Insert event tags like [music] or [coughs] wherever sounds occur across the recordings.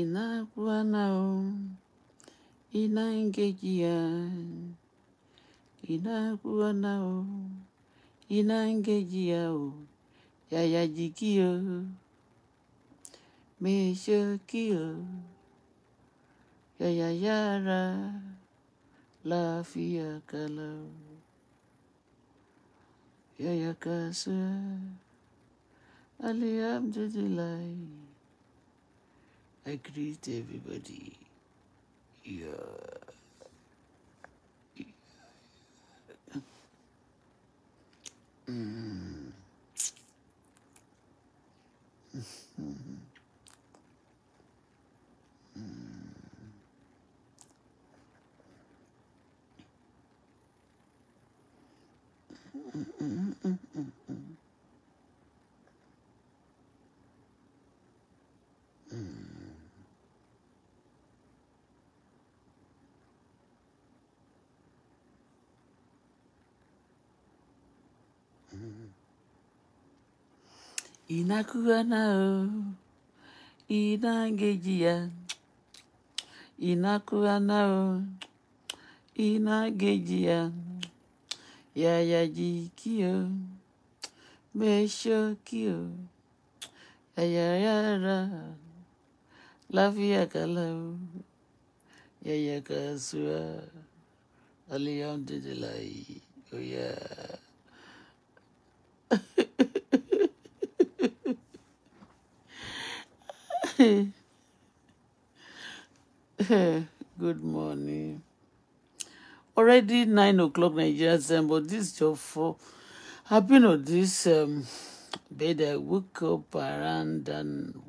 ina kuanao ina engejia ina kuanao ina engejia o yaya jikio mesho kio yaya yara la lafiya kalau yaya kasa alhamdulillah I greet everybody. Yeah. yeah. Mm. mm. Mm. Inakuana o, inagejia. Inakuana o, inagejia. Yaya jikio, mesho kio. Yaya yara, lafia Yaya kasua, alion didelai. Oh yeah. [laughs] Hmm. [laughs] Good morning. Already nine o'clock Nigeria time, but this job for I've been on this um, bed. I woke up around and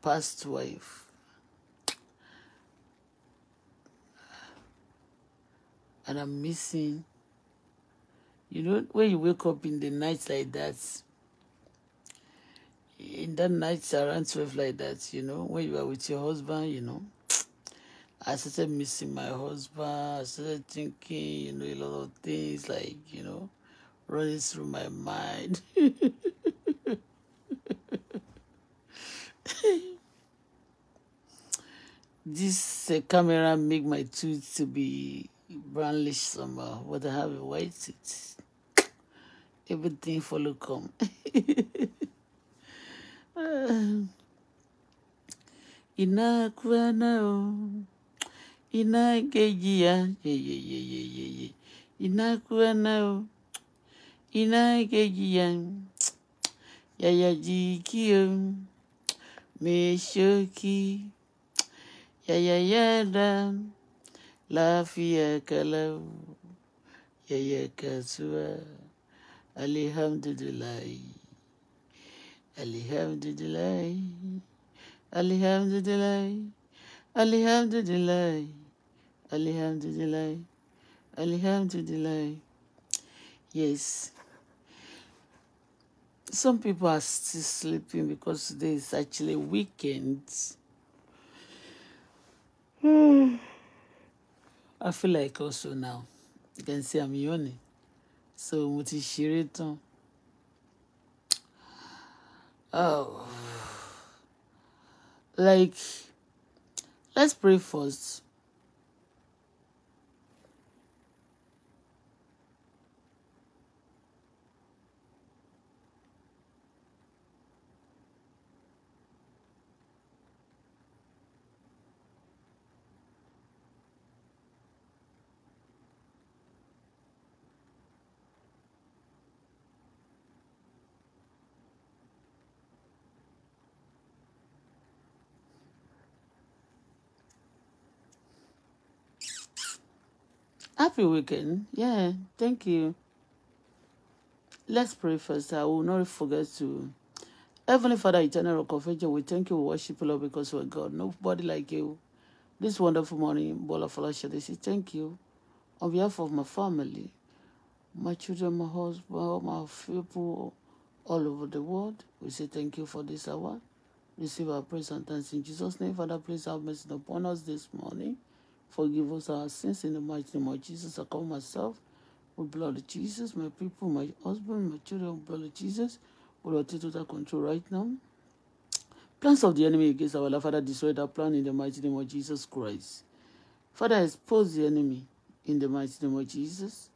past twelve. And I'm missing. You know, when you wake up in the night like that, in that night around 12 like that, you know, when you are with your husband, you know, I started missing my husband. I started thinking, you know, a lot of things like, you know, running through my mind. [laughs] this uh, camera make my tooth to be brownish somehow, but I have a white tooth. Everything follow come. [laughs] [sighs] iná kúránà o iná kejì ya yeyeyeyeye iná kúránà o iná kejì ya yàyà jìkì o mèṣókì yàyà yàda láfíà kàlàó yàyà kàtúwà alihamdulilayi. Alhamdulillah, Alhamdulillah, Alhamdulillah, Alhamdulillah, Alhamdulillah. Yes. Some people are still sleeping because today is actually weekend. Hmm. I feel like also now. You can see I'm yawning. So, mo ti ṣeré tán. Oh. Like, let's pray first. Happy weekend. Yeah, thank you. Let's pray first. I will not forget to. Heavenly Father, eternal rock we thank you, we worship you, Lord, because we're God. Nobody like you. This wonderful morning, Bola Falasha, they say thank you on behalf of my family, my children, my husband, my people all over the world. We say thank you for this hour. Receive our praise and thanks in Jesus' name. Father, please have mercy upon us this morning. Forgive us our sins in the mighty name of Jesus. I call myself with blood of Jesus, my people, my husband, my children, with blood of Jesus. We will take total control right now. Plans of the enemy against our life, Father, destroy that plan in the mighty name of Jesus Christ. Father, expose the enemy in the mighty name of Jesus.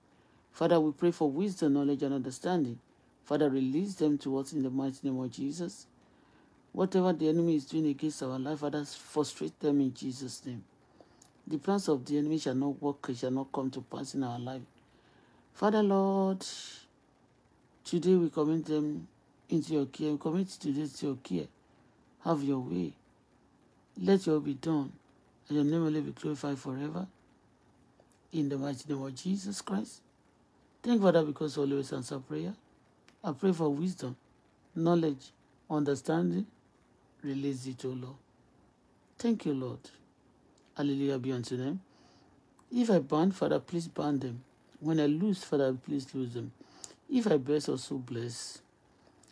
Father, we pray for wisdom, knowledge, and understanding. Father, release them to us in the mighty name of Jesus. Whatever the enemy is doing against our life, Father, frustrate them in Jesus' name. The plans of the enemy shall not work, shall not come to pass in our life. Father Lord, today we commit them into your care. We commit today to your care. Have your way. Let your will be done, and your name will be glorified forever. In the mighty name of Jesus Christ. Thank Father because you always answer prayer. I pray for wisdom, knowledge, understanding. Release it, O Lord. Thank you, Lord. Hallelujah be unto them. If I burn, Father, please burn them. When I lose, Father, please lose them. If I bless, also bless.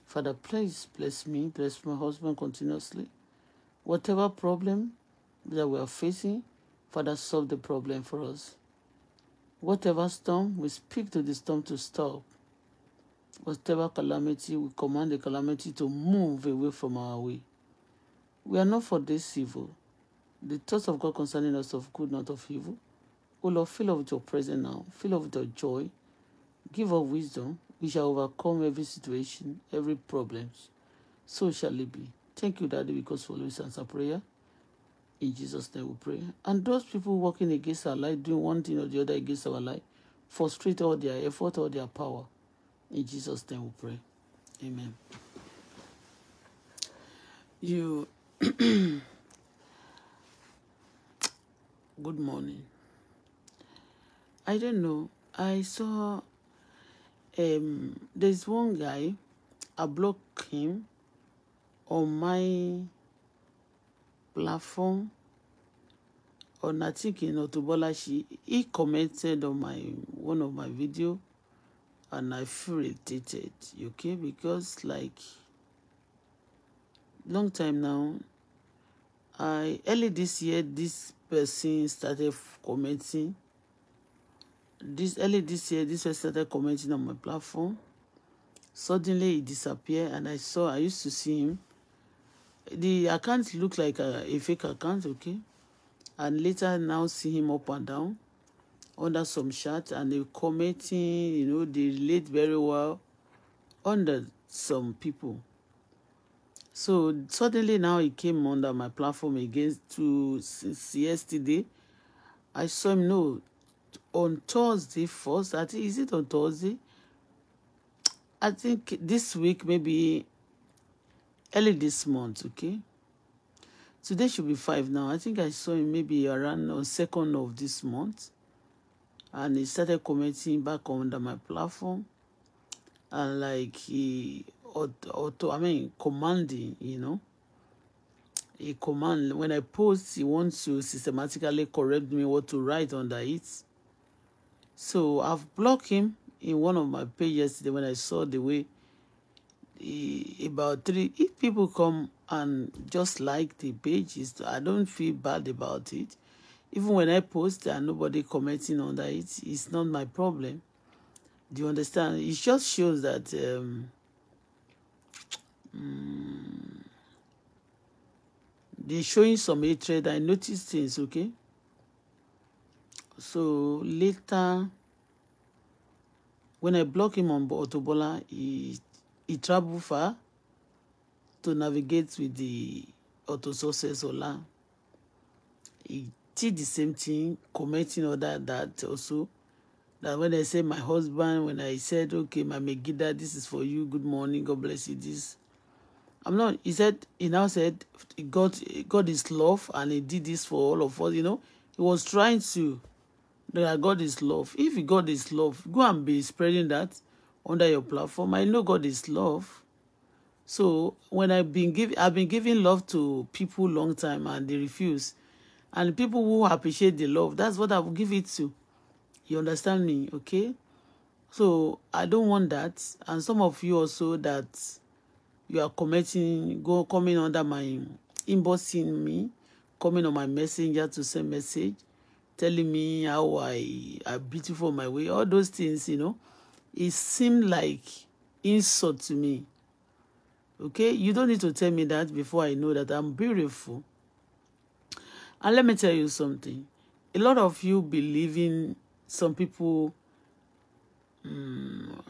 Father, please bless me, bless my husband continuously. Whatever problem that we are facing, Father, solve the problem for us. Whatever storm, we speak to the storm to stop. Whatever calamity, we command the calamity to move away from our way. We are not for this evil. The thoughts of God concerning us of good, not of evil. O Lord, fill us with your presence now. Fill us with your joy. Give us wisdom. We shall overcome every situation, every problem. So shall it be. Thank you, Daddy, because for always answer prayer. In Jesus' name we pray. And those people working against our life, doing one thing or the other against our life, frustrate all their effort, all their power. In Jesus' name we pray. Amen. You [clears throat] Good morning. I don't know. I saw um, there's one guy. I blocked him on my platform on I think in Otobolashi. He commented on my one of my video, and I feel irritated. Okay, because like long time now, I early this year this person started commenting. This early this year, this person started commenting on my platform. Suddenly, he disappeared, and I saw. I used to see him. The account looked like a, a fake account, okay. And later, now see him up and down under some chat, and they commenting. You know, they relate very well under some people. So suddenly now he came under my platform again. to since yesterday. I saw him no on Thursday first. I think is it on Thursday? I think this week maybe early this month, okay? Today should be five now. I think I saw him maybe around on second of this month. And he started commenting back under my platform. And like he auto, I mean, commanding, you know. A command. When I post, he wants to systematically correct me what to write under it. So I've blocked him in one of my pages yesterday when I saw the way he, about three if people come and just like the pages, I don't feel bad about it. Even when I post and nobody commenting under it. it's, it's not my problem. Do you understand? It just shows that um, Mm. They showing some hatred. I noticed things, okay? So later, when I block him on Otobola, he, he traveled far to navigate with the auto success Ola. He did the same thing, commenting other that also. That when I say my husband, when I said, okay, my Megida, this is for you, good morning, God bless you, this I'm not, he said, he now said, God, God is love and he did this for all of us, you know. He was trying to, that God is love. If God is love, go and be spreading that under your platform. I know God is love. So when I've been giving, I've been giving love to people long time and they refuse. And people who appreciate the love, that's what I will give it to. You understand me, okay? So I don't want that. And some of you also that you are commenting go coming under my inboxing me coming on my messenger to send message telling me how I are beautiful my way all those things you know it seemed like insult to me okay you don't need to tell me that before I know that I'm beautiful and let me tell you something a lot of you believing some people um,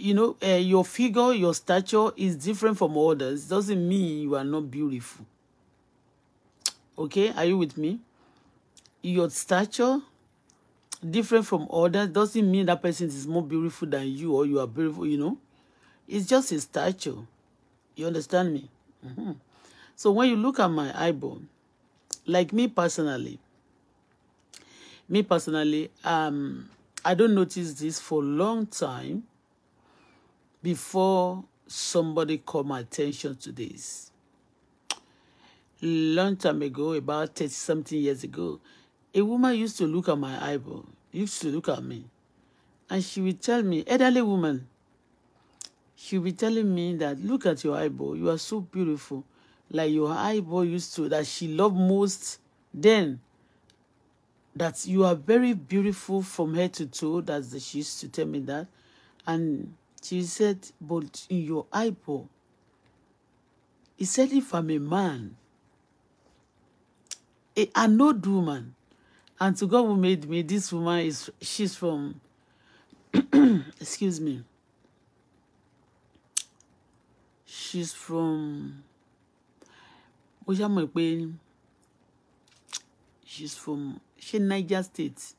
you know, uh, your figure, your stature is different from others doesn't mean you are not beautiful. Okay, are you with me? Your stature, different from others, doesn't mean that person is more beautiful than you or you are beautiful, you know. It's just a stature. You understand me? Mm -hmm. So when you look at my eyeball, like me personally, me personally, um, I don't notice this for a long time before somebody called my attention to this. Long time ago, about 30 something years ago, a woman used to look at my eyeball, used to look at me, and she would tell me, elderly woman, she would be telling me that, look at your eyeball, you are so beautiful, like your eyeball used to, that she loved most then, that you are very beautiful from head to toe, that she used to tell me that, and She said, But in your eyeball, he said, If I'm a man, a an old woman, and to God who made me, this woman is she's from [clears throat] excuse me. She's from Oshama She's from she Niger State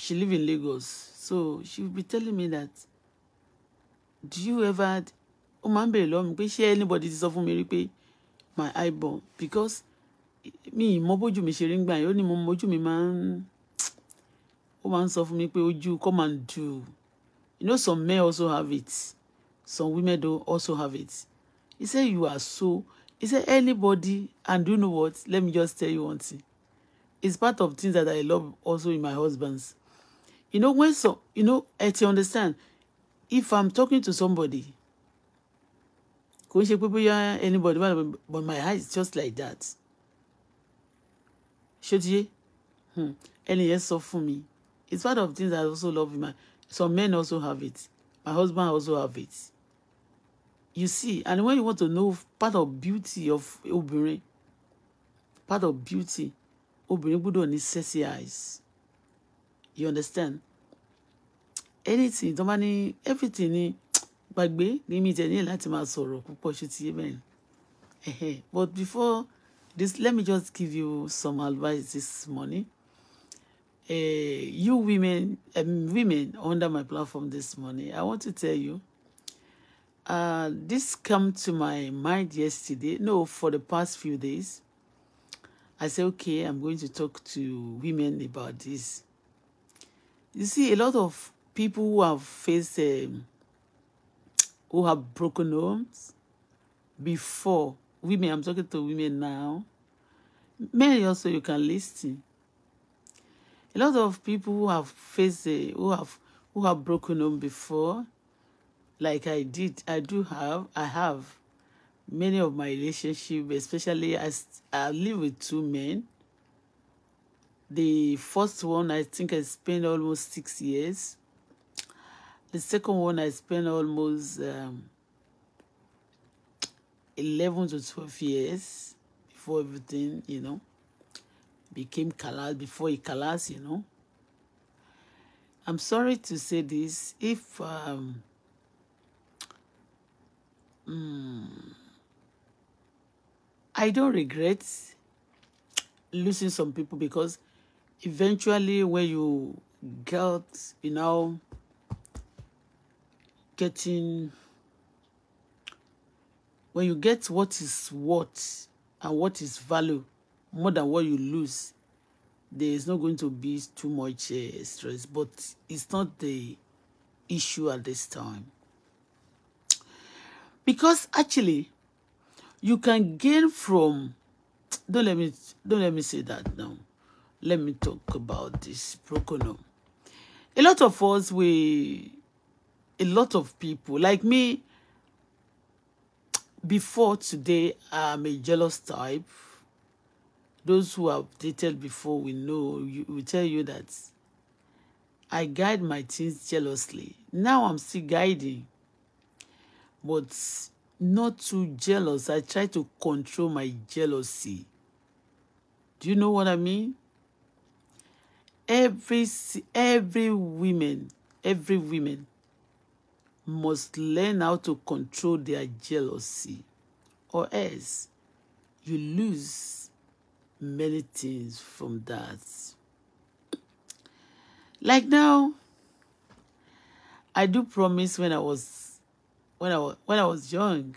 she live in Lagos so she will be telling me that do you ever oh man, be alone? lọ́wọ́ share anybody ti sọ fún mi rí my eyeball because me, ì mọ bójú mi ṣe rí gbà yẹn ó man. mo mojú mi máa you come and do you know some men also have it some women do also have it he said you are so he said anybody and do you know what let me just tell you one thing it's part of things that I love also in my husbands You know, when so, you know, ẹ you understand, if I'm talking to somebody, kò ń ṣe pé bóyá anybody but my eyes just like that. Ṣé hmm. ẹni yẹn sọ fún mi. It's part of things I also love in my, some men also have it. My husband also have it. You see, and when you want to know part of beauty of obìnrin, part of beauty, obìnrin gbọ́dọ̀ ní sexy eyes you understand anything tó bá ní everything ni gbàgbé ní mi tẹ̀ ní láti máa sọ̀rọ̀ púpọ̀ ṣe ti yé mẹ́rin but before this let me just give you some advice this morning uh, you women um, women under my platform this morning I want to tell you uh, this come to my mind yesterday no for the past few days I say okay I'm going to talk to women about this You see, a lot of people who have faced, um, who have broken homes before, women, I'm talking to women now, men also, you can listen. A lot of people who have faced, uh, who have, who have broken home before, like I did, I do have, I have many of my relationship, especially as I live with two men The first one, I think I spent almost six years. The second one, I spent almost um, 11 to 12 years before everything, you know, became Kalas, before it Kalas, you know. I'm sorry to say this. If um, mm, I don't regret losing some people because eventually when you get you know getting when you get what is worth and what is value more than what you lose there is not going to be too much uh, stress but it's not the issue at this time because actually you can gain from don't let me don't let me say that now let me talk about this procono. A lot of us, we, a lot of people, like me, before today, I'm a jealous type. Those who have dated before we know, we tell you that I guide my things jealously. Now I'm still guiding, but not too jealous. I try to control my jealousy. Do you know what I mean? every every women every women must learn how to control their jealousy or else you lose many things from that like now i do promise when i was when i was when i was young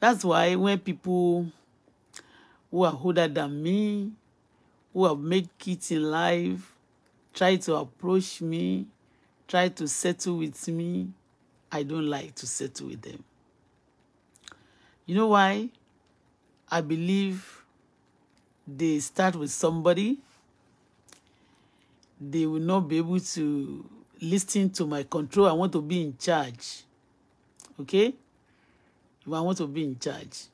that's why when people who are older than me who have made it in life try to approach me, try to settle with me. I don't like to settle with them. You know why? I believe they start with somebody. They will not be able to listen to my control. I want to be in charge. Okay? I want to be in charge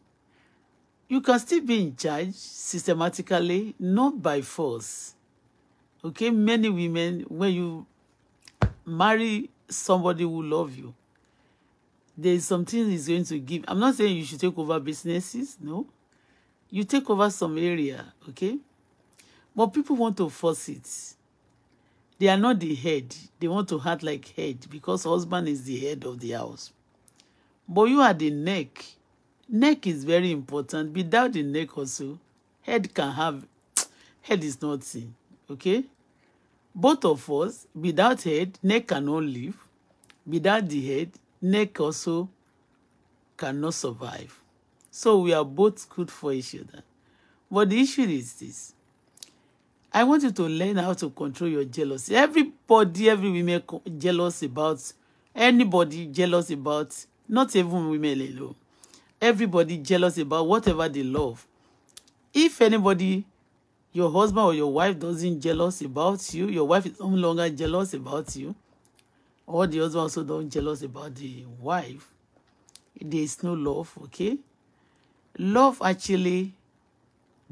you can still be in charge systematically, not by force. Okay, many women, when you marry somebody who love you, there is something he's going to give. I'm not saying you should take over businesses, no. You take over some area, okay? But people want to force it. They are not the head. They want to act like head because husband is the head of the house. But you are the neck neck is very important without the neck also head can have [tsk] head is nothing okay both of us without head neck cannot live without the head neck also cannot survive so we are both good for each other but the issue is this i want you to learn how to control your jealousy everybody every women jealous about anybody jealous about not even women alone everybody jealous about whatever they love. If anybody, your husband or your wife doesn't jealous about you, your wife is no longer jealous about you, or the husband also don't jealous about the wife, there is no love, okay? Love actually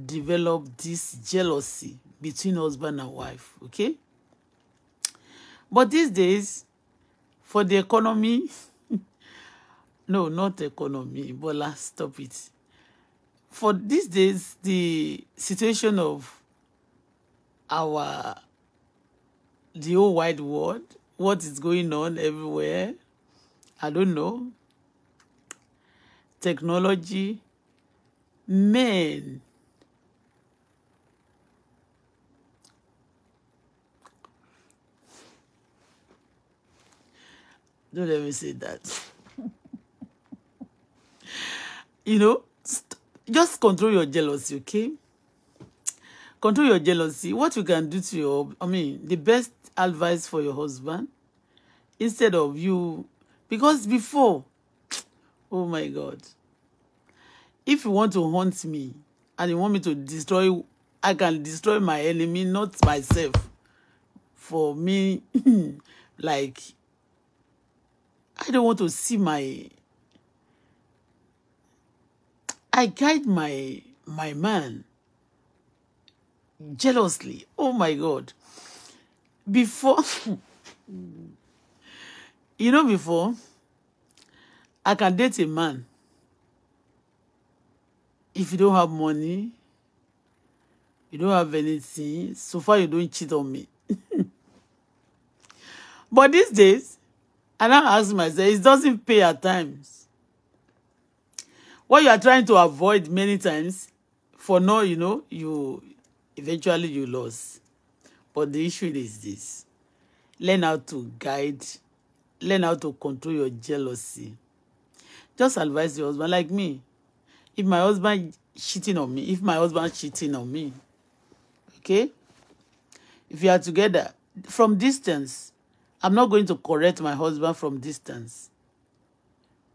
develop this jealousy between husband and wife, okay? But these days, for the economy, [laughs] No, not economy. Bola, stop it. For these days, the situation of our the whole wide world, what is going on everywhere, I don't know. Technology, men. Don't let me say that you know, just control your jealousy, okay? Control your jealousy. What you can do to your, I mean, the best advice for your husband instead of you, because before, [tsk] oh my God, if you want to haunt me and you want me to destroy, I can destroy my enemy, not myself. For me, [clears throat] like, I don't want to see my I guide my my man jealously. Oh my God. Before, [laughs] you know, before, I can date a man. If you don't have money, you don't have anything, so far you don't cheat on me. [laughs] But these days, I now ask myself, it doesn't pay at times what you are trying to avoid many times for now you know you eventually you lose but the issue is this learn how to guide learn how to control your jealousy just advise your husband like me if my husband cheating on me if my husband cheating on me okay if you are together from distance i'm not going to correct my husband from distance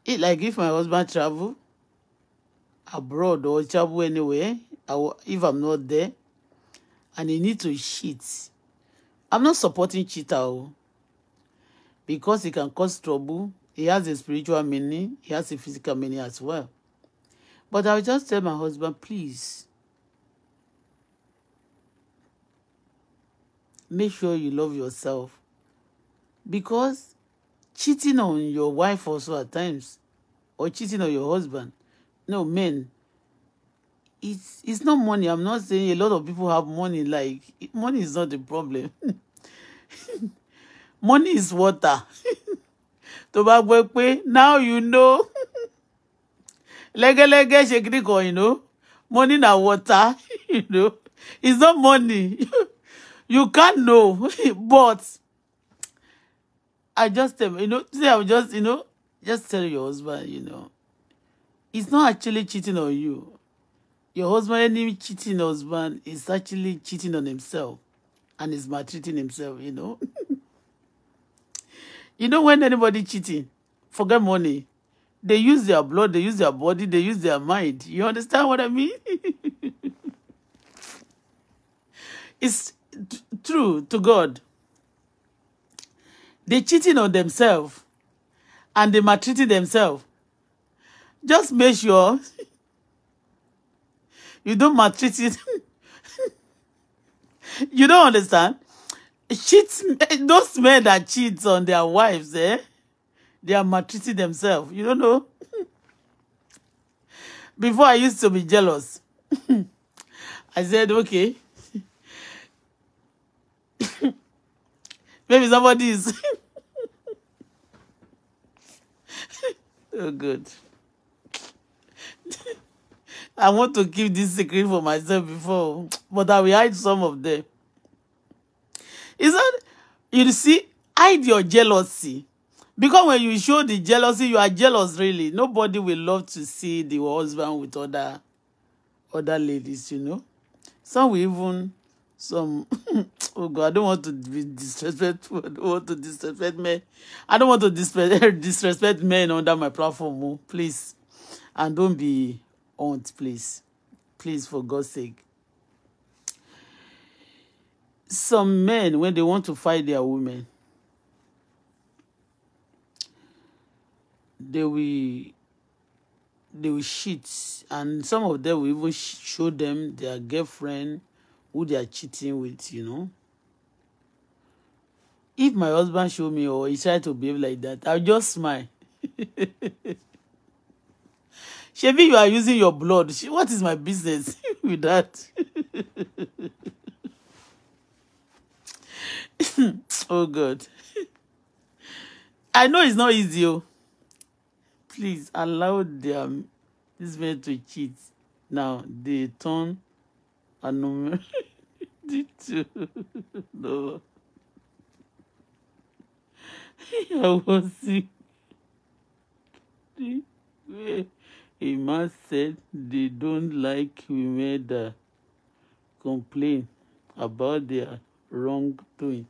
it like if my husband travel abroad or travel anywhere will, if I'm not there and they need to cheat. I'm not supporting cheater oh. because it can cause trouble. He has a spiritual meaning, he has a physical meaning as well. But I'll just tell my husband, please, make sure you love yourself because cheating on your wife also at times or cheating on your husband no men it's it's not money i'm not saying a lot of people have money like money is not the problem [laughs] money is water [laughs] tó bá gbọ́ pé now you know [laughs] lẹ́gẹ́lẹ́gẹ́ ṣe kiri kan you know money na water you know it's not money you can't know but i just tell you know today i'm just you know just tell your husband you know It's not actually cheating on you. Your husband, any cheating husband, is actually cheating on himself and is maltreating himself, you know. [laughs] you know when anybody cheating, forget money. They use their blood, they use their body, they use their mind. You understand what I mean? [laughs] it's true to God. They cheating on themselves and they maltreating themselves. Just make sure you don't maltreat it. [laughs] you don't understand? Cheats, those men that cheat on their wives, eh? They are maltreating themselves. You don't know? [laughs] Before I used to be jealous. [laughs] I said, okay. Maybe somebody is. oh, good. I want to keep this secret for myself before, but I will hide some of them. Is that you see? Hide your jealousy. Because when you show the jealousy, you are jealous really. Nobody will love to see the husband with other other ladies, you know. Some will even some [laughs] oh God, I don't want to be disrespectful. I don't want to disrespect men. I don't want to disrespect [laughs] disrespect men under my platform, oh, please. And don't be aunt, please. Please, for God's sake. Some men, when they want to fight their women, they will they will cheat and some of them will even show them their girlfriend who they are cheating with you know if my husband show me or he try to behave like that i'll just smile [laughs] Shebi, you are using your blood. She, what is my business [laughs] with that? [laughs] oh, God. [laughs] I know it's not easy. Oh. Please allow them, this man to cheat. Now, they turn anumerated to... no. I was sick. A man said they don't like women that complain about their wrongdoing.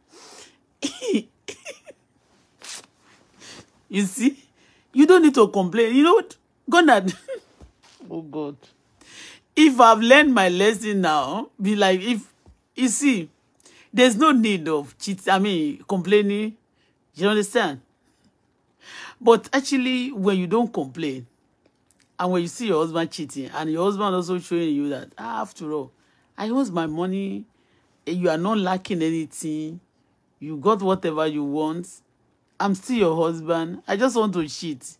you see, you don't need to complain. You know what? God, [laughs] oh God. If I've learned my lesson now, be like, if you see, there's no need of cheat. I mean, complaining. You understand? But actually, when you don't complain, And when you see your husband cheating, and your husband also showing you that, ah, after all, I use my money, you are not lacking anything, you got whatever you want, I'm still your husband, I just want to cheat,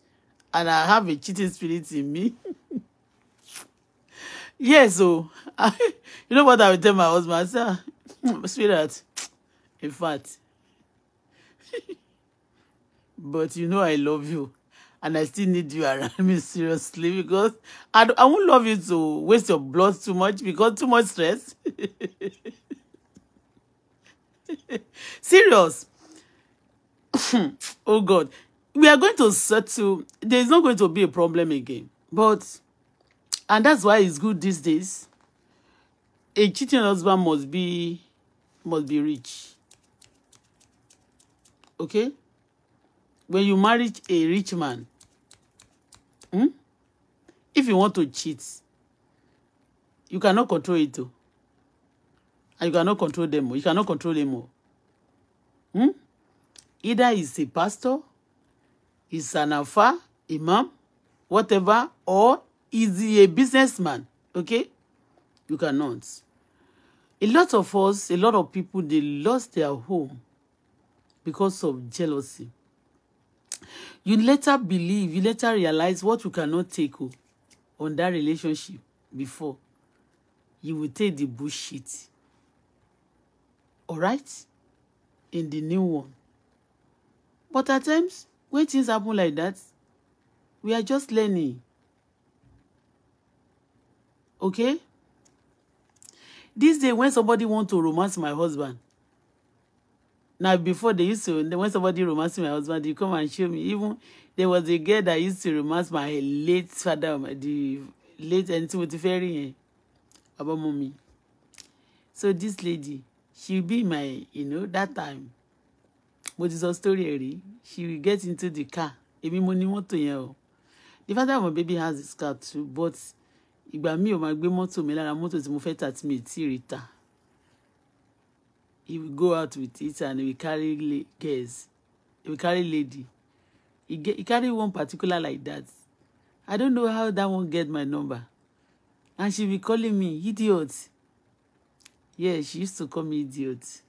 and I have a cheating spirit in me. [laughs] Yes, so I, [laughs] you know what I would tell my husband, sir, ah, [laughs] sweetheart, in fact, but you know I love you and I still need you around [laughs] me seriously because I, I won't love you to waste your blood too much because too much stress. [laughs] Serious. [clears throat] oh God. We are going to settle. is not going to be a problem again. But, and that's why it's good these days. A cheating husband must be, must be rich. Okay? when you marry a rich man hmm? if you want to cheat you cannot control it o and you cannot control them o you cannot control them o hmm? either he's a pastor he's an alfa imam whatever or is he a businessman okay you cannot a lot of us a lot of people they lost their home because of jealousy you later believe you later realize what you cannot take oh, on that relationship before you will take the bullshit all right in the new one but at times when things happen like that we are just learning okay this day when somebody wants to romance my husband Now before they used to when somebody romance my husband, they come and show me. Even there was a girl that used to romance my late father, the late ẹni tí mo ti fẹ́ rí So this lady, she be my, you know, that time. But it's sọ story ẹ̀ She will get into the car. Èmi mo ní mọ́tò yẹn o. The father of my baby has his car too, but if mi ò máa gbé mọ́tò mi lára mọ́tò tí mo fẹ́ tà tí mi ì he will go out with it and he will carry girls he will carry lady he, get, he carry one particular like that i don't know how that one get my number and she be calling me idiot yeah she used to call me idiot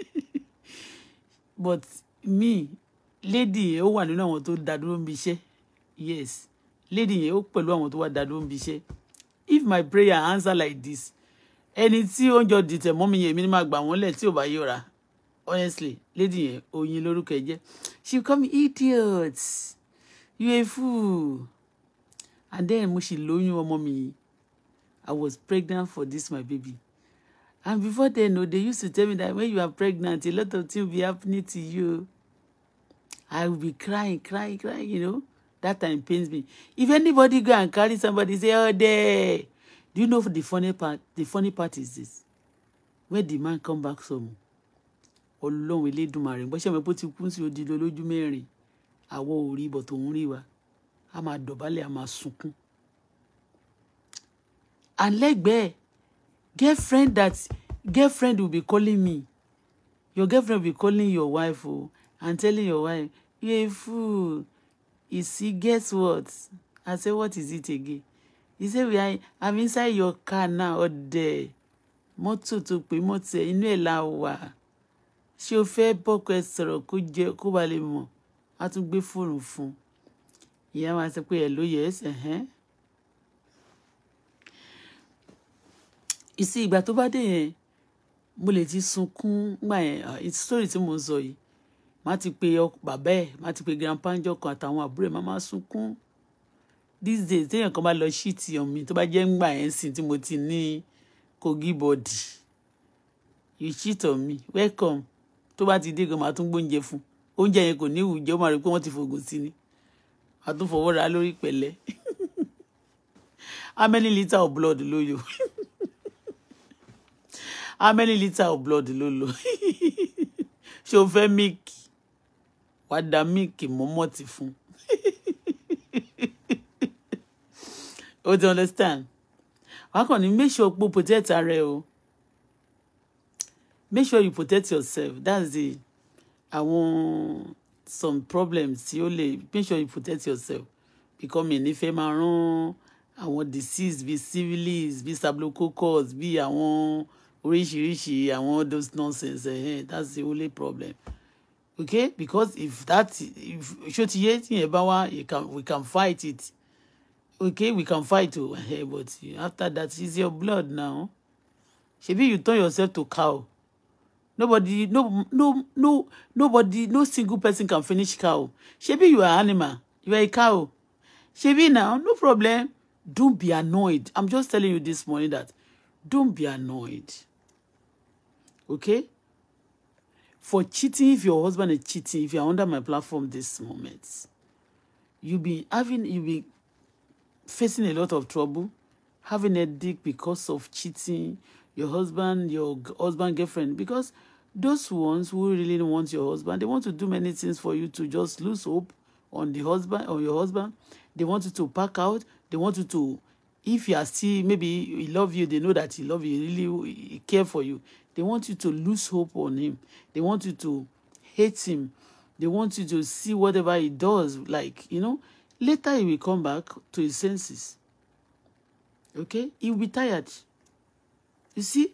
[laughs] but me lady oh wà nínú know what to dúró ń bi yes lady oh ó pẹ̀lú àwọn tó wà dá dúró ń if my prayer answer like this ẹni tí ó ń jọ dìtẹ̀ mọ́ mi yẹn èmi ni máa gbà wọ́n lẹ̀ tí ò bá yọra honestly lady yẹn oyin lórúkọ ẹ jẹ́ she call me idiot you a fool and then mo sì lóyún ọmọ mi i was pregnant for this my baby and before then no they used to tell me that when you are pregnant a lot of things be happening to you i will be crying crying crying you know that time pains me if anybody go and carry somebody say oh there. Do you know the funny part? The funny part is this. When the man come back home, Ọlọ́run Elédùmarè bó ṣe mọ̀ pé ó ti kún sí odi lójú mẹ́rin àwọ̀ ò rí ibọ̀ tòun rí wa a ma dọ̀bálẹ̀ a máa sunkún. And lẹ́gbẹ̀ẹ́ girlfriend that girlfriend will be calling me your girlfriend will be calling your wife oh, and telling your wife you a fool Is see guess what I say what is it again he said, we are i'm inside your car now all day. Motu to mọ́tò ẹ̀ inu ẹ̀ la wà ṣé o fẹ́ bọ́kọ ẹ sọ̀rọ̀ kó jẹ kó ba lè mọ̀ á tún gbé fóònù fún un ìyá máa sọ pé ẹ ló yẹ ẹsẹ̀ hẹ́n. ìsìn ìgbà mo lè ti sunkún gbà yẹn ah, story tí mo sọ yìí má ti pe bàbá ẹ má ti pe grandpa ń jọ kan àtàwọn àbúrò ẹ má these days téèyàn kan bá lọ ṣíìtì ọ̀mí tó bá jẹ́ ń gbà yẹn sìn tí mo ti ní kogi bọ́ọ̀dì you cheat on me welcome tó bá ti dé gan máa tún gbóúnjẹ fún oúnjẹ yẹn kò ní ìwùjẹ́ ó máa rí pé wọ́n ti fògùn sí ni a tún fọwọ́ ra lórí pẹ̀lẹ́ how many litre of blood ló yọ how many litre of blood ló lò [laughs] [laughs] ṣé o fẹ́ míìkì wàá da míìkì mọ́mọ́tì fún un. o dey understand wàá kàn ní make sure pé protect ara o make sure you protect yourself that's the àwọn some problems tí ó lè make sure you protect yourself because mi nífẹ̀ẹ́ máa rán àwọn disease bíi syphilis bíi staphylococcus bíi àwọn oríṣiríṣi àwọn those nonsense eh, that's the only problem okay because if that if ṣó ti yé tíyẹn bá wá can we can fight it okay we can fight o [laughs] eh, but after that it's your blood now shebi you turn yourself to cow nobody no no no nobody no single person can finish cow shebi you are animal you are a cow shebi now no problem don't be annoyed i'm just telling you this morning that don't be annoyed okay for cheating if your husband is cheating if you are under my platform this moment you be having you be facing a lot of trouble, having a dick because of cheating, your husband, your husband girlfriend, because those ones who really want your husband, they want to do many things for you to just lose hope on the husband on your husband. They want you to pack out. They want you to, if you are still maybe he love you, they know that he love you, really he care for you. They want you to lose hope on him. They want you to hate him. They want you to see whatever he does, like you know Later he will come back to his senses. Okay? He will be tired. You see,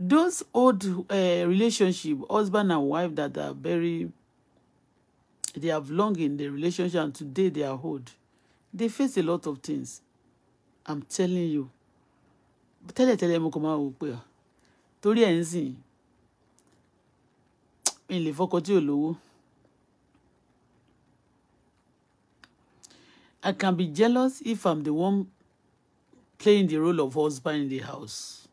those old uh, relationship, husband and wife that are very, they have long in the relationship and today they are old. They face a lot of things. I'm telling you. Tẹ́lẹ̀tẹ́lẹ̀ mo kàn máa wò pé ah, torí ẹ̀ ń sìn. Mi lè fọkọ tí ò lówó. I can be jealous if I'm the one playing the role of husband in the house.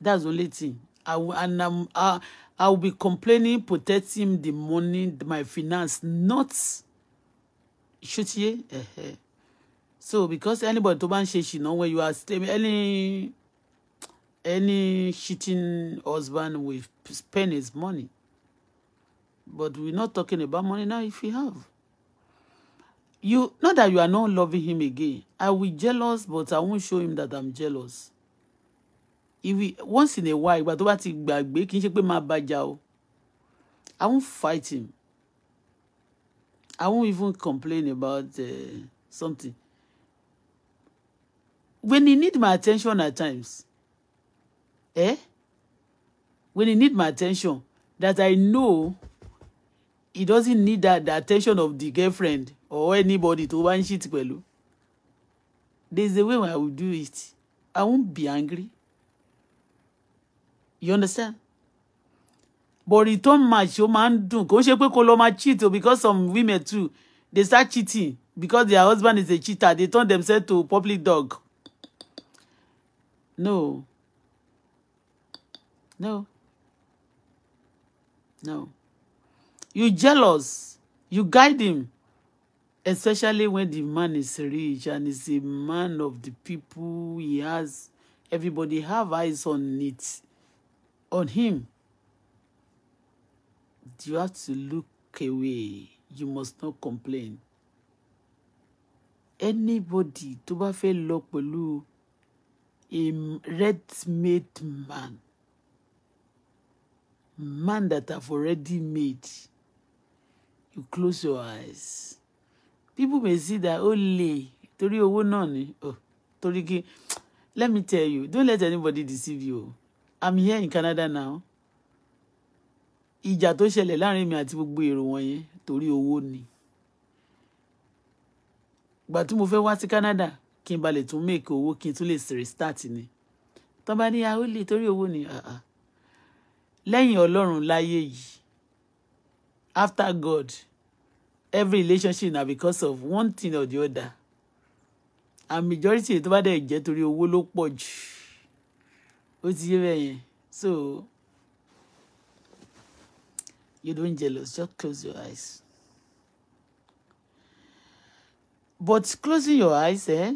That's the only thing. I will, and I'm, I, I will be complaining, protecting the money, my finance, not ṣótiyé ẹ̀hẹ́. So because anybody to ban ń ṣe ṣìnà when you are staying. any any cheating husband will spend his money. But we're not talking about money now if you have. You not that you are not loving him again. I will jealous, but I won't show him that I'm jealous. If he, once in a while, but what bá ti gbàgbé kì í ṣe pé máa I won't fight him. I won't even complain about uh, something. When he need my attention at times, eh? When he need my attention, that I know he doesn't need that the attention of the girlfriend or anybody to bá shit ṣìtì pẹ̀lú there is a way I will do it I won't be angry you understand but return match ó máa ń dùn kò ń ṣe pé kó lọ máa cheat o because some women too they start cheating because their husband is a cheater they turn themselves to public dog no no no you jealous you guide him especially when the man is rich and is a man of the people he has everybody have eyes on it on him you have to look away you must not complain anybody tó bá fẹ́ lọ pẹ̀lú a red-made man man that have already made you close your eyes people may see that only. Oh, lè torí owó náà Oh, torí kí let me tell you don't let anybody deceive you i'm here in Canada now ìjà tó ṣẹlẹ̀ láàrin mi àti gbogbo èrò wọ̀nyẹn torí owó ni gbà tí mo fẹ́ wá sí Canada kí n ba lè tún make owó kí n tún lè restart ni tán bá ní a ah, ó lè torí owó ni ah, ah. lẹ́yìn ọlọ́run láyé yìí after God every relationship na because of one thing or the other and majority tó bá dẹ̀ jẹ́ torí owó ló pọ̀ jù ó ti yé bẹ́ẹ̀ yẹn so you don't jealous just close your eyes but closing your eyes eh,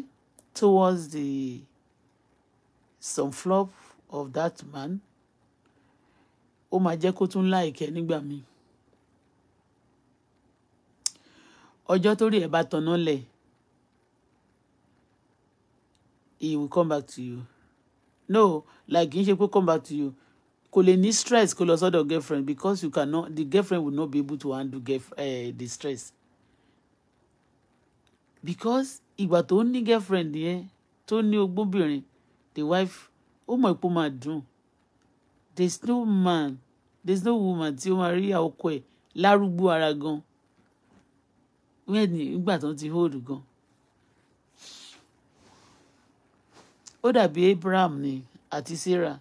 towards the some flop of that man ó máa jẹ́ kó tún láìkẹ́ nígbà míì ọjọ́ tó rí ẹ̀ bá tọ̀nà lẹ̀ he will come back to you no like he í ṣe pé come back to you kò lè ní stress kó lọ sọ́dọ̀ girlfriend because you cannot the girlfriend will not be able to handle girl, uh, the stress because ìgbà tó ní girlfriend yẹn tó ní ogbóbìnrin the wife ó mọ̀ pé ó máa dùn there is no man there is no woman tí ó máa rí ọkọ ẹ̀ lárúgbó ara gan nígbà tó ti hold gan ó dàbí Abraham ni àti Sarah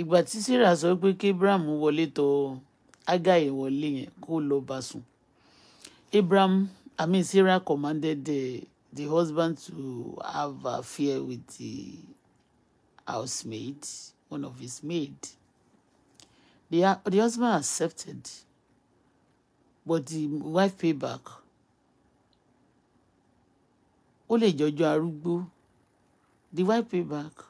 ìgbà tí Sarah sọ pé kí Abraham wọlé tọ̀ Agai wọlé yẹn kó lọ bá sùn Abraham I mean Sarah commanded the the husband to have affair with the housemaid one of his maid the, the husband accepted but the wife pay back ó lè jọjọ arúgbó the wife pay back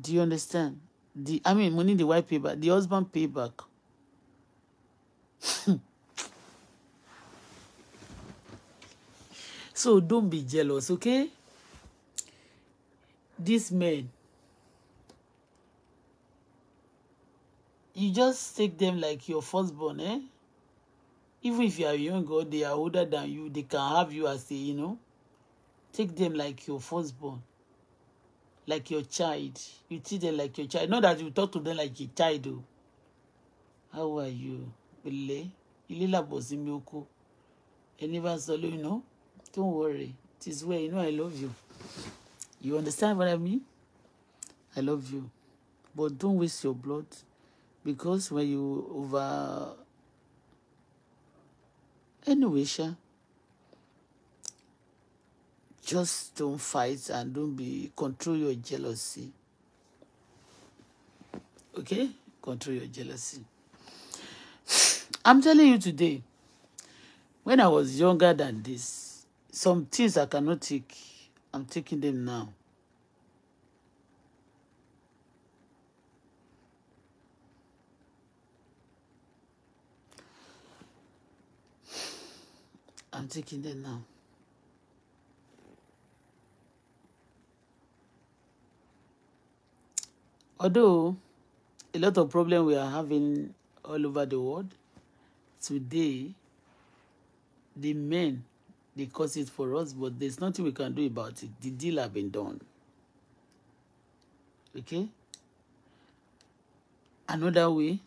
do you understand the i mean money the wife pay back the husband pay back [coughs] so don't be jealous okay these men you just take them like your firstborn, eh? Even if you are younger, they are older than you, they can have you as a, you know, take them like your firstborn, like your child. You treat them like your child. Not that you talk to them like a child, though. How are you? Bele, ilé làbọ̀ sí mi oko. Ẹni bá don't worry, it is where you know I love you. You understand what I mean? I love you, but don't waste your blood because when you over anyway sha just don't fight and don't be control your jealousy okay control your jealousy i'm telling you today when i was younger than this some things i cannot take i'm taking them now I'm taking them now. Although a lot of problem we are having all over the world, today, the men, they cause it for us, but there's nothing we can do about it. The deal have been done. Okay? Another way,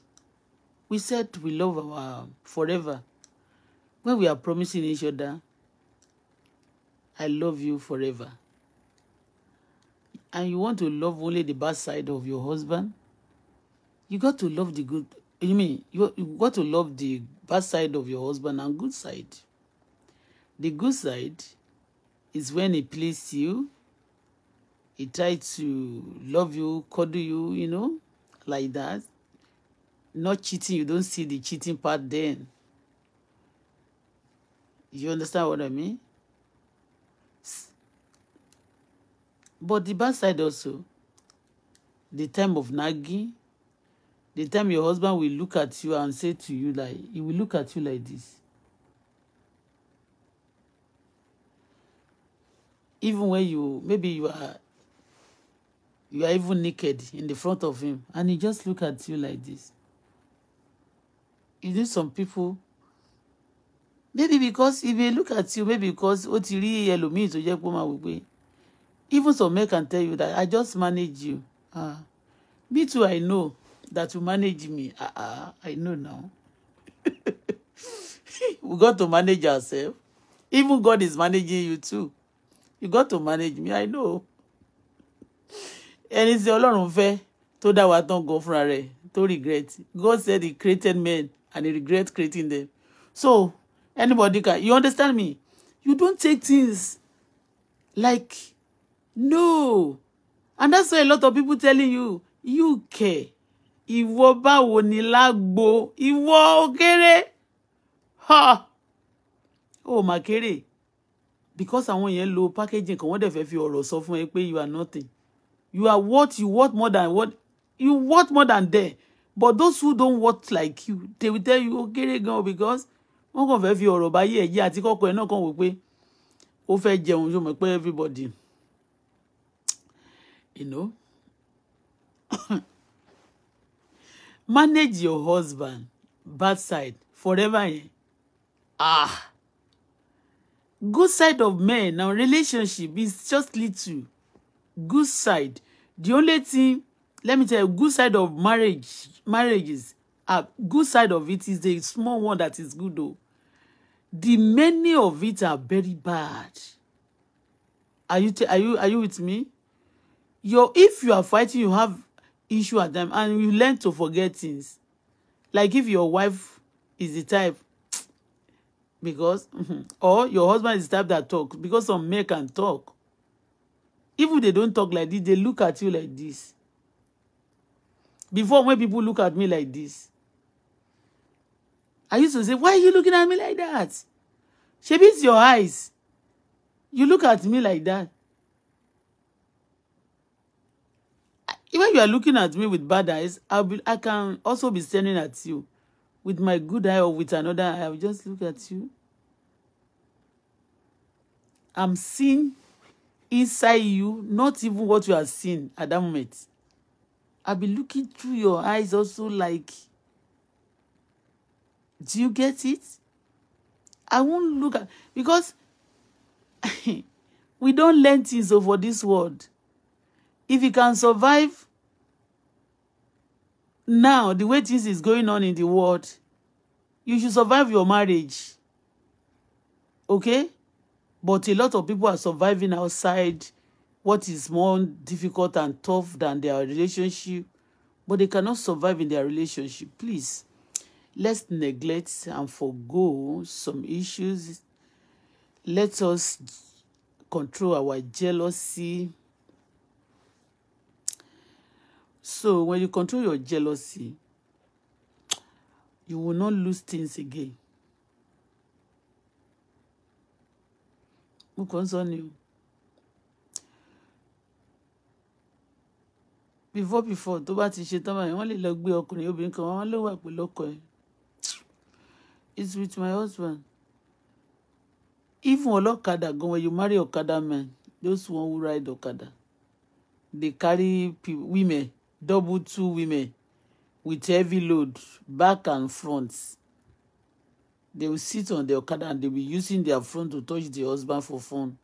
we said we love our forever when we are promising each other i love you forever and you want to love only the bad side of your husband you got to love the good you mean you, you got to love the bad side of your husband and good side the good side is when he pleases you he tries to love you cuddle you you know like that not cheating you don't see the cheating part then You understand what I mean? But the bad side also, the time of nagging, the time your husband will look at you and say to you like, he will look at you like this. Even when you, maybe you are, you are even naked in the front of him and he just look at you like this. You know some people, maybe because if they look at you maybe because ó ti rí ẹlòmíì tó jẹ́ pé ó máa wò pé even some men can tell you that I just manage you ah me too I know that you manage me ah ah I know now [laughs] we got to manage ourselves even God is managing you too you got to manage me I know ẹni tí Ọlọ́run fẹ́ tó dá wa tán gan fúnra rẹ̀ tó regret God said he created men and he regret creating them so Anybody can. You understand me? You don't take things like, no. And that's why a lot of people telling you, you care. Iwo báwo ni lagbo, iwo ò Ha! oh mà kéré. Because àwọn yẹn lo packaging kan wọ́n dẹ̀ fẹ́ fi ọ̀rọ̀ sọ fún ẹ pé you are nothing. You are what you want more than what you want more than there. But those who don't want like you, they will tell you ó kéré gan because wọ́n kàn fẹ́ẹ́ fi ọ̀rọ̀ báyé ẹ̀ jẹ́ àti kọ́kọ́ ẹ̀ náà kàn wò pé ó fẹ́ jẹun yóò mọ̀ pé everybody you know [coughs] manage your husband bad side forever yẹn ah good side of men na relationship is just little good side the only thing let me tell you good side of marriage marriages ah good side of it is the small one that is good o the many of it are very bad. Are you are you are you with me? Your if you are fighting, you have issue at them, and you learn to forget things. Like if your wife is the type, because mm-hmm, or your husband is the type that talk, because some men can talk. Even they don't talk like this, they look at you like this. Before when people look at me like this, I used to say, why are you looking at me like that? Shebi, it's your eyes. You look at me like that. Even you are looking at me with bad eyes, I'll be, I can also be staring at you with my good eye or with another eye. I'll just look at you. I'm seeing inside you, not even what you are seeing at that moment. I'll be looking through your eyes also like Do you get it? I won't look at because [laughs] we don't learn things over this world. If you can survive now, the way things is going on in the world, you should survive your marriage. Okay? But a lot of people are surviving outside what is more difficult and tough than their relationship, but they cannot survive in their relationship. Please Let's neglect and forego some issues. Let us control our jealousy. So when you control your jealousy, you will not lose things again. Who concern you? Before before tó bá ti ṣe tán báyìí wọ́n lè lọ gbé ọkùnrin obìnrin kan wọ́n ló wà pẹ̀lú ọkọ It's with my husband. Even Olokada, when you marry Okada men, those one who ride Okada, they carry people, women, double two women with heavy load, back and front. They will sit on the Okada and they will be using their phone to touch the husband for phone.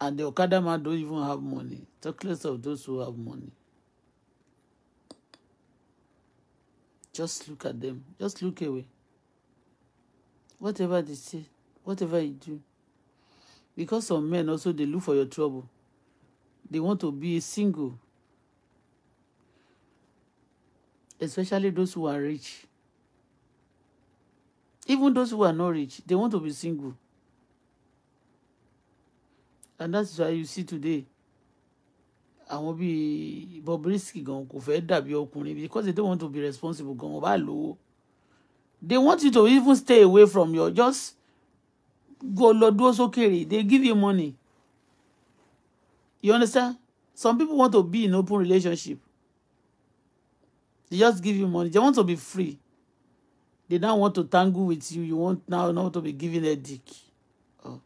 And the Okada man don't even have money. Talk less of those who have money. Just look at them. Just look away whatever they say, whatever you do. Because some men also they look for your trouble. They want to be single. Especially those who are rich. Even those who are not rich, they want to be single. And that's why you see today I will be gan kò fẹ́ dàbí because they don't want to be responsible gan ọba lówó they want you to even stay away from your just go lọ dúró sókèrè they give you money you understand some people want to be in open relationship they just give you money they want to be free they don't want to tangle with you you want now not to be given a dick. Oh,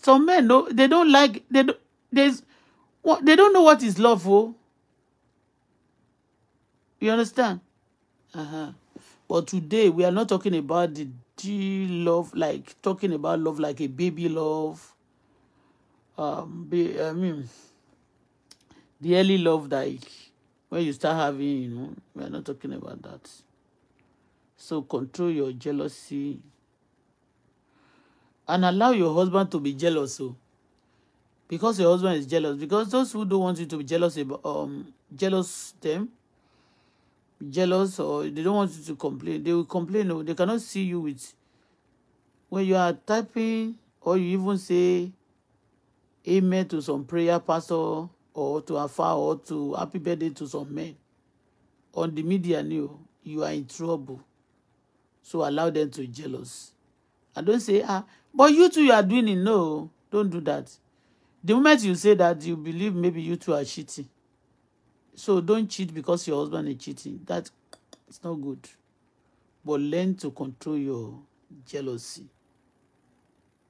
some men no they don't like they don't, they don't know what is love oh You understand? Uh-huh. But today we are not talking about the D love, like talking about love like a baby love. Um, be, I mean, the early love, like when you start having, you know, we are not talking about that. So control your jealousy and allow your husband to be jealous. So, oh. because your husband is jealous, because those who don't want you to be jealous, um, jealous them jealous or they don't want you to complain they will complain or oh, they cannot see you with when you are typing or you even say amen to some prayer pastor or to afa or to happy birthday to some men on the media new you are in trouble so allow them to jealous i don't say ah but you two you are doing it no don't do that the moment you say that you believe maybe you two are cheating So don't cheat because your husband is cheating. That it's not good. But learn to control your jealousy.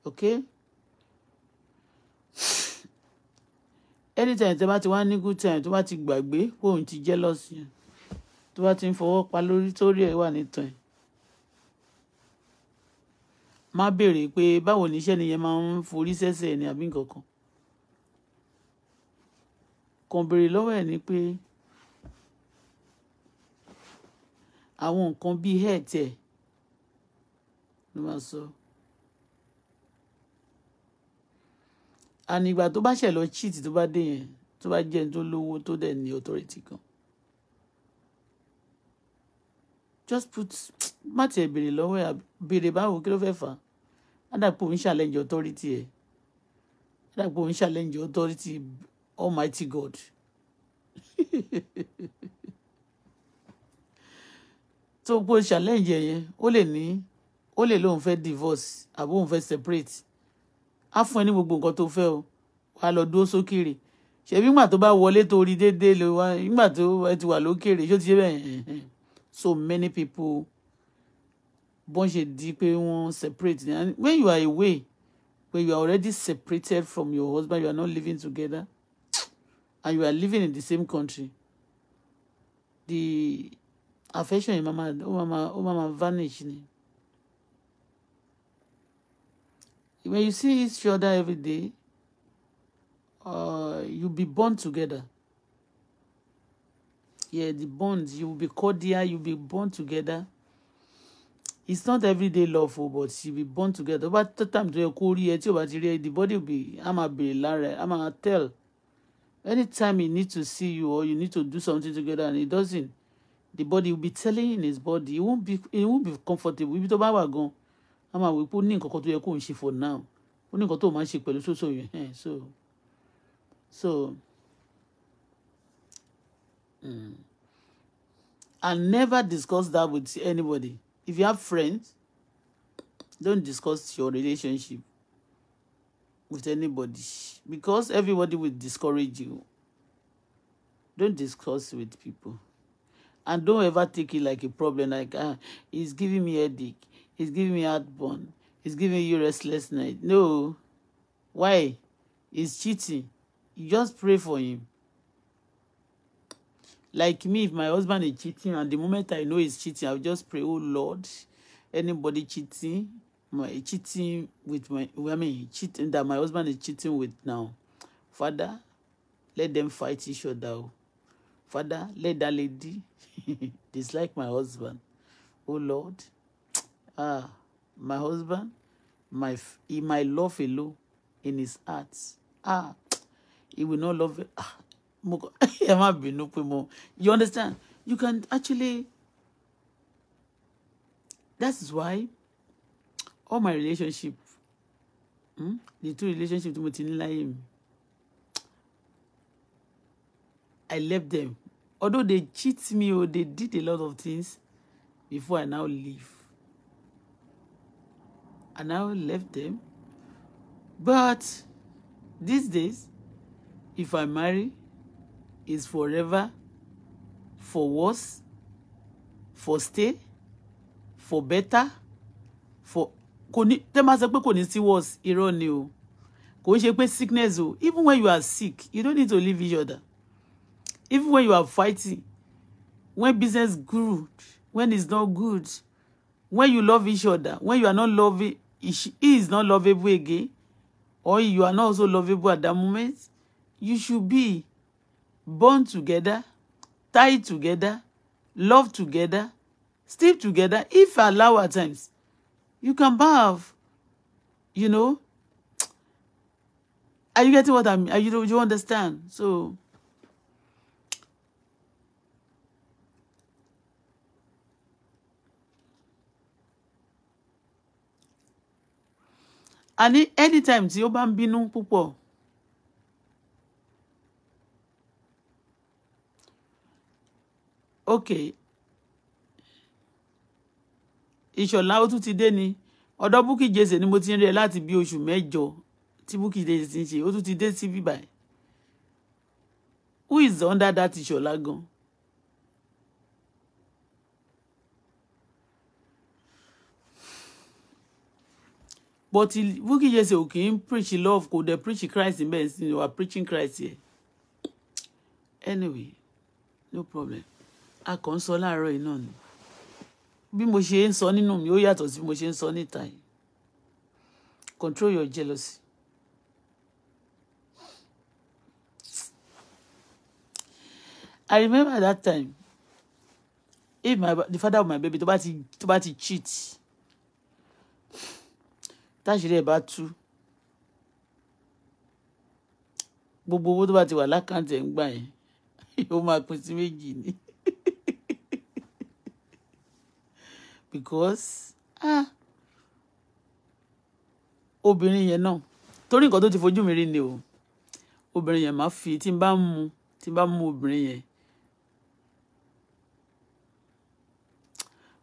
Okay? anytime tó bá ti wá ní good time tó bá ti gbàgbé òun ti jealous yẹn tó bá ti ń fọwọ́ pa lórí tó rí ẹ̀ wà nítan ẹ̀ má béèrè pé báwo níṣẹ́ nìyẹn máa ń forí sẹ́sẹ̀ ni àbí nǹkan kan kàn béèrè lọ́wọ́ ẹ̀ ni pé àwọn nǹkan bíi ẹ̀ẹ̀tẹ̀ ló máa sọ. àní ìgbà tó bá ṣẹ̀ lọ cheat tó bá dé yẹn tó bá jẹ́ ẹni tó lówó tó dẹ̀ ní authority kan. just put má tiẹ̀ béèrè lọ́wọ́ ẹ̀ béèrè báwo kí ló fẹ́ fà á ádàpọ̀ ń challenge authority ẹ̀ ádàpọ̀ ń challenge authority Almighty God. tó gbó challenge yẹn ó lè ní ó lè lóun fẹ́ divorce àbó òun fẹ́ separate á fún ẹ ní gbogbo nǹkan tó fẹ́ o wàá lọ dúró sókèrè ṣebí ìgbà tó bá wọlé tó rí déédéé lè wá ìgbà tó ẹ ti wà lókèrè ṣó ti ṣe bẹ́ẹ̀ so many people bọ́n ṣe di pé wọ́n separate when you are away when you are already separated from your husband you are not living together and you are living in the same country the affection yẹn máa ó máa ó máa vanish ni when you see each other every day uh, you be born together yeah the bond you be cordial you be born together it's not everyday love o oh, but you be born together ó bá tó time tó yẹ kó rí tí o bá ti rí ẹ the body will be á máa bèrè lára ẹ á máa tell anytime he needs to see you or you need to do something together and he doesn't the body will be telling in his body he won't be he won't be comfortable ibi tó bá wà gan a máa wí pé ó ní nǹkan kan for now ó ní nǹkan tó máa ń ṣe so so mm. never discuss that with anybody if you have friends don't discuss your relationship with anybody because everybody will discourage you. Don't discuss with people. And don't ever take it like a problem, like, ah, he's giving me headache, he's giving me heartburn, he's giving you restless night. No. Why? He's cheating. You just pray for him. Like me, if my husband is cheating, and the moment I know he's cheating, I'll just pray, oh Lord, anybody cheating, my cheating with my I mean cheating that my husband is cheating with now. Father, let them fight each other. Oh. Father, let that lady [laughs] dislike my husband. Oh Lord, ah, my husband, my he might love a low in his heart. Ah, he will not love. It. Ah, [laughs] you understand? You can actually. That is why all my relationship hmm? the two relationship tí mo ti ní mi I left them although they cheat me or they did a lot of things before I now leave I now left them but these days if I marry is forever for worse for stay for better for kò ní tẹ́ máa sọ pé kò ní sí worse irọ́ ni o kò ń ṣe sickness o even when you are sick you don't need to leave each other even when you are fighting when business good when it's not good when you love each other when you are not loving he is not lovable again or you are not also lovable at that moment you should be born together tied together love together sleep together if allowed at times You can bath. You know? Are you getting what I mean? Are you, do you understand? So, àní anytime tí ó binu pupo. okay ìṣọ̀lá ó tún ti dé ni ọ̀dọ̀ búkì jèsè ni mo ti ń rí ẹ láti bí oṣù mẹ́jọ tí búkì jèsè ti ń ṣe ó tún ti dé sí bíbà ẹ̀ who is under that ìṣọ̀lá gan. but búkì jèsè ò kì í preach love kò dẹ̀ preach Christ in bẹ́ẹ̀ sí ni preaching Christ yẹ anyway no problem a kàn ń sọ láàárọ̀ yìí náà ni bí mo ṣe ń sọ nínú mi ó yàtọ̀ sí bí mo ṣe ń sọ níta yìí control your jealousy. I remember that time if my the father of my baby tó bá ti tó bá ti cheat táṣìírí ẹ̀ bá tú gbogbo owó tó bá ti wà lákàntì ẹ̀ ń gbà yẹn [laughs] ó máa pín sí méjì ni. because ah obìnrin yẹn náà torí nǹkan tó ti fojú mi rí ni o obìnrin yẹn máa fi tí n bá mu tí n bá mu obìnrin yẹn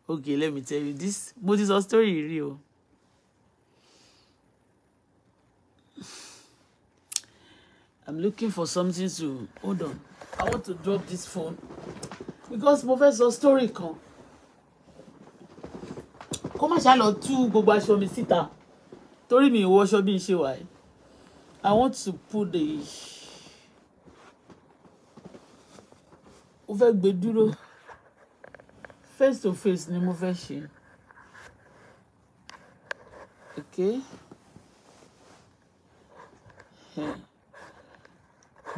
okay let me tell you this mo ti sọ story yìí rí o i'm looking for something to hold on i want to drop this phone because mo fẹ́ sọ story kan kó má ṣáà lọ tú gbogbo aṣọ mi síta torí mi ìwọ ọṣọ bí n ṣe wà I want to put the mo fẹ́ gbé dúró face to face ni mo fẹ́ ṣe okay yeah.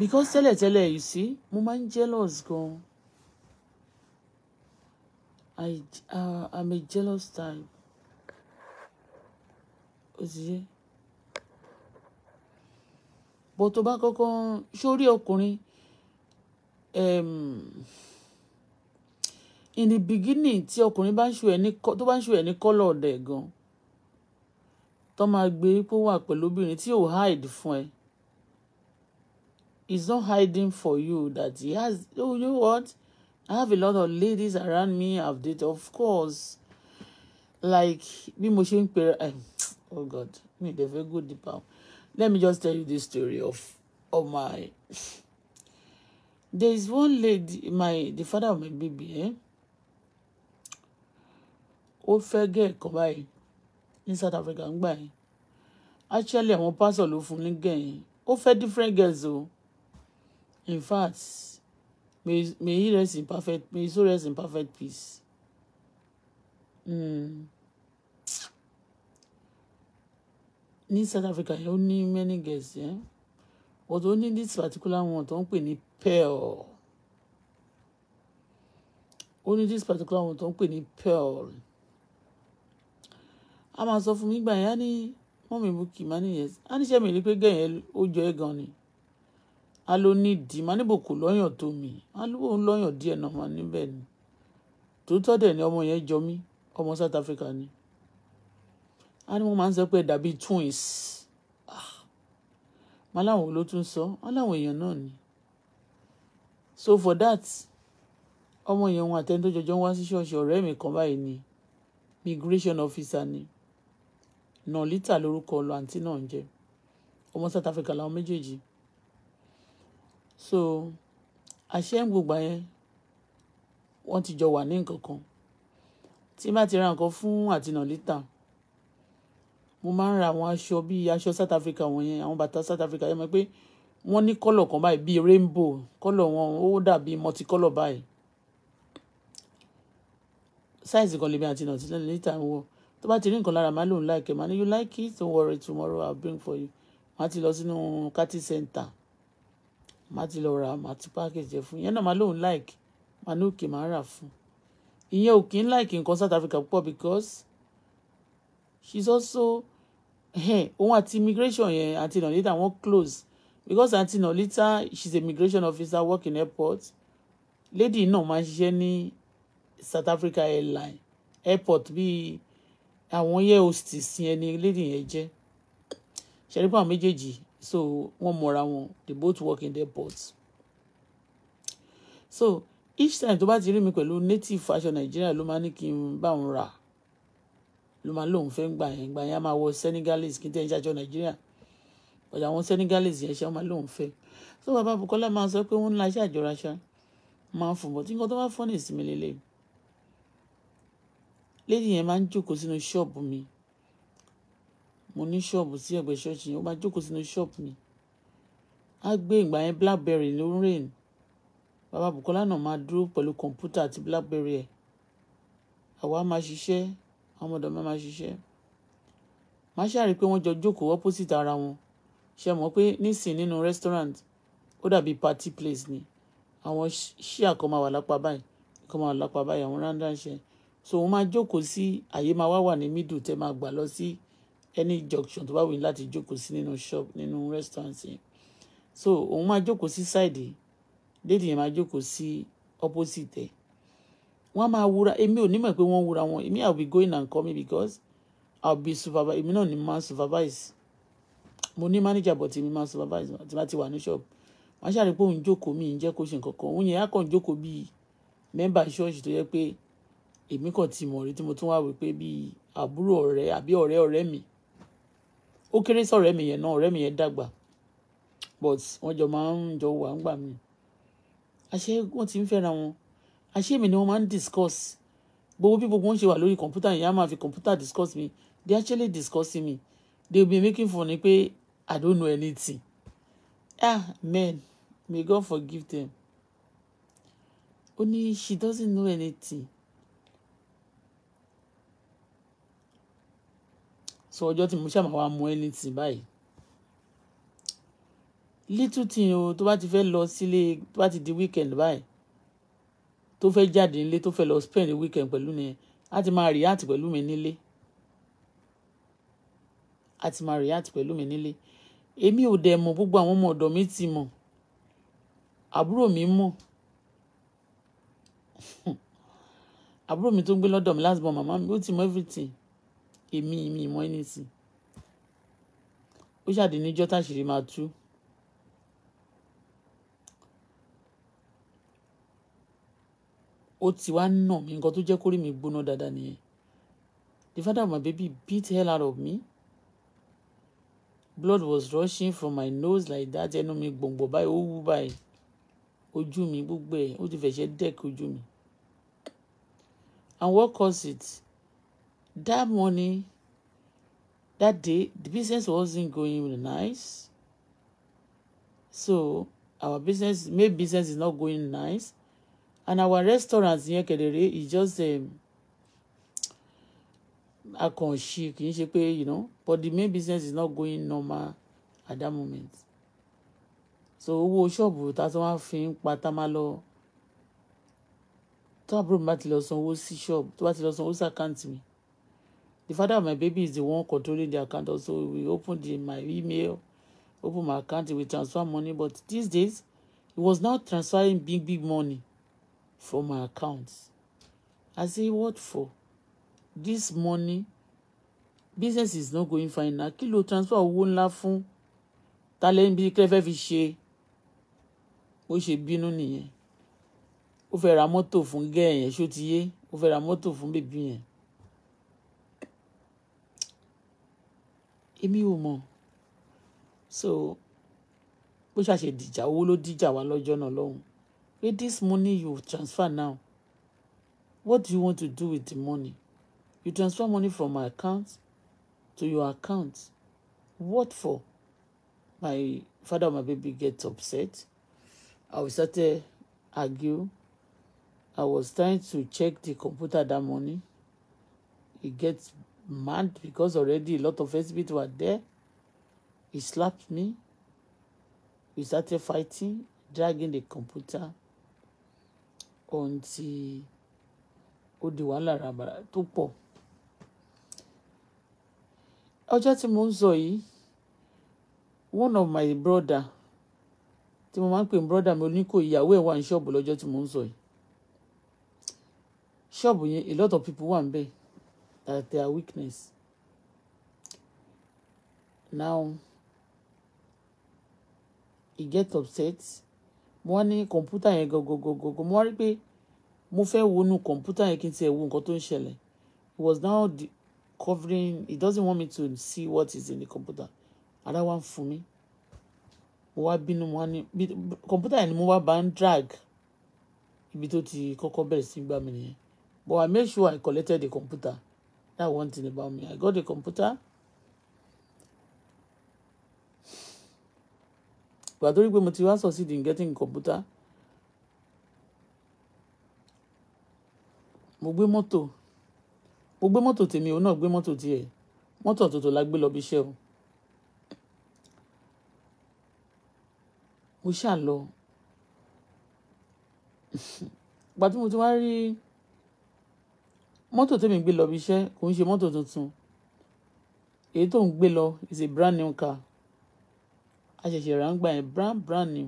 because tẹ́lẹ̀tẹ́lẹ̀ you see mo máa jealous gan I uh, I'm a jealous type ó ti yé bó tó bá kọ́kọ́ sórí ọkùnrin in the beginning tí ọkùnrin bá ń ṣù ẹ ní tó bá ń ṣù ẹ ní kọ́lọ̀ ọ̀dẹ̀ gan tó máa gbé pé wà pẹ̀lú obìnrin tí ò hide fún ẹ he's not hiding for you that he has oh you know what I have a lot of ladies around me I've dated of course like bí mo ṣe ń pera oh God me they very good deep let me just tell you this story of of my there is one lady my the father of my baby eh ó fẹ́ gẹ̀ ẹ̀kọ́ báyìí ní South Africa ń gbà actually I'm pásọ̀ ló fún ní gẹ̀ yẹn ó fẹ́ different girls o in fact may may he rest in perfect may he so rest in perfect peace. Mm. ní South Africa ló ní many girls yẹn but ó ní this particular one tó ń pè ní pearl ó ní this particular one tó ń pè ní pearl a máa sọ fún mi gbà yẹn á ní mọ́mí Bukky má nìyẹn á ní sẹ́mi rí pé gẹ̀yẹ́ ó jọ ẹ́ gan ni a ló ní ìdí má níbò kò lọ́yàn tó mi a lówó ń lọ́yàn díẹ̀ náà má níbẹ̀ ni tòótọ́ dẹ̀ ni ọmọ yẹn jọ mí ọmọ South Africa ni á ní wọ́n máa ń sọ pé ẹ dàbí twins wọn ah. láwọn ló tún sọ wọn láwọn èèyàn náà ni so for that ọmọ yẹn wọn àtẹni tó jọjọ ń wá sí ṣọ́ọ̀ṣì ọ̀rẹ́ mi kan báyìí ni immigration officer ni nolita lórúkọ ọlọ àǹtí náà ń jẹ ọmọ South Africa làwọn méjèèjì so àṣẹ ń gbogbo yẹn wọ́n ti jọ wà ní nǹkan kan tí má ti ra nǹkan fún àti nolita mo máa ń ra àwọn aṣọ bíi aṣọ South Africa wọ̀nyẹn àwọn bàtà South Africa yẹn mọ̀ pé wọ́n ní kọ́lọ̀ kan báyìí bíi rainbow kọ́lọ̀ wọn ó dàbí multicolour báyìí size kan lèmi àti nàìjíríà lẹ́nu níta ń wọ̀ tó bá ti rí nǹkan lára máa lòun láìkẹ́ máa ní you like it don't worry tomorrow I'll bring for you máa ti lọ sínú kati center máa ti lọ ra máa ti package jẹ fún yẹn náà máa lòun like máa ní òkè máa rà fún ìyẹn ò ń like nǹkan South Africa púpọ̀ because she's also òun àti immigration yẹn àti Nolita wọ́n close because àti Nolita she's a immigration officer working airport lady náà máa ń ṣiṣẹ́ ní South Africa airline airport bíi àwọn yẹ hostess yẹn ni lady yẹn jẹ́ ṣẹ̀rípà méjèèjì so wọ́n mọ̀ra wọn they both work in the airport so each time tó bá ti rí mi pẹ̀lú native fashion Nigeria ló máa ní kí n bá wọn rà ló máa lóun fẹ́ gbà yẹn gbà yẹn a máa wọ Senegalese kí n tẹ́ ń ṣàjọ Nàìjíríà ọ̀dà àwọn Senegalese yẹn ṣe wọ́n máa lóun fẹ́ tó bàbá Bukola máa sọ pé wọ́n ń la iṣẹ́ àjọra ṣá máa ń fòmọ́ tí nǹkan tó bá fọ́ ní ìsinmi lélẹ̀ lẹ́yìn yẹn máa ń jókòó sínú ṣọ́ọ̀bù mi mo ní ṣọ́ọ̀bù sí ẹ̀gbẹ́ ṣọ́ọ̀ṣì yẹn ó máa jókòó sínú ṣọ́ọ̀bù mi á gbé ìgbà yẹn blackberry ló ń rìn bàbá Bukola náà máa dúró pẹ̀lú kọ̀ǹpútà àti blackberry ẹ̀ àwa máa ṣiṣẹ́ ọmọdọ̀ máa máa ṣiṣẹ́ máa ṣàrí pé wọ́n jọ jókòó opposite ara wọn ṣe mọ̀ pé nísìn nínú restaurant ó dàbí party place ni àwọn ṣíà kan máa wà lápá báyìí kan wà lápá báyìí àwọn random ṣe so wọ́n máa jókòó sí àyè máa wá wà ní middle tẹ́ máa gbà lọ sí any junction tó bá wù yín láti jókòó sí nínú shop nínú restaurant yẹn so òun máa jókòó sí side yìí lady yẹn máa jókòó sí opposite ẹ̀ wọ́n máa wúra èmi ò ní pé wọ́n wúra wọn èmi i be going and coming because I'll be supervise èmi náà ni máa supervise mo ní manager but èmi máa supervise tí wọ́n ti wà ní shop wọ́n ṣàrí pé òun jókòó mi ń jẹ́ kó ṣe nǹkan kan òun yẹn á kàn jókòó bíi mẹ́mbà ṣọ́ọ̀ṣì tó yẹ pé èmi kàn ti mọ̀ rí tí mo tún wá wí pé bíi àbúrò ọ̀rẹ́ àbí ọ̀rẹ́ ọ̀rẹ́ mi ó kéré sọ̀rẹ́ mi yẹn náà ọ̀rẹ́ mi yẹn dàgbà but wọ́n jọ máa ń jọ wà ń gbà mí àṣẹ wọ́n ti ń fẹ́ra wọn àṣé mi ni wọ́n máa ń discuss gbogbo bí gbogbo wọn ṣe wà lórí kọ̀ǹpútà yìí á máa fi kọ̀ǹpútà discuss me they actually discussing me they be making fun ni pé i don't know anything ah men may god forgive them ó ní she doesn't know anything so ọjọ́ tí mo ṣàmà wa mú anything báyìí little thing o tó bá ti fẹ́ lọ sílé tó bá ti di weekend báyìí tó fẹ́ jáde nílé tó fẹ́ lọ spend the weekend pẹ̀lú ni a ti máa react pẹ̀lú mi nílé a ti máa react pẹ̀lú mi nílé èmi ò dẹ̀ mọ̀ gbogbo àwọn ọmọ ọ̀dọ̀ mi ti mọ̀ àbúrò mi mọ̀ [laughs] àbúrò mi tó ń gbé lọ́dọ̀ mi last born màmá mi ó ti mọ̀ everything èmi mi mọ̀ anything ó ṣàdé níjọ́ táṣìírí máa tú. ó ti wá nà mí nǹkan tó jẹ́ kórìí mi gbóná dáadáa nìyẹn the father of my baby beat hell out of me blood was rushing from my nose like that ẹnu mi gbòǹgbò báyìí ó wú báyìí ojú mi gbogbo ẹ̀ ó ti fẹ̀ṣẹ̀ dẹ́ẹ̀kì ojú mi and what caused it that morning that day the business wasn't going nice so our business main business is not going nice and our restaurant yẹn kẹ̀dẹ̀rẹ́ is just um, akànṣe kì í ṣe pé you know but the main business is not going normal at that moment so owó ṣọ́ọ̀bù ta tí wọ́n fi ń pa tá máa lọ tó àbúrò mi bá ti lọ san owó sí ṣọ́ọ̀bù tó bá ti lọ san owó sí àkáǹtì mi the father of my baby is the one controlling the account also we open the my email open my account we transfer money but these days he was now transferring big big money For my account. I say, what for? This money, business is not going fine now. Kilo transfer owó ńlá fún? Ta lẹ́yìn bí kílẹ̀ fẹ́ fi ṣe? Bó ṣe bínú nìyẹn. Ó fẹ́ ra mọ́tò fún gẹ́ẹ̀ yẹn ṣó ti yé. Ó fẹ́ ra mọ́tò fún bèbí yẹn. Èmi ò mọ̀. So bó ṣàṣe dìjà dija, ló dìjà wá lọ́jọ́ náà lọ́hùn-ún. With this money you transfer now what do you want to do with the money you transfer money from my account to your account what for my father my baby gets upset i started argue i was trying to check the computer that morning he gets mad because already a lot of exhibits were there he slapped me we started fighting dragging the computer until ó di wàhálà ràbàrà tó pọ̀ ọjọ́ tí mo ń sọ yìí one of my brother tí mo máa ń pè ní brother mi oníkó ìyàwó ẹ̀ wà ní ṣọ́ọ̀bù lọ́jọ́ tí mo ń sọ yìí ṣọ́ọ̀bù yẹn a lot of people wà ń bẹ̀ that their weakness now he get upset mo wá ní kọ̀ǹpútà yẹn gọgọgọgọgọ mo wá rí pé mo fẹ́ wọnú kọ̀ǹpútà yẹn kí n tiẹ̀ wo nǹkan tó ń ṣẹlẹ̀ he was now covering he doesn't want me to see what is in the computer ara wa ń fún mi mo wá bínú mo wá ní kọ̀ǹpútà yẹn ni mo wá bá ń drag ibi tó ti kọ́kọ́ bẹ̀rẹ̀ sí gbà mí nìyẹn but I made sure I collected the computer that one thing about me I got the computer ìgbà tó rí pé mo ti wá succeed in getting computer mo gbé mọ́tò mo gbé mọ́tò tèmi òun náà gbé mọ́tò tiẹ̀ mọ́tò ọ̀tọ̀ọ̀tọ̀ la gbé lọ bí iṣẹ́ o mo ṣáà lọ ìgbà tí mo ti wá rí mọ́tò tèmi gbé lọ bí iṣẹ́ kò ń ṣe mọ́tò tuntun èyí tó ń gbé lọ is a brand new car àṣẹ̀ṣẹ̀ ráńgbà yẹn brown brown ni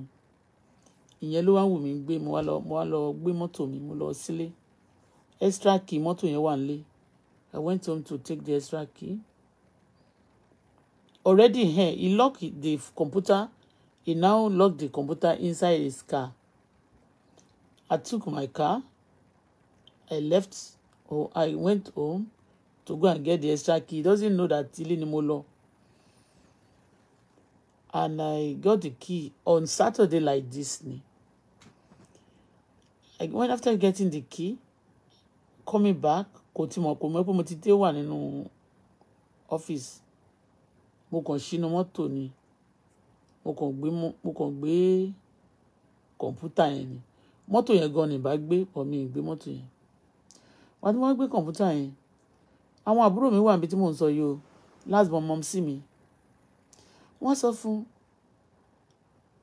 ìyẹn ló wá wù mí gbé mo wá lọ mo wá lọ gbé mọ́tò mi mo lọ sílé extra key mọ́tò yẹn wà nílé I went home to take the extra key already here eh, he lock the computer he now lock the computer inside his car I took my car I left or I went home to go and get the extra key he doesn't know that ilé ni mo lọ and I got the key on Saturday like Disney. I went after getting the key, coming back, kò tí mo kò mọ̀ pé mo ti dé wà nínú ọ́fíìsì mo kàn ṣínú mọ́tò ni mo kàn gbé mo kàn gbé kọ̀ǹpútà yẹn ni mọ́tò yẹn gan ni bá gbé pọ̀ mi gbé mọ́tò yẹn wà á ti wọ́n gbé kọ̀ǹpútà yẹn àwọn àbúrò mi wà níbi tí mò ń sọ yìí last but mom sí me wọ́n sọ fún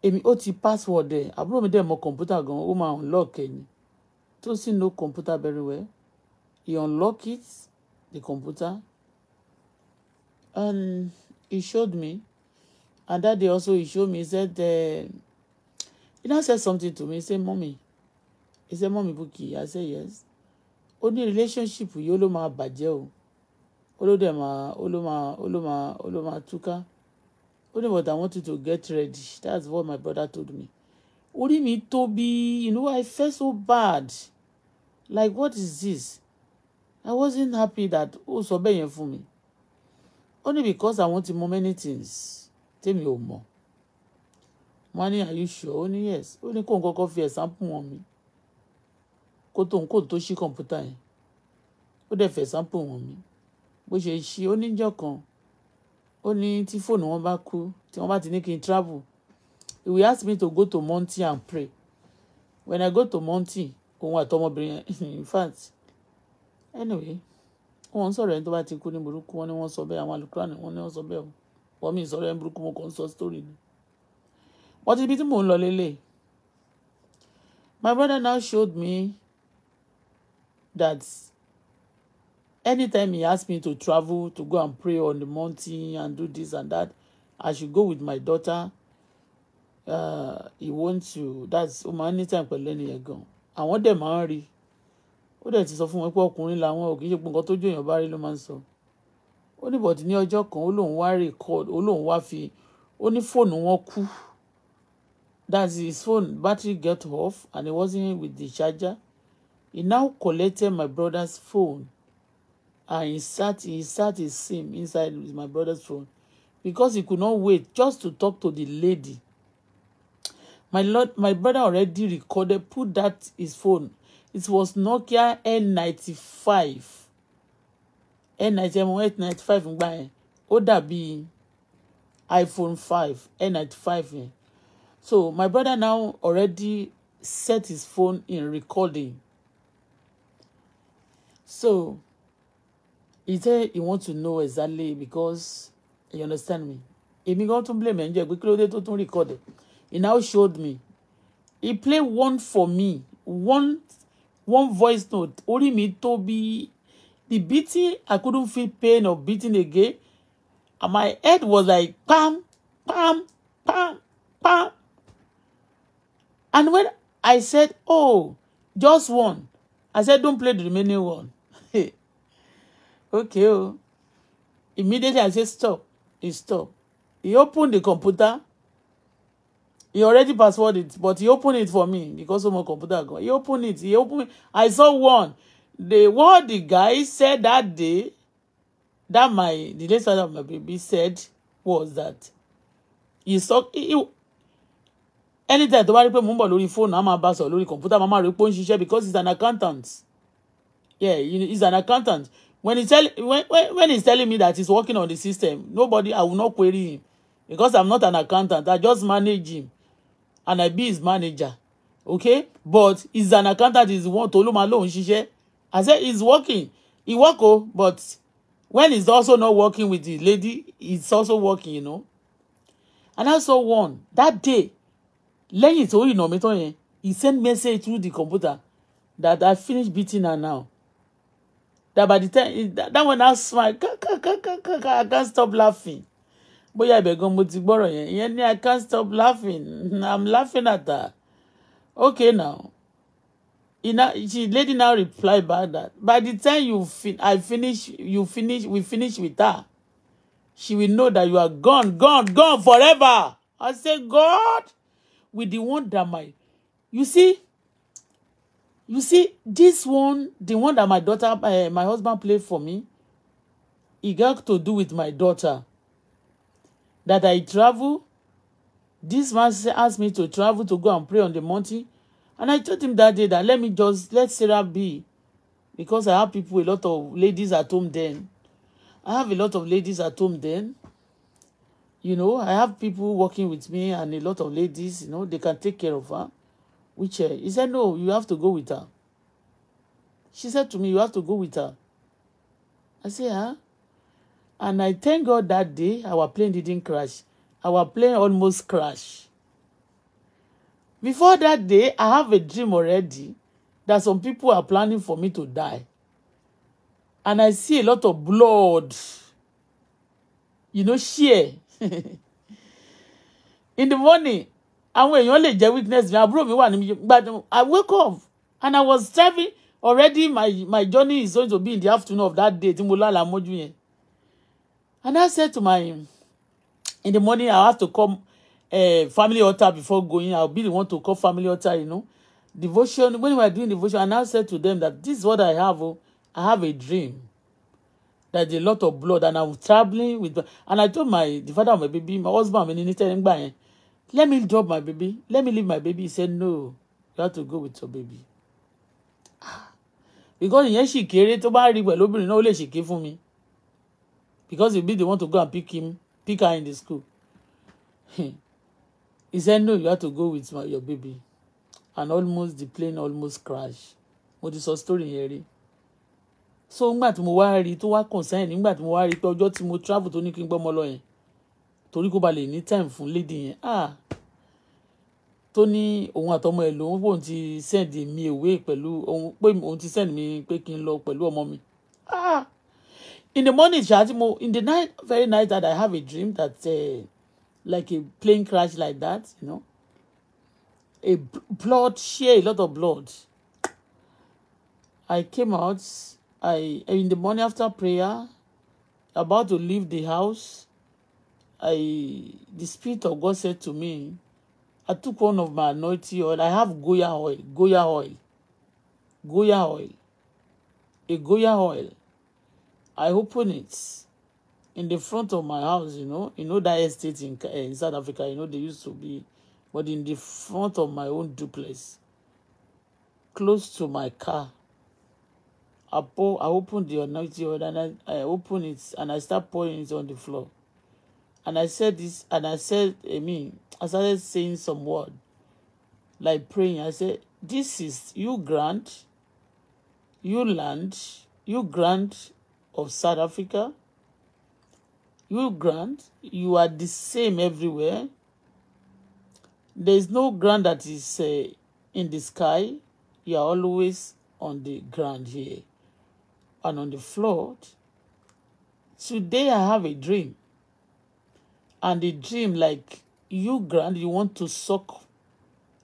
èmi ó ti password ẹ̀ àbúrò mi dẹ̀ mọ kọ̀ǹpútà gan ó máa unlock ẹ̀ ni tó sì no computer very well he unlock it the computer and he showed me and that day also he showed me he said uh, he now said something to me he said mummy he said mummy Bukky i said yes ó ní relationship yìí ó ló máa bàjẹ́ o ó ló dẹ̀ máa ó ló máa ó ló máa ó ló máa túká only but I wanted to get ready. That's what my brother told me. Orí me Toby, you know, I felt so bad. Like, what is this? I wasn't happy that ó sọ bẹ́ẹ̀ yẹn fún Only because I want more many things. Tell me more. Money, are you sure? Only yes. Only ní kò ń fi example wọn mi. Kó tó ń kó tó ṣí kọ̀ǹpútà yẹn. Ó dẹ̀ fi example wọn mi. Bó ṣe ṣí, ó kan ó ní tí fóònù wọn bá kú tí wọn bá ti ní kí n travel he will ask me to go to Monty and pray when i go to mountain òun àtọmọbìnrin [laughs] in fact anyway wọn sọ̀rọ̀ ẹni tó bá ti kú ní burúkú wọn ni wọn sọ bẹ́ẹ̀ àwọn alukura ni wọn ni wọn sọ bẹ́ẹ̀ o wọn mi sọ̀rọ̀ ẹni burúkú mo kàn ń sọ story ni wọn ti ibi tí mò ń lọ lélẹ̀ my brother now showed me that anytime he asked me to travel to go and pray on the mountain and do this and that i should go with my daughter uh, he wants to that's ó Anytime ń ní again, I want them àwọn dẹ̀ máa ń rí ó dẹ̀ ti sọ fún wọn pé ọkùnrin làwọn ò kì í ṣe pé nǹkan tójú èèyàn bá rí ló máa ń sọ ó ní bọ̀dì ní ọjọ́ kan ó lóun wá record ó lóun wá fi ó ní fóònù wọn kú that's his phone battery get off and he wasn't with the charger he now collected my brother's phone and he sat he sim inside with my brother's phone because he could not wait just to talk to the lady my lord my brother already recorded put that his phone it was Nokia n95 n95 n95 ngbà yẹn ó dàbí iPhone 5 n95 yẹn so my brother now already set his phone in recording so he say he want to know exactly because you understand me èmi gan tún blame ẹ̀ ń jẹ́ pé kí ló record ẹ̀ he now showed me he play one for me one one voice note orí mi tó bí the beating i couldn't feel pain of beating again and my head was like pam pam pam pam and when i said oh just one i said don't play the remaining one okay oh. immediately i say stop he stop he opened the computer he already passworded it but he opened it for me because of my computer gan he opened it he opened it i saw one the what the guy said that day that my the next father of my baby said was that he saw he, he anytime tó bá rí pé mò ń bọ̀ lórí fóònù á máa bá sọ̀rọ̀ lórí kọ̀ǹpútà because he's an accountant yeah he's an accountant when he tell when, when when he's telling me that he's working on the system nobody i will not query him because i'm not an accountant i just manage him and i be his manager okay but he's an accountant he's to one toluma she ṣiṣẹ́ i said he's working he work oh. but when he's also not working with the lady he's also working you know and i saw one that day lẹ́yìn tó you mi tán yẹn he send message through the computer that i finish beating her now that by the time that, that one I smile kakakakaka I can't stop laughing bóyá I gan mo ti gbọ́rọ̀ yẹn ìyẹn ní I can't stop laughing I'm laughing at her okay now you know she lady now reply back that by the time you fin I finish you finish we finish with her she will know that you are gone gone gone forever I say God with the one that my you see you see this one the one that my daughter uh, my husband played for me e got to do with my daughter that i travel this man asked me to travel to go and pray on the mountain and i told him that day that let me just let sarah be because i have people a lot of ladies at home then i have a lot of ladies at home then you know i have people working with me and a lot of ladies you know they can take care of her wheelchair. Eh, he said, No, you have to go with her. She said to me, You have to go with her. I said, Huh? And I thank God that day our plane didn't crash. Our plane almost crashed. Before that day, I have a dream already that some people are planning for me to die. And I see a lot of blood. You know, share. [laughs] In the morning, àwọn èèyàn lè jẹ́ weakness mi àbúrò mi wà níbi gbàdé i wake up and i was serving already my my journey is going to be in the afternoon of that day tí mo lálàá mọ́jú yẹn and i said to my in the morning i have to come uh, family altar before going i be the one to call family altar you know devotion when we were doing devotion and i said to them that this is what i have oh i have a dream that a lot of blood and i'm traveling with and i told my the father of my baby my husband mi ni ní tẹ́lẹ̀ ń gbà yẹn let me drop my baby let me leave my baby he said no you have to go with your baby ah. because ìyẹn she carried to bá rí pẹ̀lú obìnrin náà ó lè ṣèké fún because he be the one to go and pick him pick her in the school [laughs] he said no you have to go with my, your baby and almost the plane almost crash mo ti sọ story here? so I'm tí mo wá To tó concern I'm tí mo wá To pé ọjọ́ travel to ní kí torí kó ba lè ní time fún lady yẹn ah tó ní òun àtọmọ ẹ lòun bóun ti send mi ìwé pẹ̀lú òun pé òun ti send mi pé kí n lọ pẹ̀lú ọmọ mi ah in the morning ṣáà tí mo in the night very night that I have a dream that uh, like a plane crash like that you know a blood share a lot of blood I came out I in the morning after prayer about to leave the house I the spirit of God said to me, I took one of my anointing oil. I have Goya oil, Goya oil, Goya oil, a Goya oil. I open it in the front of my house, you know, you know that estate in, eh, in South Africa, you know, they used to be, but in the front of my own duplex, close to my car, I pour, I open the anointing oil and I, I open it and I start pouring it on the floor. And I said this, and I said, I mean, I started saying some word, like praying. I said, this is you grant, you land, you grant of South Africa, you grant, you are the same everywhere. There is no grant that is uh, in the sky. You are always on the ground here and on the floor. Today I have a dream. and the dream like you grand you want to suck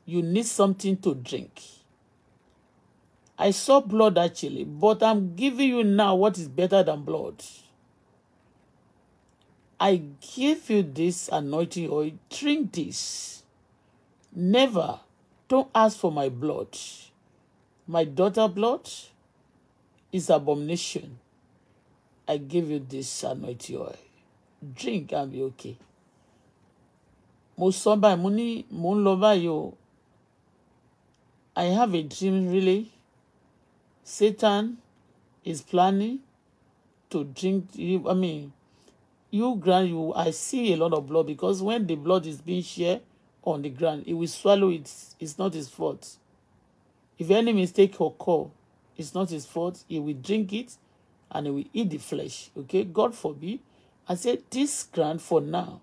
you need something to drink i saw blood actually but i'm giving you now what is better than blood i give you this anointing oil drink this never don't ask for my blood my daughter blood is abomination i give you this anointing oil drink and be okay mo sọ báyìí mo ní mò ń lọ báyìí o I have a dream really Satan is planning to drink I mean you ground you I see a lot of blood because when the blood is being shared on the ground he will swallow it it's not his fault if any mistake occur it's not his fault he will drink it and he will eat the flesh okay God forbid I said this ground for now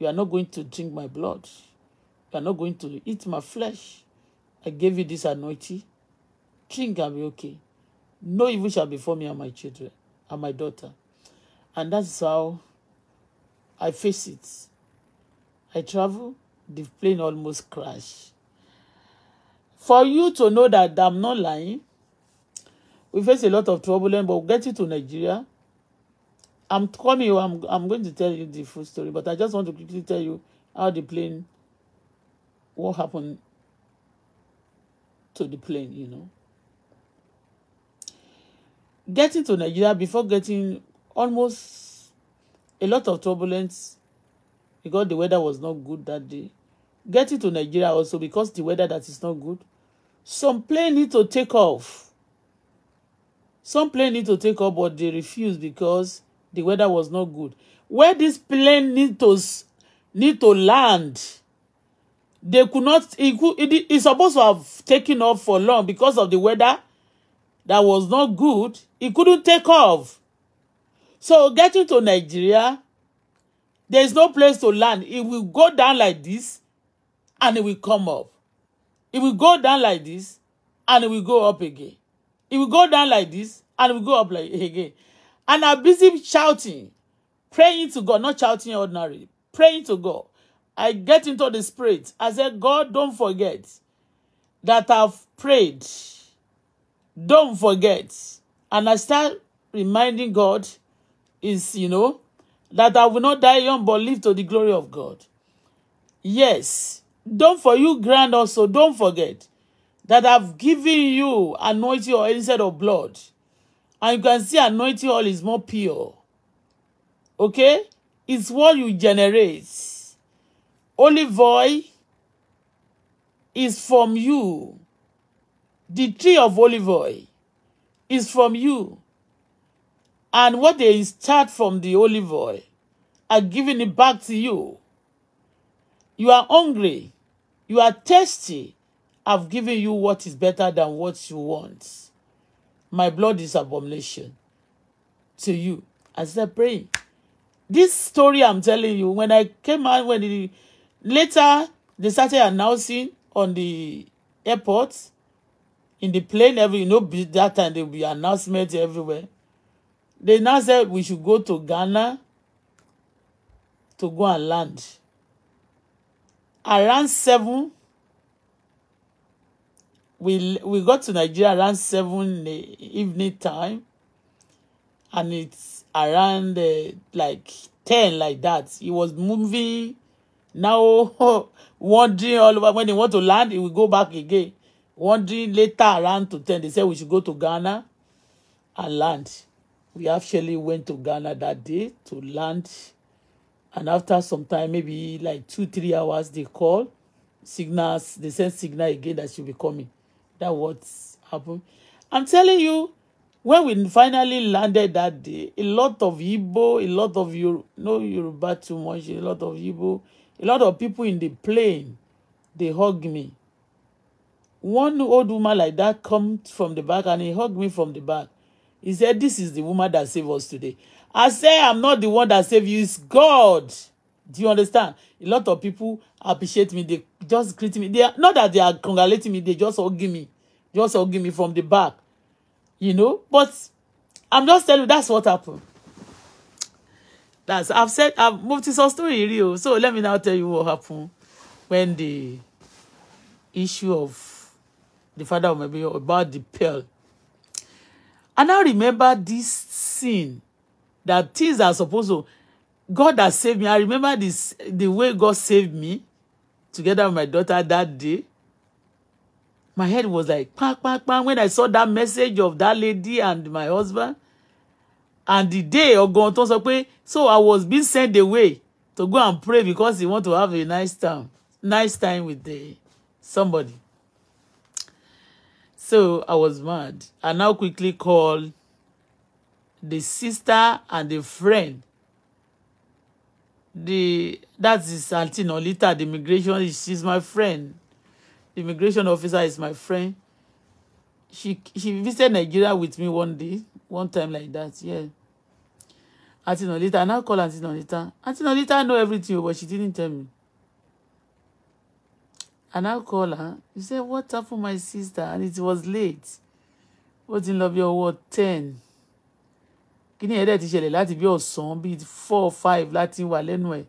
You are not going to drink my blood. You are not going to eat my flesh. I gave you this anointing. Drink and be okay. No evil shall befall me and my children and my daughter. And that's how I face it. I travel, the plane almost crashed. For you to know that I'm not lying, we face a lot of trouble, but get getting to Nigeria, I'm coming. Oh, I'm I'm going to tell you the full story, but I just want to quickly tell you how the plane, what happened to the plane, you know. Getting to Nigeria before getting almost a lot of turbulence because the weather was not good that day. Getting to Nigeria also because the weather that is not good. Some plane need to take off. Some plane need to take off, but they refuse because the weather was not good where this plane need to need to land they could not it could it, it's supposed to have taken off for long because of the weather that was not good it couldn't take off so getting to Nigeria there is no place to land it will go down like this and it will come up it will go down like this and it will go up again it will go down like this and it will go up like [laughs] again and are busy shouting, praying to God, not shouting ordinary, praying to God. I get into the spirit. I said, God, don't forget that I've prayed. Don't forget. And I start reminding God is, you know, that I will not die young but live to the glory of God. Yes. Don't for you grant also, don't forget that I've given you anointing or instead of blood. And you can see anointing oil is more pure. Okay? It's what you generate. Olive oil is from you. The tree of olive oil is from you. And what they start from the olive oil are giving it back to you. You are hungry. You are thirsty. I've given you what is better than what you want. My blood is abomination to you. I said. Pray. This story I'm telling you, when I came out, when the, later they started announcing on the airport, in the plane, every you know, that time there will be announcements everywhere. They now said we should go to Ghana to go and land. Around seven we we got to Nigeria around seven the evening time, and it's around uh, like ten like that. He was moving now, [laughs] wandering all over. When he want to land, he will go back again. Wandering later around to ten, they said we should go to Ghana and land. We actually went to Ghana that day to land, and after some time, maybe like two three hours, they call signals. They send signal again that she'll be coming. That what happened. I'm telling you, when we finally landed that day, a lot of Igbo, a lot of Yor no Yoruba too much, a lot of Igbo, a lot of people in the plane, they hugged me. One old woman like that comes from the back and he hugged me from the back. He said, This is the woman that saved us today. I say, I'm not the one that saved you, it's God. Do you understand? A lot of people, appreciate me they just greet me they are not that they are congratulating me they just hugging me just hugging me from the back you know but i'm just telling you that's what happened that's i've said i've moved to some story real so let me now tell you what happened when the issue of the father of my baby about the pearl and i remember this scene that things are supposed to God has saved me. I remember this the way God saved me together with my daughter that day. My head was like, pack, pack, pack. When I saw that message of that lady and my husband, and the day of going to pray, so I was being sent away to go and pray because he want to have a nice time, nice time with the, somebody. So I was mad. I now quickly called the sister and the friend the that is auntie Nolita the immigration is she's my friend the immigration officer is my friend she she visited Nigeria with me one day one time like that yeah auntie Nolita I now call auntie Nolita auntie Nolita know everything but she didn't tell me I now call her You said what happened my sister and it was late ó in love your word ọwọ́ ten kíní ẹ̀rẹ́ ti ṣẹlẹ̀ láti bí ọ̀sán bíi four five láti wà lẹ́nu ẹ̀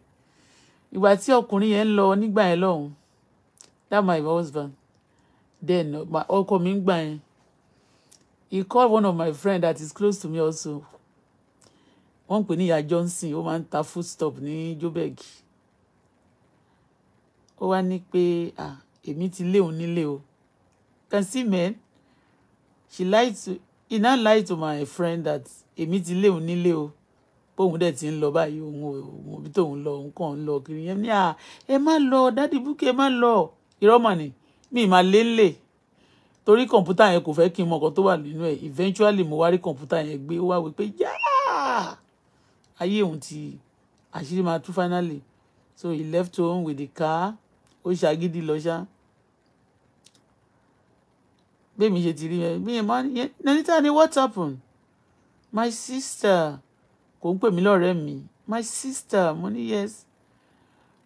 ìgbà tí ọkùnrin yẹn ń lọ nígbà yẹn lọ́hùn that my husband then ọkọ mi ń gbà yẹn he called one of my friend that is close to me also wọ́n ń pè ní ìyá Johnson ó máa ń ta food stop ní Joburg ó wá ní pé ah èmi ti lé òun nílé o can see men she lied to he now lied to my friend that èmi ti lé òun nílé o bóun dẹ̀ ti ń lọ báyìí òun òun òbí tóun lọ òun kàn ń lọ kiri yẹn ní à ẹ má lọ dádì búkẹ́ ẹ má lọ ìrọ́mọ̀ mi máa lé lè torí kọ̀ǹpútà yẹn kò fẹ́ kí n mọ nǹkan tó wà nínú ẹ̀ eventually mo wá rí kọ̀ǹpútà yẹn gbé ó wá wí pé yáà ayé òun ti àṣírí máa tú finally so he left home with the car ó ṣàgídí lọ ṣá bẹ́ẹ̀ mi ṣe ti rí yẹn bí yẹn máa ní ni what happened my sister kò ń pè mí lọ́rẹ́ mi my sister mo ní yes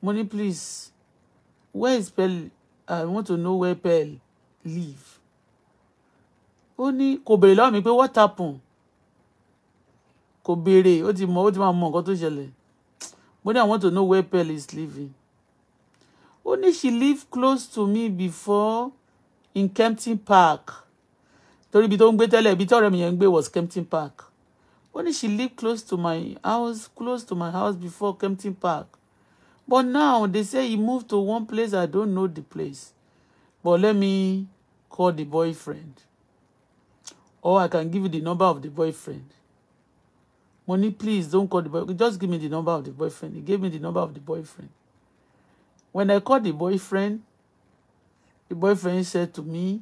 mo ní please where is pearl i want to know where pearl live ó ní kò béèrè lọ́wọ́ mi pé what happen kò béèrè ó ti mọ ó ti máa mọ nǹkan tó ṣẹlẹ̀ mo ní i want to know where pearl is living ó ní she live close to me before in Kempton Park torí ibi tó ń gbé tẹ́lẹ̀ ibi tí ọ̀rẹ́ mi yẹn ń gbé was Kempton Park Only she lived close to my house, close to my house before Kempton Park. But now they say he moved to one place. I don't know the place. But let me call the boyfriend. Or I can give you the number of the boyfriend. Money, please don't call the boy. Just give me the number of the boyfriend. He gave me the number of the boyfriend. When I called the boyfriend, the boyfriend said to me,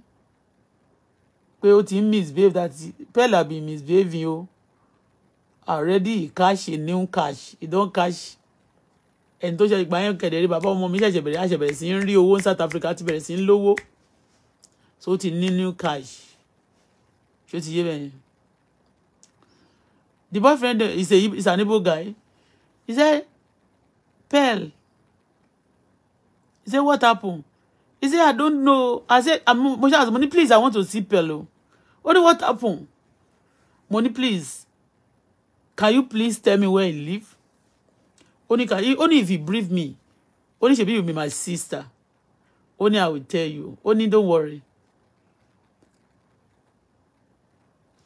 pé ó ti misbehave that Pearl have misbehaving o already he cash he new cash he don cash ẹni tó ṣe ìgbà yẹn kẹ̀dẹ̀ rí bàbá ọmọ mi ṣẹ̀ṣẹ̀ bẹ̀rẹ̀ ṣẹ̀ṣẹ̀ bẹ̀rẹ̀ sí ń rí owó ní South Africa ti bẹ̀rẹ̀ sí ń lówó so ó ti ní new cash ṣé ó ti yé bẹ́ẹ̀ yẹn the boyfriend is a is an Igbo guy he say pearl he say what happen he say i don't know i say mo ṣe àṣọ money, please i want to see pearl o ó ní what happen Money, please can you please tell me where he live only can he only if he brief me only shebi you me, my sister only i will tell you only don't worry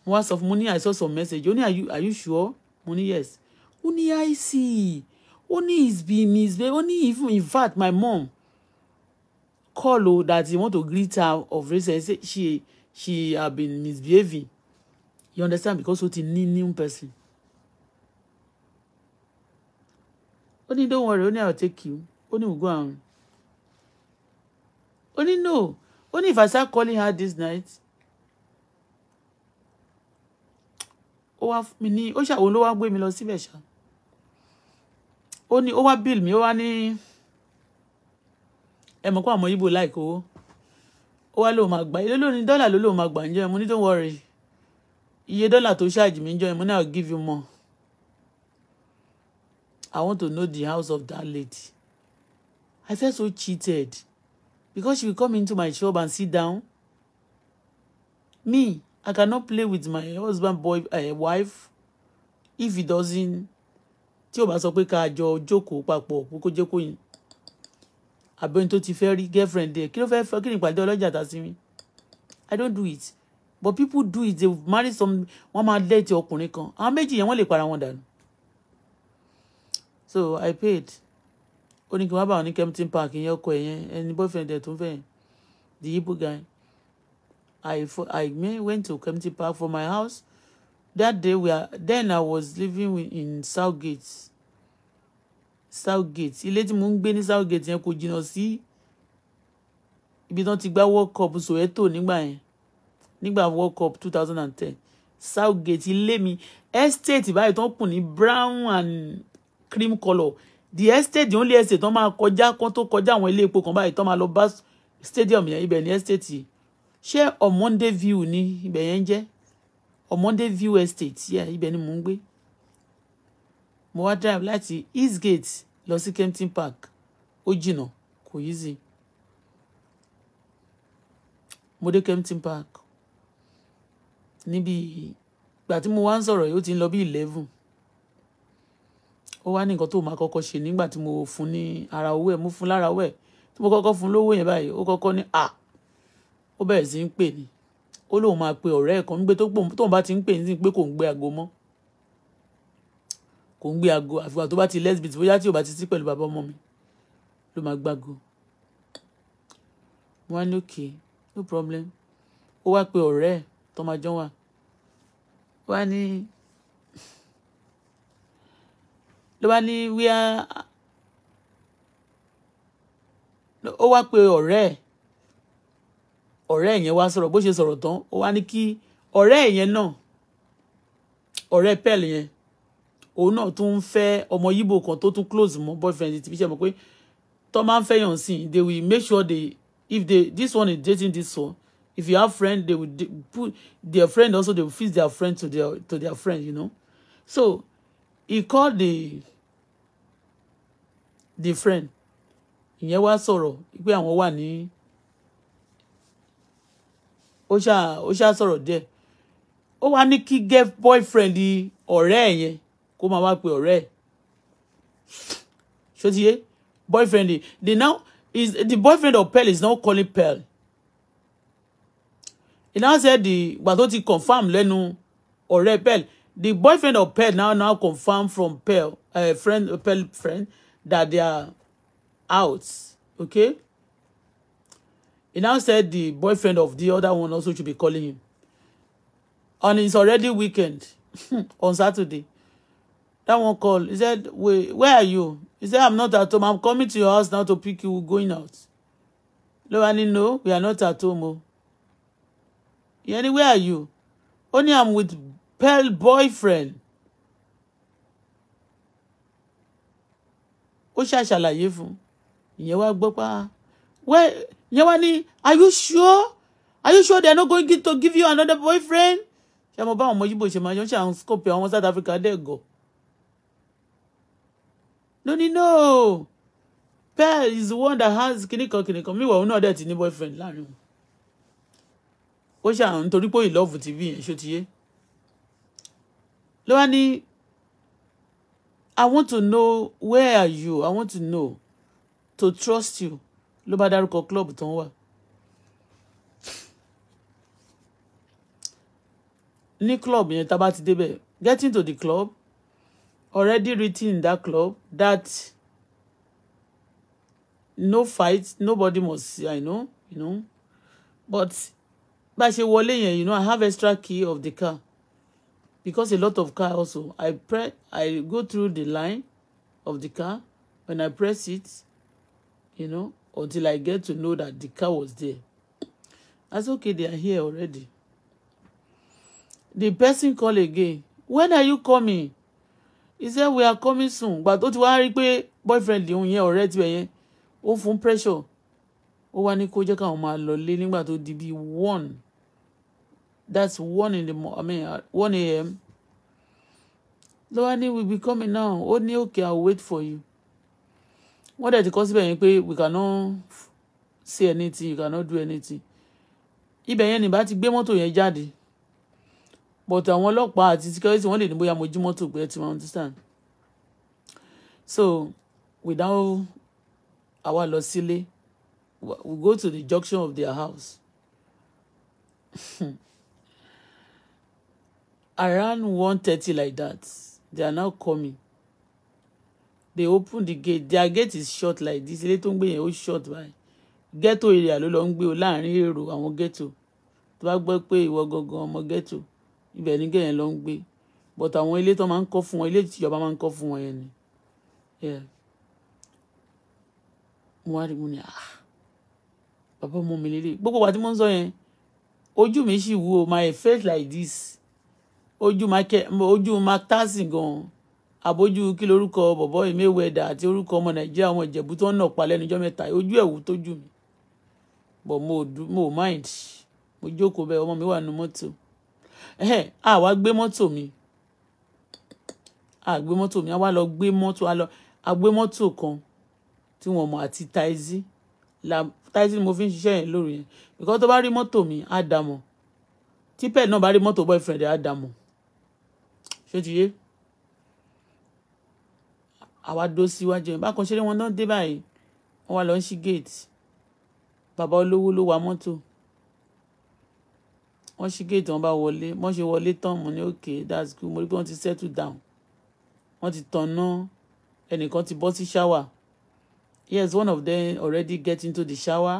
mo of money? i saw some message Only are you are you sure Money yes Only i see Only is being been misbehaved Only even in fact my mom call o that he want to greet her of reason. she she have been misbehaving you understand because ó ti ní new person oni don worry ó i'll take you ó ní we'll go and ó ní no ó if I start calling her this night o wa fún mi ní ó ṣàwọn ló wá gbé mi lo síbẹ̀ ṣá ó ní ó wá bill mi ó wá ní ẹ mọ̀ pé àwọn ibo láìkó ó wá lóun máa gbà ilé lónìí dọ́là ló lóun máa gbà ń jẹ́ mo ní don't worry iye dollar to ṣáàjì mi ń jọ ìmúná I'll give you more. I want to know the house of that lady. I felt so cheated because she will come into my shop and sit down. Me, I cannot play with my husband, boy, uh, wife if he doesn't. Tí o bá sọ pé ká jọ jókòó papọ̀ pé kó jẹ́ kó yin. Àbẹ̀yìn tó ti fẹ́ girlfriend there. Kí ló fẹ́ fẹ́ kí ni ìpàdé ta sí mi? I don't do it. But people do it. They marry some wọ́n máa date ọkùnrin kan. Àwọn méjì yẹn wọ́n lè para wọn dànù so i paid ó ní kí n wá bá wọn ní kempton park ìyẹn ọkọ ẹ yẹn ẹni boyfriend ẹ tó ń the Igbo guy i for, i me went to kempton park for my house that day we are then i was living in Southgate Southgate ilé tí mo ń gbé ní Southgate yẹn kò jìnnà sí ibi tí wọ́n ti gbá world cup Soweto nígbà yẹn nígbà world cup two thousand and ten Southgate ilé mi estate báyìí tó ń kùn ní brown and cream color. the estate the only estate tó máa kọjá kó tó kọjá àwọn ilé epo kan báyìí tó máa lọ bá stadium yẹn ibẹ̀ ní estate ṣé ọ̀mọ́ndé view ni ibe yẹn ń jẹ́ ọ̀mọ́ndé view estate yeah, ibe ni mò ń gbé mo wá drive láti eastgate lọ sí kempton park ó jìnnà kò easy mo dé kempton park níbi ìgbà tí mo wá ń sọ̀rọ̀ yìí ti ń lọ bí eleven ó wá ní nǹkan tó máa kọ́kọ́ ṣe nígbà tí mo fún ní ara owó ẹ̀ mo fún lára owó ẹ̀ tí mo kọ́kọ́ fún lówó yẹn báyìí ó kọ́kọ́ ní à ó bẹ̀rẹ̀ sí ń pè ní ó lóun máa pe ọ̀rẹ́ ẹ̀ kan gbé tó tóun bá ti ń pè ní pé kò ń gbé aago mọ́ kò ń gbé aago àfìgbà tó bá ti lesbit bóyá tí ò bá ti sí pẹ̀lú bàbá ọmọ mi ló máa gbágo wọn ní òkè no problem ó wá pe ọ̀rẹ́ ẹ̀ tó máa jọ wà wá ní ló bá ní wíyá ó wá pe ọ̀rẹ́ ẹ̀ ọ̀rẹ́ yẹn wá sọ̀rọ̀ bó ṣe sọ̀rọ̀ tán ó wá ní kí ọ̀rẹ́ yẹn náà ọ̀rẹ́ pẹ̀l yẹn òun náà tún ń fẹ́ ọmọ yíbò kan tó tún close mọ́ boyfriend ti fi ṣe mọ̀ pé tó máa ń fẹ́yàn sí they will make sure they if they this one is dating this one if you have friend they will put their friend also they will fix their friend to their to their friend you know so he called the the friend ìyẹn wá sọ̀rọ̀ pé àwọn wà ní ó ṣá ó ṣá sọ̀rọ̀ díẹ̀ ó wá ní kí get boyfriend ọ̀rẹ́ ẹ̀ yẹn kó máa wá pe ọ̀rẹ́ ẹ̀ ṣó ti yé boyfriend the now is the boyfriend of Pearl is now calling Pearl he now said the gbà tó ti confam lẹ́nu ọ̀rẹ́ Pearl The boyfriend of Pearl now now confirmed from Pearl, a uh, friend, Pearl friend, that they are out. Okay. He now said the boyfriend of the other one also should be calling him. And it's already weekend, [laughs] on Saturday, that one called. He said, Wait, where are you? He said, I'm not at home. I'm coming to your house now to pick you. We're going out. Lowani, no, we are not at home. oh. Anyway, where are you? Only I'm with Pearl boyfriend ó ṣá ṣàlàyé fún ìyẹn wá gbọ́ pa ah, wẹ́ ìyẹn wá ní are you sure are you sure they are not going to give you another boyfriend ṣé mo bá àwọn ọmọ yìí bò ṣe máa yọ̀ǹṣẹ́ àwọn scope àwọn South Africa dẹ́gọ̀ lónìí no Pearl is the one that has kìnìkan kìnìkan mi ìwà òun náà dẹ̀ ti ní boyfriend láàrin wọn ó ṣe àwọn nítorí pé ìlọ́ọ̀fù ti bí yẹn ṣó ti yé ló wá ní i want to know where are you i want to know to trust you ló bá dárúkọ club tó ń wà. ní club yẹn tá a bá ti débẹ̀ getting to the club already written in that club that no fight nobody must see i know you know but bá a ṣe wọlé yẹn you know i have extra key of the car because a lot of car also i press i go through the line of the car when i press it you know until i get to know that the car was there that's okay they are here already the person call again when are you coming he said we are coming soon but ó ti wá boyfriend òun yẹn ọ̀rẹ́ tiẹ̀ yẹn ó fún pressure ó wá ní kó jẹ́ káwọn máa lọ lé nígbà to di bíi one that's one in the morning i mean at uh, one a.m. lọ́wọ́ ní we be coming now Oh ní okay I'll wait for you wọ́n dẹ̀ ti kọ́ we cannot say anything you cannot do anything ibẹ̀ yẹn nìbá ti gbé mọ́tò yẹn jáde but àwọn ọlọ́pàá àti security wọ́n lè ní bóyá mo jí mọ́tò gbé tí wọ́n understand so without our lọ sílé we go to the junction of their house. [laughs] around 1.30 like that they are now coming they open the gate their gate is short like this ilé tó ń gbé yẹn ó short by ghetto area ló lọ ń gbé o láàrin èrò àwọn ghetto tó bá gbọ́ pé ìwọ gangan ọmọ ghetto ibẹ̀ ní gẹ̀yẹn ló ń gbé but àwọn ilé tó máa ń kọ́ fún wọn ilé ìjọba máa ń kọ́ fún wọn yẹn ni mo wá rí mo ní ah bàbá ọmọ mi lélẹ̀ gbogbo wa tí mo ń sọ yẹn ojú mi sì wú o my face like this ojú ojú mactasi gan àbójú kí lorúkọ bọ̀bọ́ Mayweather àti orúkọ ọmọ Nàìjíríà ọmọ Ìjẹ̀bú tó ń nà pa lẹ́nujọ́ mẹ́ta ojú ẹ̀wù tójú mi but mo mo mind mo jókòó bẹ́ẹ̀ ọmọ mi wà nínú mọ́tò ẹ̀hẹ́ a wá gbé mọ́tò mi a gbé mọ́tò mi a wá lọ gbé mọ́tò a lọ a gbé mọ́tò kan tí wọ́n mọ̀ àti taizi la taizi ni mo fi ń ṣiṣẹ́ yẹn lórí yẹn because tó bá rí mọ́tò mi á dà mọ̀ típẹ̀ náà bá rí mọ́tò boyfriend á dà mọ̀ ṣó ti yé àwa dó síwájú ẹ̀ bákan ṣeré wọn náà dé báyìí wọn wá lọ ń ṣí géètì bàbá olówó ló wa mọ́tò wọ́n ṣí géètì wọn bá wọlé wọ́n ṣe wọlé tán mo ní òkè that's good mo rí pé wọ́n ti settle down wọ́n ti tanná ẹnìkan ti bọ́ sí shower yes one of them already get into the shower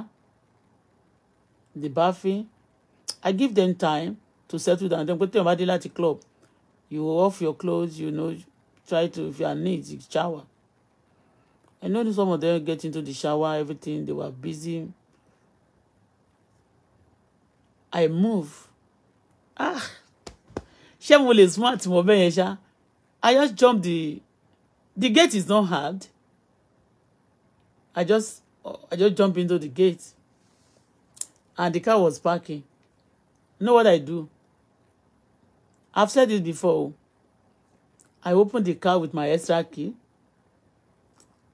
the bathing i give them time to settle down dem pé tí wọ́n bá dé láti club you off your clothes, you know, try to, if you are neat, you shower. I know some of them get into the shower, everything, they were busy. I move. Ah! Ṣé is smart mo bẹ́ẹ̀ I just jump the the gate is not hard. I just I just jump into the gate and the car was parking. You know what I do? I've said this before. Oh. I opened the car with my extra key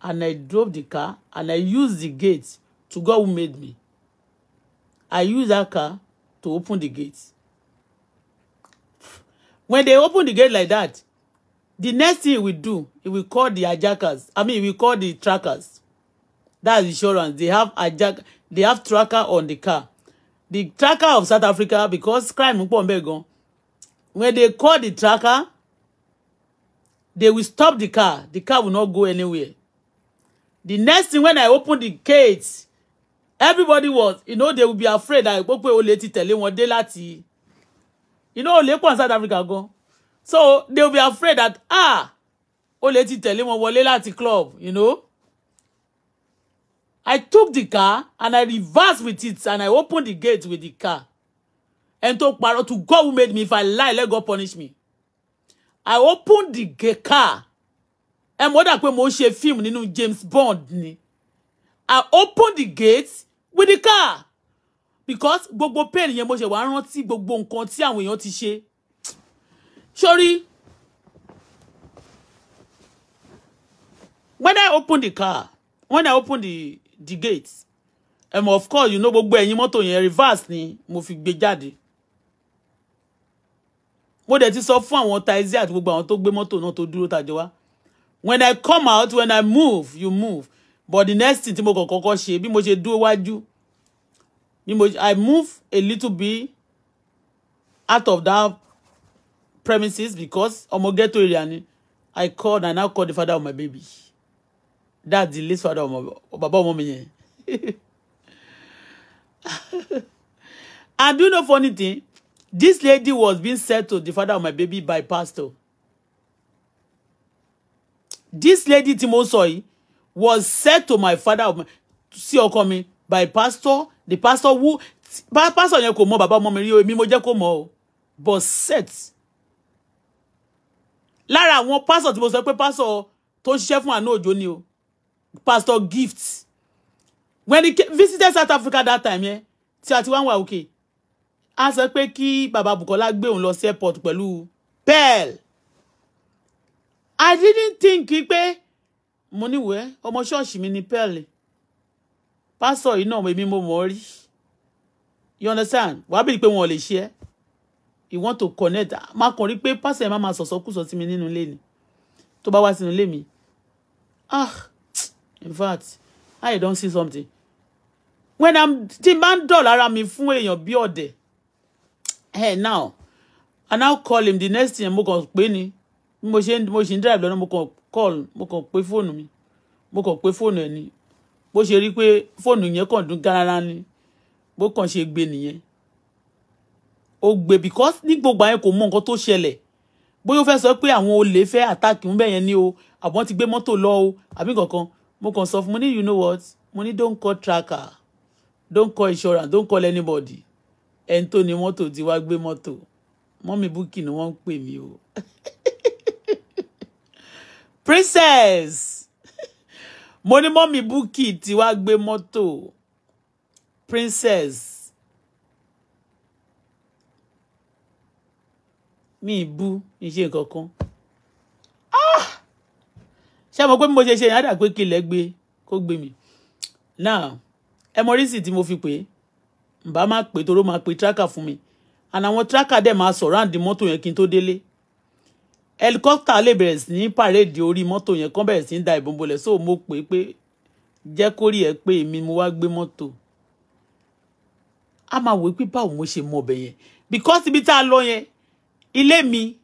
and I drove the car and I used the gate to God who made me. I used that car to open the gate. When they open the gate like that, the next thing we do, it will call the hijackers. I mean, we call the trackers. That's insurance. They have hijack, they have tracker on the car. The tracker of South Africa, because crime pọ̀ ń bẹ gan, when they call the tracker they will stop the car the car will not go anywhere the next thing when i open the gates, everybody was you know they will be afraid that gbogbo olè ti tẹ̀lé wọn dé láti you know olè pọ̀ in South Africa go. so they will be afraid that ah olè ti tẹ̀lé wọn wọlé láti club you know i took the car and i reversed with it and i opened the gate with the car And tó parọ́ to God who made me if I lie let God punish me I opened the car ẹ what dà pé mo ń ṣe fíìmù nínú James Bond ni I opened the gates with the car because Bobo pain yẹn mo ṣe wá rántí gbogbo nǹkan tí àwọn èèyàn ti ṣe Sorry. when I opened the car when I opened the the gates, and um, of course you know gbogbo ẹ̀yin mọ́tò yẹn reverse ni mo fi gbé jáde mo dẹ̀ ti sọ fún àwọn taizé àti gbogbo àwọn tó gbé mọ́tò náà tó dúró tàjọ wá when i come out when i move you move but the next thing tí mo kàn kọ́kọ́ ṣe bí mo ṣe dúró wájú bí mo i move a little bit out of that premises because ọmọ ghetto area ni i called and i now called the father of my baby that's the least father of my baba ọmọ mi yẹn [laughs] and do you know funny thing This lady was being to the father of my baby, by pastor. This lady, Timosoi, was said to my father of my, sí ọkọ mi by pastor, the pastor who, pastor yẹn kò mọ bàbá ọmọ mi rí o, èmi mo jẹ́ but set. Lara, àwọn pastor tí mo pastor tó chef ṣiṣẹ́ no àná òjò o, pastor gifts. When he visited South Africa that time, yeah, tí a ti wá ń Okay á sọ pé kí bàbá Bukola gbé òun lọ sí airport pẹ̀lú pearl I didn't think pé mo níwèé ọmọ ṣọ́ọ̀ṣì mi ni pearl pásọ̀ yìí náà èmi mo mọ̀ ọ́ rí you understand wàá bìí pé wọn ò lè ṣe é you want to connect máa kàn rí pé pásọ̀ yẹn máa máa sọ̀sọ́ kùsọ̀ sí mi nínú ilé ni tó bá wá sínú ilé mi ah in fact I don see something when I'm tí n bá ń dọ̀ lára mi fún èèyàn bí ọ̀dẹ̀ hey now i now call him the next thing mo kàn pé ni bí mo ṣe mo ṣe drive lọ́nà mo kàn call mo kàn pé phone mi mo kàn pé fóònù ẹ̀ ni bó ṣe rí i pé fóònù yẹn kàn dún gánara ni bó kàn ṣe because ni gbogbo àyẹn kò mọ nǹkan tó ṣẹlẹ̀ bóyá ó fẹ́ sọ pé àwọn olè fẹ́ àtàkì ń ni o àbọ̀n ti gbé mọ́tò lọ o àbí kankan mo kàn sọ fún mo you know what Money don't call tracker don't call insurance don't call anybody ẹni tó ní mọ́tò ti wá gbé mọ́tò mọ́mí búkì ni wọ́n ń pè mí o [laughs] princess mo ní mọ́mí búkì ti wá gbé mọ́tò princess mi ì bú mi ṣe nǹkan kan ah! ṣé mo pé bí mo ṣe ṣe yàrá pé kí ilẹ̀ gbé kó gbé mi now ẹ mọ rísì tí mo fi pè é n bá má pè toró máa pè tracker fún mi and àwọn tracker dẹ̀ máa surround mọ́tò yẹn kí n tó délé helicopter lè bẹ̀rẹ̀ sí ní parade orí mọ́tò yẹn kán bẹ̀rẹ̀ sí ní da ìbọn bolẹ̀ so mo pè pé jẹ́ kó rí ẹ pé èmi mo wá gbé mọ́tò a máa wò pé báwo mo ṣe mọ ọbẹ̀ yẹn because ibi tá a lọ yẹn ilé mi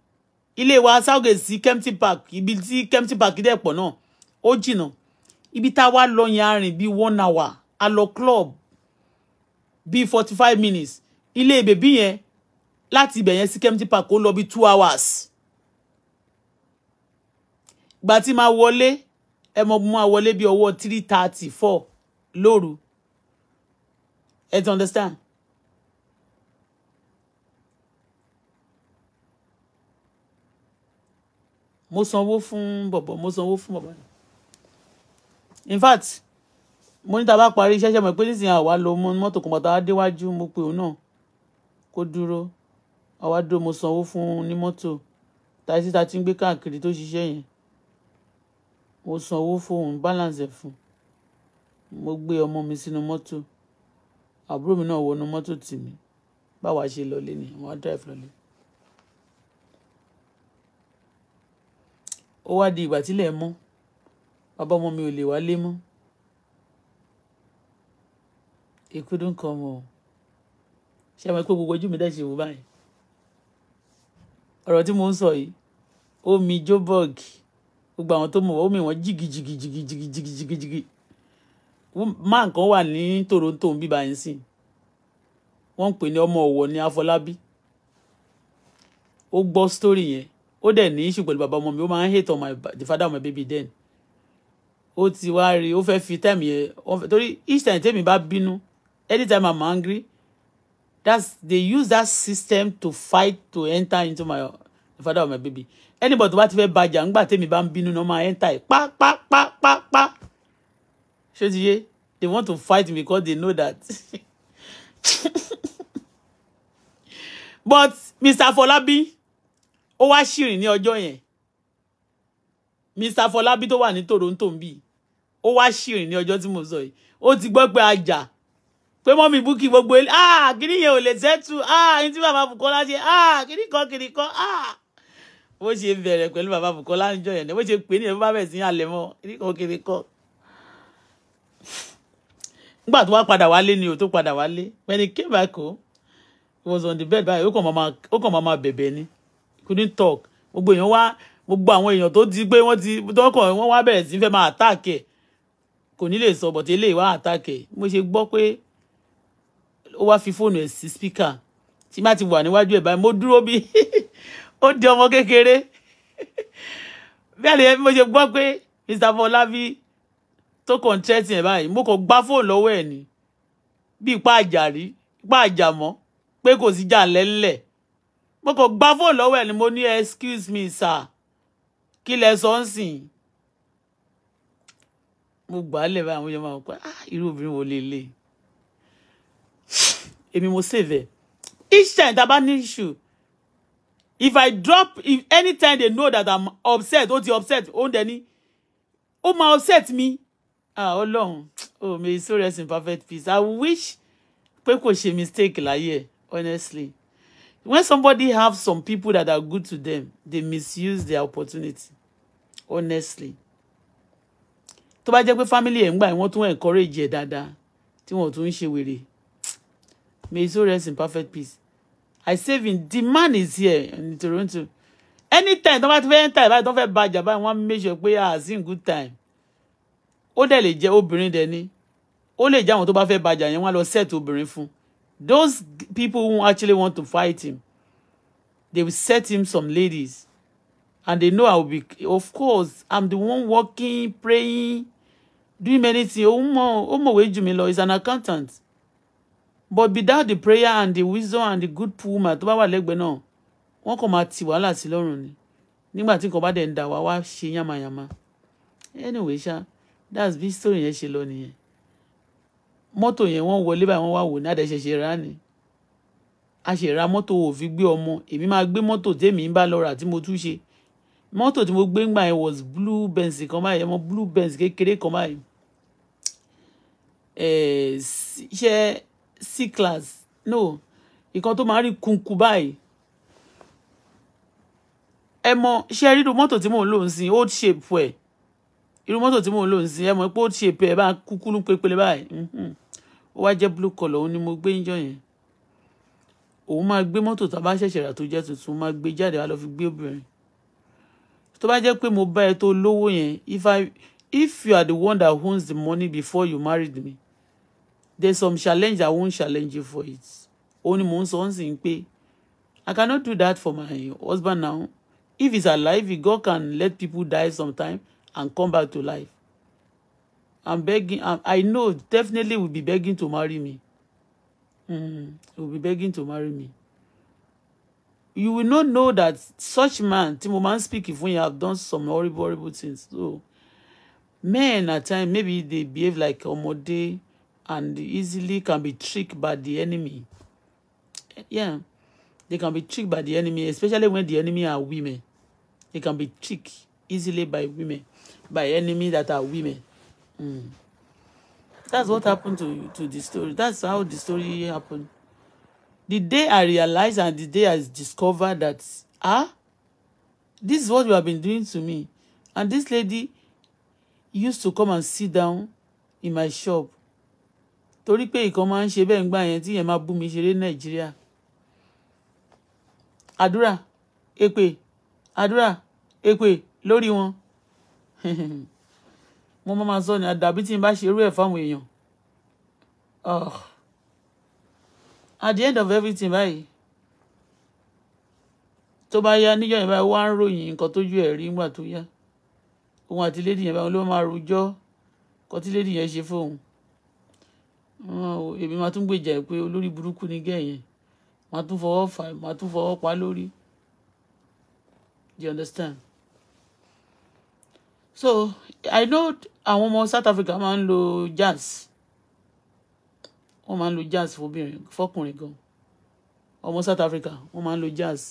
ilé wa sáwọ́gẹ̀ sí kempty park ibi tí kempty park dẹ̀ pọ̀ náà ó jìnnà ibi tá a wá lọ yẹn a rìn bíi one hour a lọ club bíi forty five minutes ilé bèbí yẹn láti ibẹ̀ yẹn sí Kempty Park ó lọ bíi two hours gba tí máa wọlé ẹ mọ mo máa wọlé bíi ọwọ́ three thirty four lóru ẹ ti understand. mo sanwó fún bọ̀bọ̀ mo sanwó fún bọ̀bọ̀ in fact mo ní tá a bá parí iṣẹ́ ṣe mọ̀ pé nísìnyí àwa lo mọ́tò kan pàtàkì déwájú mo pè òun náà kó dúró àwa dúró mo sanwó fún un ní mọ́tò táyì tá ti ń gbé káàkiri tó ṣiṣẹ́ yẹn mo sanwó fóun balance ẹ̀ fún mo gbé ọmọ mi sínú mọ́tò àbúrò mi náà wọnú mọ́tò tì mí báwa ṣe lọlé ni àwọn drive lọlé. ó wá di ìgbà tílẹ̀ mọ́ bàbá ọmọ mi ò lè wálé mọ́ he couldn't come o ṣe àwọn ẹgbẹ́ gbogbo ojú mi dẹ̀ ṣe wò báyìí ọ̀rọ̀ tí mo ń sọ yìí omi joburg gbogbo àwọn tó mọ̀ wọ́n omi wọn jìgìjìgìjìgìjìgìjìgì máa nǹkan wà ní toronto ń bíbá yín sí wọ́n ń pè ní ọmọ ọ̀wọ̀ ní afọlábí ó gbọ́ story yẹn ó dẹ̀ ní issue bàbá ọmọ mi ó máa ń hate on my the father of my baby then ó ti wá rí ó fẹ́ fi time yẹn torí each time tèmi bá bínú anytime i'm angry that's they use that system to fight to enter into my the father of my baby anybody tó bá bad fẹ́ bàjẹ́ àǹgbà tèmi bá ń bínú enter pa pa pa pa pa ṣé they want to fight me because they know that [laughs] but mr Fọlábí ó wá ṣìrìn ní ọjọ́ yẹn mr Fọlábí tó wà ní Toronto ń bì ó wá ṣìrìn ní ọjọ́ tí mo sọ yìí ó ti gbọ́ pé ajá pé mọ́mí búkì gbogbo ilé ah kíní yẹn ò lè sẹ́tù ah ní tí bàbá Bukola ṣe ah kíní kan kíní kan ah bó ṣe bẹ̀rẹ̀ pẹ̀lú bàbá Bukola ń jọ yẹn bó ṣe pè é nìyẹn bó bá bẹ̀rẹ̀ sí alẹ́ mọ́ kíní kan kíní kan. nígbà tó wá padà wálé ni o tó padà wálé when he came back home he was on the bed báyìí ó kàn máa bẹ̀bẹ̀ ni couldn't talk gbogbo èèyàn wá gbogbo àwọn èèyàn tó ti gbé wọ́n ti tọkọ̀ wọ́n wá bẹ̀rẹ̀ sí fẹ́ máa attack ẹ̀ kò ní lè sọ bọ̀tẹ́ lè wá attack ẹ̀ mo ṣe gbọ́ pé ó wá fi fóònù ẹ̀ sí spíkà tí má ti wà níwájú ẹ̀ báyìí mo dúró bí [laughs] ó di ọmọ kékeré bí àlèyé mo ṣe gbọ́ pé Mr. Fọlábí tó kàn tẹ́tì ẹ̀ báyìí mo kàn gbá fóònù lọ́wọ́ ẹ̀ ni bí ipá àjàrí ipá àjàmọ́ pé kò sí jà lẹ́lẹ̀ mo kàn gbá fóònù lọ́wọ́ ẹ̀ ni mo ní excuse me sir kí lẹ sọ ń sìn mo gbà á lẹ̀ báyìí àwọn èèyàn máa ń pẹ́ ah irú obìnrin wo lè lè èmi mo save ẹ̀ each time tá a bá ní issue if i drop if anytime they know that i'm upset ó ti upset ó ń dẹni ó máa upset me? ah ọlọ́run oh may you so rest in perfect peace i wish pé kò ṣe mistake láyé honestly when somebody have some people that are good to them they misuse their opportunity honestly To bá jẹ́ pé family ẹ̀ ń gbà wọ́n tún encourage ẹ̀ dada. tí wọ́n tún ń ṣe wèrè May his soul rest in perfect peace. I say him, the man is here in Toronto. Anytime, don't matter any time, I don't feel fẹ́ I want to make sure we are ah, seen good time. Ó dẹ̀ lè jẹ́ obìnrin dẹ̀ ni. Ó lè jẹ́ àwọn tó bá fẹ́ bàjẹ́ yẹn, wọ́n á lọ set obìnrin fún. Those people who actually want to fight him, they will set him some ladies. And they know I will be, of course, I'm the one working, praying, doing many things. Ó mọ̀, ó mọ̀wé jù mí lọ, he's an accountant but without the prayer and the wisdom and the good woman tó bá wà lẹ́gbẹ̀ẹ́ náà wọ́n kàn máa ti wàhálà sí lọ́rùn ni nígbà tí nǹkan bá dẹ̀ ń dà wá wá ṣe yánmayànma anyway ṣá that's bí story yẹn ṣe lọ nìyẹn mọ́tò yẹn wọ́n wọlé báyìí wọ́n wá wò ní àdẹ́ṣẹṣe rà ni a ṣe ra mọ́tò òfin gbé ọmọ èmi máa gbé mọ́tò tèmi ń bá lọ rà tí mo tún ṣe mọ́tò tí mo gbé ń gbà yẹn was blue benz kan báyìí ọmọ blue benz kékeré kan báyìí ṣe c class no ìkan tó máa rí kunkun báyìí ẹ mọ ṣé ẹ rí irú mọ́tò tí mò ń old shape ẹ̀ irú mọ́tò tí mò ń lò ń sin ẹ old shape ẹ̀ bá kúkúrú pépele báyìí mhm. ó wá jẹ́ blue colour òun ni mo gbé ń jọ yẹn òun O gbé mọ́tò tá a bá ṣẹ̀ṣẹ̀ rà tó jẹ́ tuntun máa gbé jáde wá lọ fi gbé obìnrin tó bá jẹ́ pé mo bá ẹ tó lówó yẹn if i if you are the one that owns the money before you married me there's some challenge I won't challenge you for it Only ní mò ń sọ ń sìn I cannot do that for my husband now if he's alive if God can let people die sometime and come back to life I'm begging I'm, I know definitely will be begging to marry me mm, will be begging to marry me you will not know that such man tí mo máa ń speak fún yẹn have done some horrible horrible things so men at times maybe they behave like ọmọdé. Um, and easily can be tricked by the enemy. Yeah, they can be tricked by the enemy, especially when the enemy are women. They can be tricked easily by women, by enemy that are women. Mm. That's what happened to to the story. That's how the story happened. The day I realized and the day I discovered that ah, this is what you have been doing to me. And this lady used to come and sit down in my shop torí pé ìkan máa ń ṣe bẹ́ẹ̀ ńgbà yẹn tí yẹn máa bú mi ṣeré nàìjíríà àdúrà èpè àdúrà èpè lórí wọn [laughs] mo máa máa sọ ni àdàbí tí n bá ṣerú ẹ̀ fáwọn èèyàn at the end of everything báyìí tó bá yá níjọ yẹn báyìí wá ń ròyìn nǹkan tójú ẹ̀ rí nígbà tó yá òun àti lédi yẹn báyìí ló máa rojọ́ nǹkan tí lédi yẹn ṣe fóun èmi máa tún gbèjà ẹ pé olórí burúkú ni gẹ̀yìn máa tún fọwọ́ fà máa tún fọwọ́ pa lórí you understand so i know àwọn ọmọ south africa máa ń lo jazz wọ́n máa ń lo jazz fóbìnrin fọkùnrin gan ọmọ south africa wọ́n máa ń lo jazz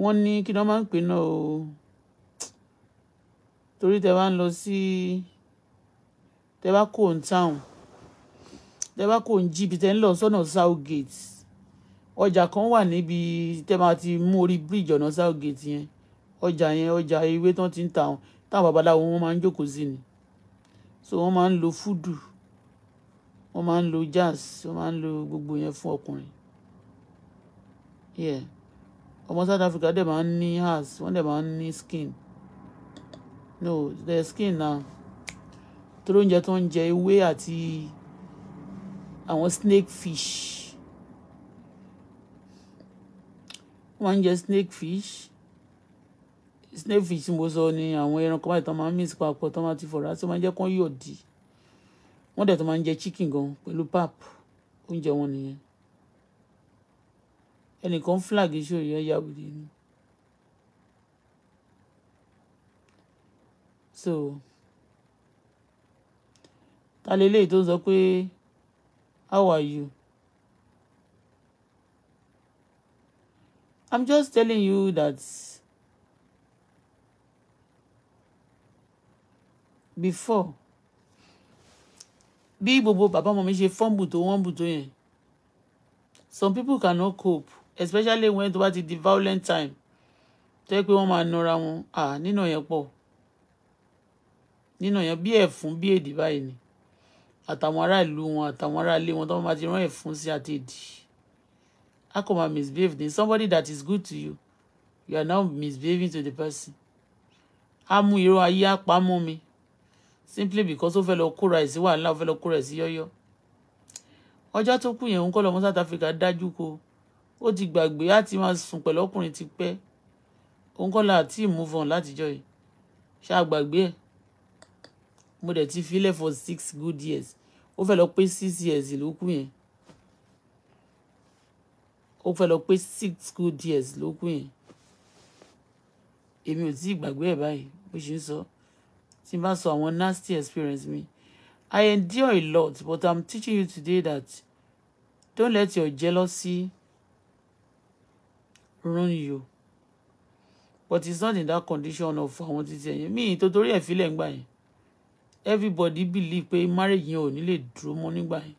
wọ́n ní kí ni wọ́n máa ń pè náà o torí tẹ bá ń lọ sí tẹ bá kó ń táwọn tẹ́ bá kò ń jí ibi tẹ́ ń lọ sọ́nà Southgate ọjà kan wà níbi tẹ́ máa ti mú orí bíríìjì ọ̀nà Southgate yẹn ọjà yẹn ọjà ewé tán ti ń ta àwọn táwọn babaláwo wọn máa ń jókòó sí ni so wọ́n máa ń lo fúdù wọ́n máa ń lo jazz wọ́n máa ń lo gbogbo yẹn fún ọkùnrin yeah ọmọ South Africa dẹ̀ máa ń ní house wọ́n dẹ̀ máa ń ní skin no their skin na torí oúnjẹ tó ń jẹ ewé àti àwọn snake fish wọ́n ń jẹ snake fish snake fish tí mo sọ ni àwọn ẹran kan báyìí tó máa ń mix papọ̀ tó máa ti fọ̀rọ̀ àti máa ń jẹ́ kán yọ̀ di wọ́n dẹ̀ tó máa ń jẹ chicken gan pẹ̀lú pap oúnjẹ wọn nìyẹn ẹnìkan flag iṣẹ́ òyìn ẹ̀yà wìrì ni so ta lélẹ́yìí tó ń sọ pé. How are you? I'm just telling you that before bí gbogbo bàbá ọmọ mi ṣe fọ́nbù tó wọ́nbù tó yẹn some people cannot cope especially when tó bá ti di violent time tó yẹ pé wọ́n máa nọra wọn nínà yẹn pọ̀ nínà yẹn bí ẹ̀fún bí èdè báyìí ni àtàwọn ará ìlú wọn àtàwọn ará ilé wọn tó máa ti rán ẹ̀fún sí àtẹ̀dì a kò máa misbehave ní somebody that is good to you you are now misbehaving to the person a mú irọ́ ayé apamọ́ mi simply because ó fẹ́ lọ kóra ẹ̀ sí wàhálà ó fẹ́ lọ kóra ẹ̀ yọ́yọ́ ọjọ́ tó kù yẹn ń kọ́ lọ́mọ South Africa dájú ko ó ti gbàgbé á ti máa sùn pẹ̀lú ọkùnrin ti pẹ́ òun kọ́ la àti move on látijọ́ yìí ṣáà gbàgbé ẹ̀ mo dẹ̀ ti filẹ̀ for six good years ó fẹ́ lọ pé six years ló kù yẹn ó fẹ́ lọ pé six good years ló kù yẹn èmi ò tí ì gbàgbé ẹ̀ báyìí bó ṣe ń sọ tí n bá sọ àwọn nasty experience mi I endure a lot but I'm teaching you today that don't let your jealousy Run you but it's not in that condition of àwọn títí ẹ̀yìn míì tó torí ẹ̀ fílẹ̀ ń gbà yẹn everybody believe pé marriage yẹn ò ní lè dúró mọ́ nígbà yẹn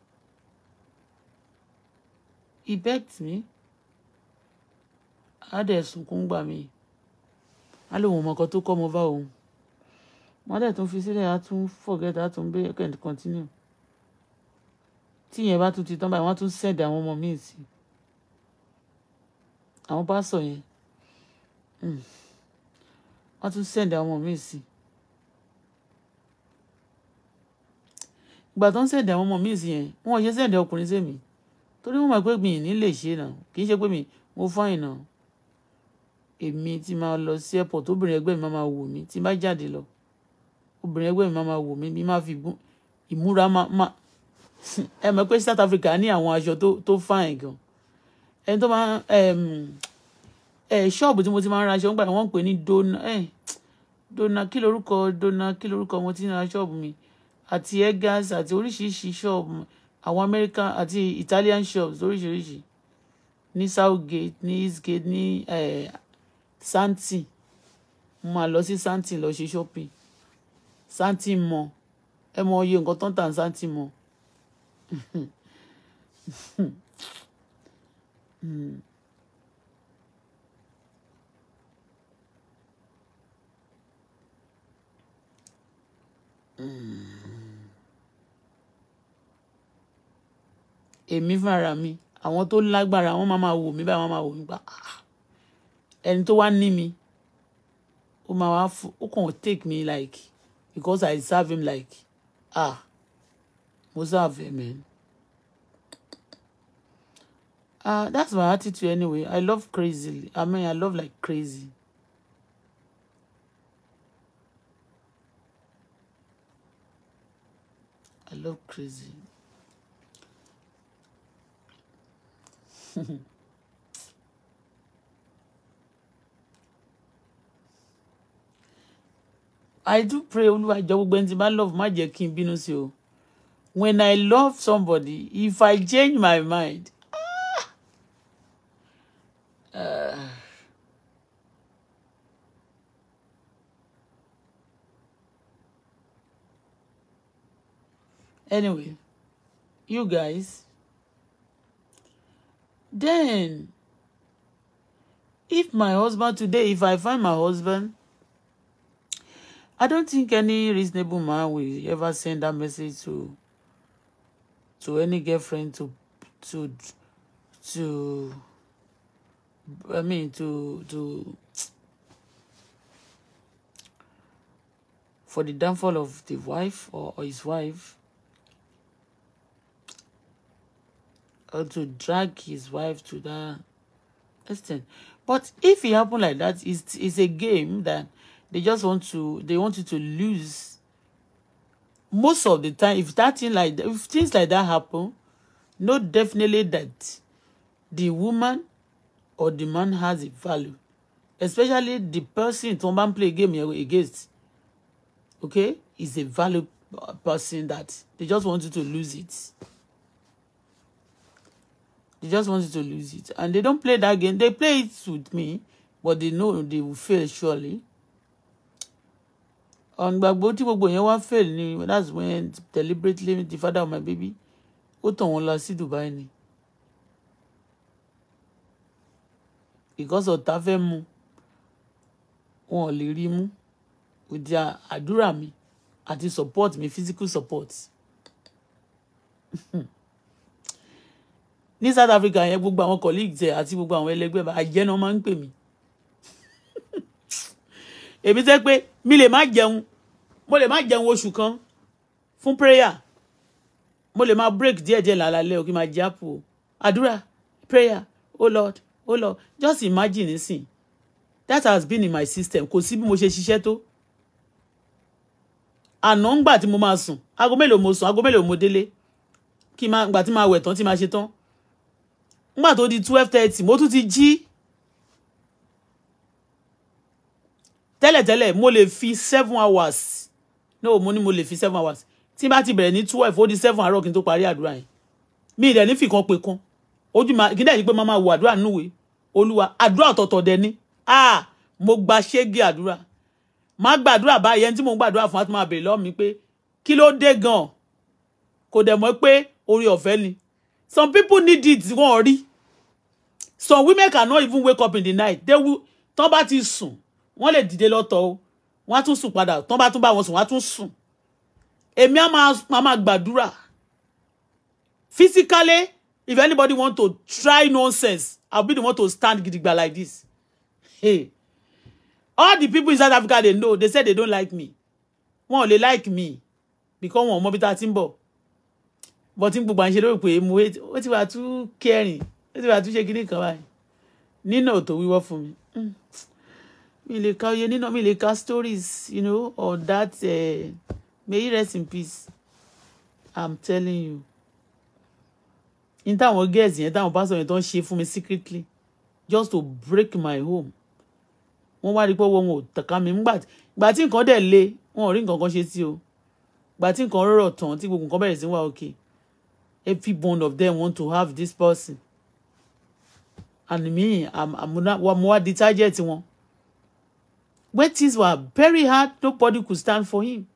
he begged me adẹ̀sùn kún gbà mí á lè wọ̀n mọ̀kan tó kọ́ ọmọ bá òun wọ́n dẹ̀ tún fi sílẹ̀ á tún forget á tún bẹ́ẹ̀ kẹ́ǹd continue tí yẹn bá tún ti tán báyìí wọ́n tún send àwọn ọmọ míì sí àwọn pásọ yẹn hmm. wọ́n tún send àwọn ọmọ míì sí i ìgbà tó ń sẹ̀dẹ̀ àwọn ọmọ mi sí yẹn wọn ò ṣe sẹ̀dẹ̀ ọkùnrin sèmi torí wọn mọ̀ pé mi ní lè ṣe náà kì í ṣe pé mi mo fọ́yìn náà èmi ti máa lọ sí airport obìnrin ẹgbẹ́ mi máa wò mí tí n bá jáde lọ obìnrin ẹgbẹ́ mi máa wò mí bí máa fi ìmúra máa [laughs] ẹ mọ̀ pé South Africa ní àwọn aṣọ tó fáìn gan ẹni tó máa ẹ ṣọ́ọ̀bù tí mo ti máa ń ra aṣọ ń gbà pè ní dona ẹ dona kí lorúkọ dona kí lorúkọ mo ti ń ra ṣọ́ọ̀bù mi àti eggans àti oríṣiríṣi ṣọ́ọ̀bù àwọn American àti Italian shops oríṣiríṣi ní Southgate ní Eastgate ní eh, Santi mo máa lọ sí Santi lọ ṣe shopping Santi mọ ẹ mọ iye nǹkan tó ń tà ní Santi mọ. Mm. èmi fúnra mi àwọn tó lágbára wọn máa máa wò mí báyìí wọn máa wò mí gbà ah, ah, ẹni tó wá ní mi ó máa wá fún ó kàn take me like because I serve him like ah mo serve him man ah that's my attitude anyway I love crazy. I mean I love like crazy. I love crazy. [laughs] I do pray Olúwa jọ̀ọ́ gbogbo ẹni love má jẹ́ kí n when I love somebody if I change my mind ah, uh, [sighs] anyway you guys. Then, if my husband today, if I find my husband, I don't think any reasonable man will ever send that message to to any girlfriend to to to I mean to to for the downfall of the wife or, or his wife or to drag his wife to that extent. But if it happened like that, it's, it's a game that they just want to, they want you to lose. Most of the time, if that thing like if things like that happen, know definitely that the woman or the man has a value. Especially the person tó bá ń play game against. Okay? Is a value person that they just want you to lose it. They just wanted to lose it. And they don't play that game. They play it with me, but they know they will fail surely. On gbàgbọ́ tí gbogbo yẹn wá fail that's when deliberately the father of my baby ó tàn wọ́n lọ sí Dubai Because of tafemu, mú lirimu, ò lè rí mú with their àdúrà mi àti support me physical support. [laughs] ní South Africa yẹn gbogbo àwọn colleagues ẹ àti gbogbo àwọn ẹlẹgbẹ́ bá àjẹ́ náà máa ń pè mí [laughs] èmi tẹ́ pé mi lè má jẹun mo lè má jẹun oṣù kan fún prayer mo lè máa break díẹ̀díẹ̀ lálálẹ́ o kí n máa jẹ àpò àdúrà prayer oh lord oh lord just imagine nísìn that has been in my system kò sí bí mo ṣe ṣiṣẹ́ tó àná ń gbà tí mo máa sùn aago mélòó mo sùn aago mélòó mo délé kí n máa gbà tí máa wẹ̀ tán tí máa ṣe tán nígbà tó di twelve thirty mo tún ti jí tẹ́lẹ̀tẹ́lẹ̀ mo lè fi seven hours no mo ní mo lè fi seven hours tí bá ti bẹ̀rẹ̀ ní twelve ó di seven àárọ̀ kí n tó parí àdúrà yẹn mi ì dẹ̀ ní fìkan pé kan ojú ma kí n dẹ̀ yí pé máa wo àdúrà núwe olúwa àdúrà ọ̀tọ̀ọ̀tọ̀ dẹ ní ah mo gba ṣégi àdúrà má gbàdúrà báyìí ẹni tí mo ń gbàdúrà fún wa ti máa bèrè lọ́ọ̀ mi pé kí ló dé gan-an kò dẹ̀ mọ́ pé orí ọ̀fẹ́ ni some people need it wọn worry. some women cannot even wake up in the night they will tán bá ti sùn wọ́n lè they lọ́tọ̀ o wọ́n á tún sùn padà tán bá tún bá wọn sùn wọ́n á tún sùn èmi physically if anybody want to try nonsense I'll be the one to stand gidigba like this hey all the people in South Africa they know they said they don't like me wọn they like me because wọn more mọ bí ta ti bọ́ tí ń gbogbo à ń ṣe lórí pé mo ó ti wà tún kẹrin ó ti wà tún ṣe kíní kan báyìí nínà ò tó wíwọ́ fún mi mm. mi lè ka oye nínà mi lè ka stories you know or that uh, may you rest in peace i'm telling you n táwọn girls yẹn táwọn pásọ yẹn tó ń ṣe fún mi secretly just to break my home wọ́n wá rí pé wọn ò tàkà mi ńgbà tí nǹkan dẹ̀ le wọn ò rí nǹkan kan ṣe sí o ìgbà tí nǹkan rọrọ̀ tán tí gbogbo nǹkan bẹ̀rẹ̀ sí wà òkè. Okay every one of them want to have this person and me i'm i'm not one more the target one when things were very hard nobody could stand for him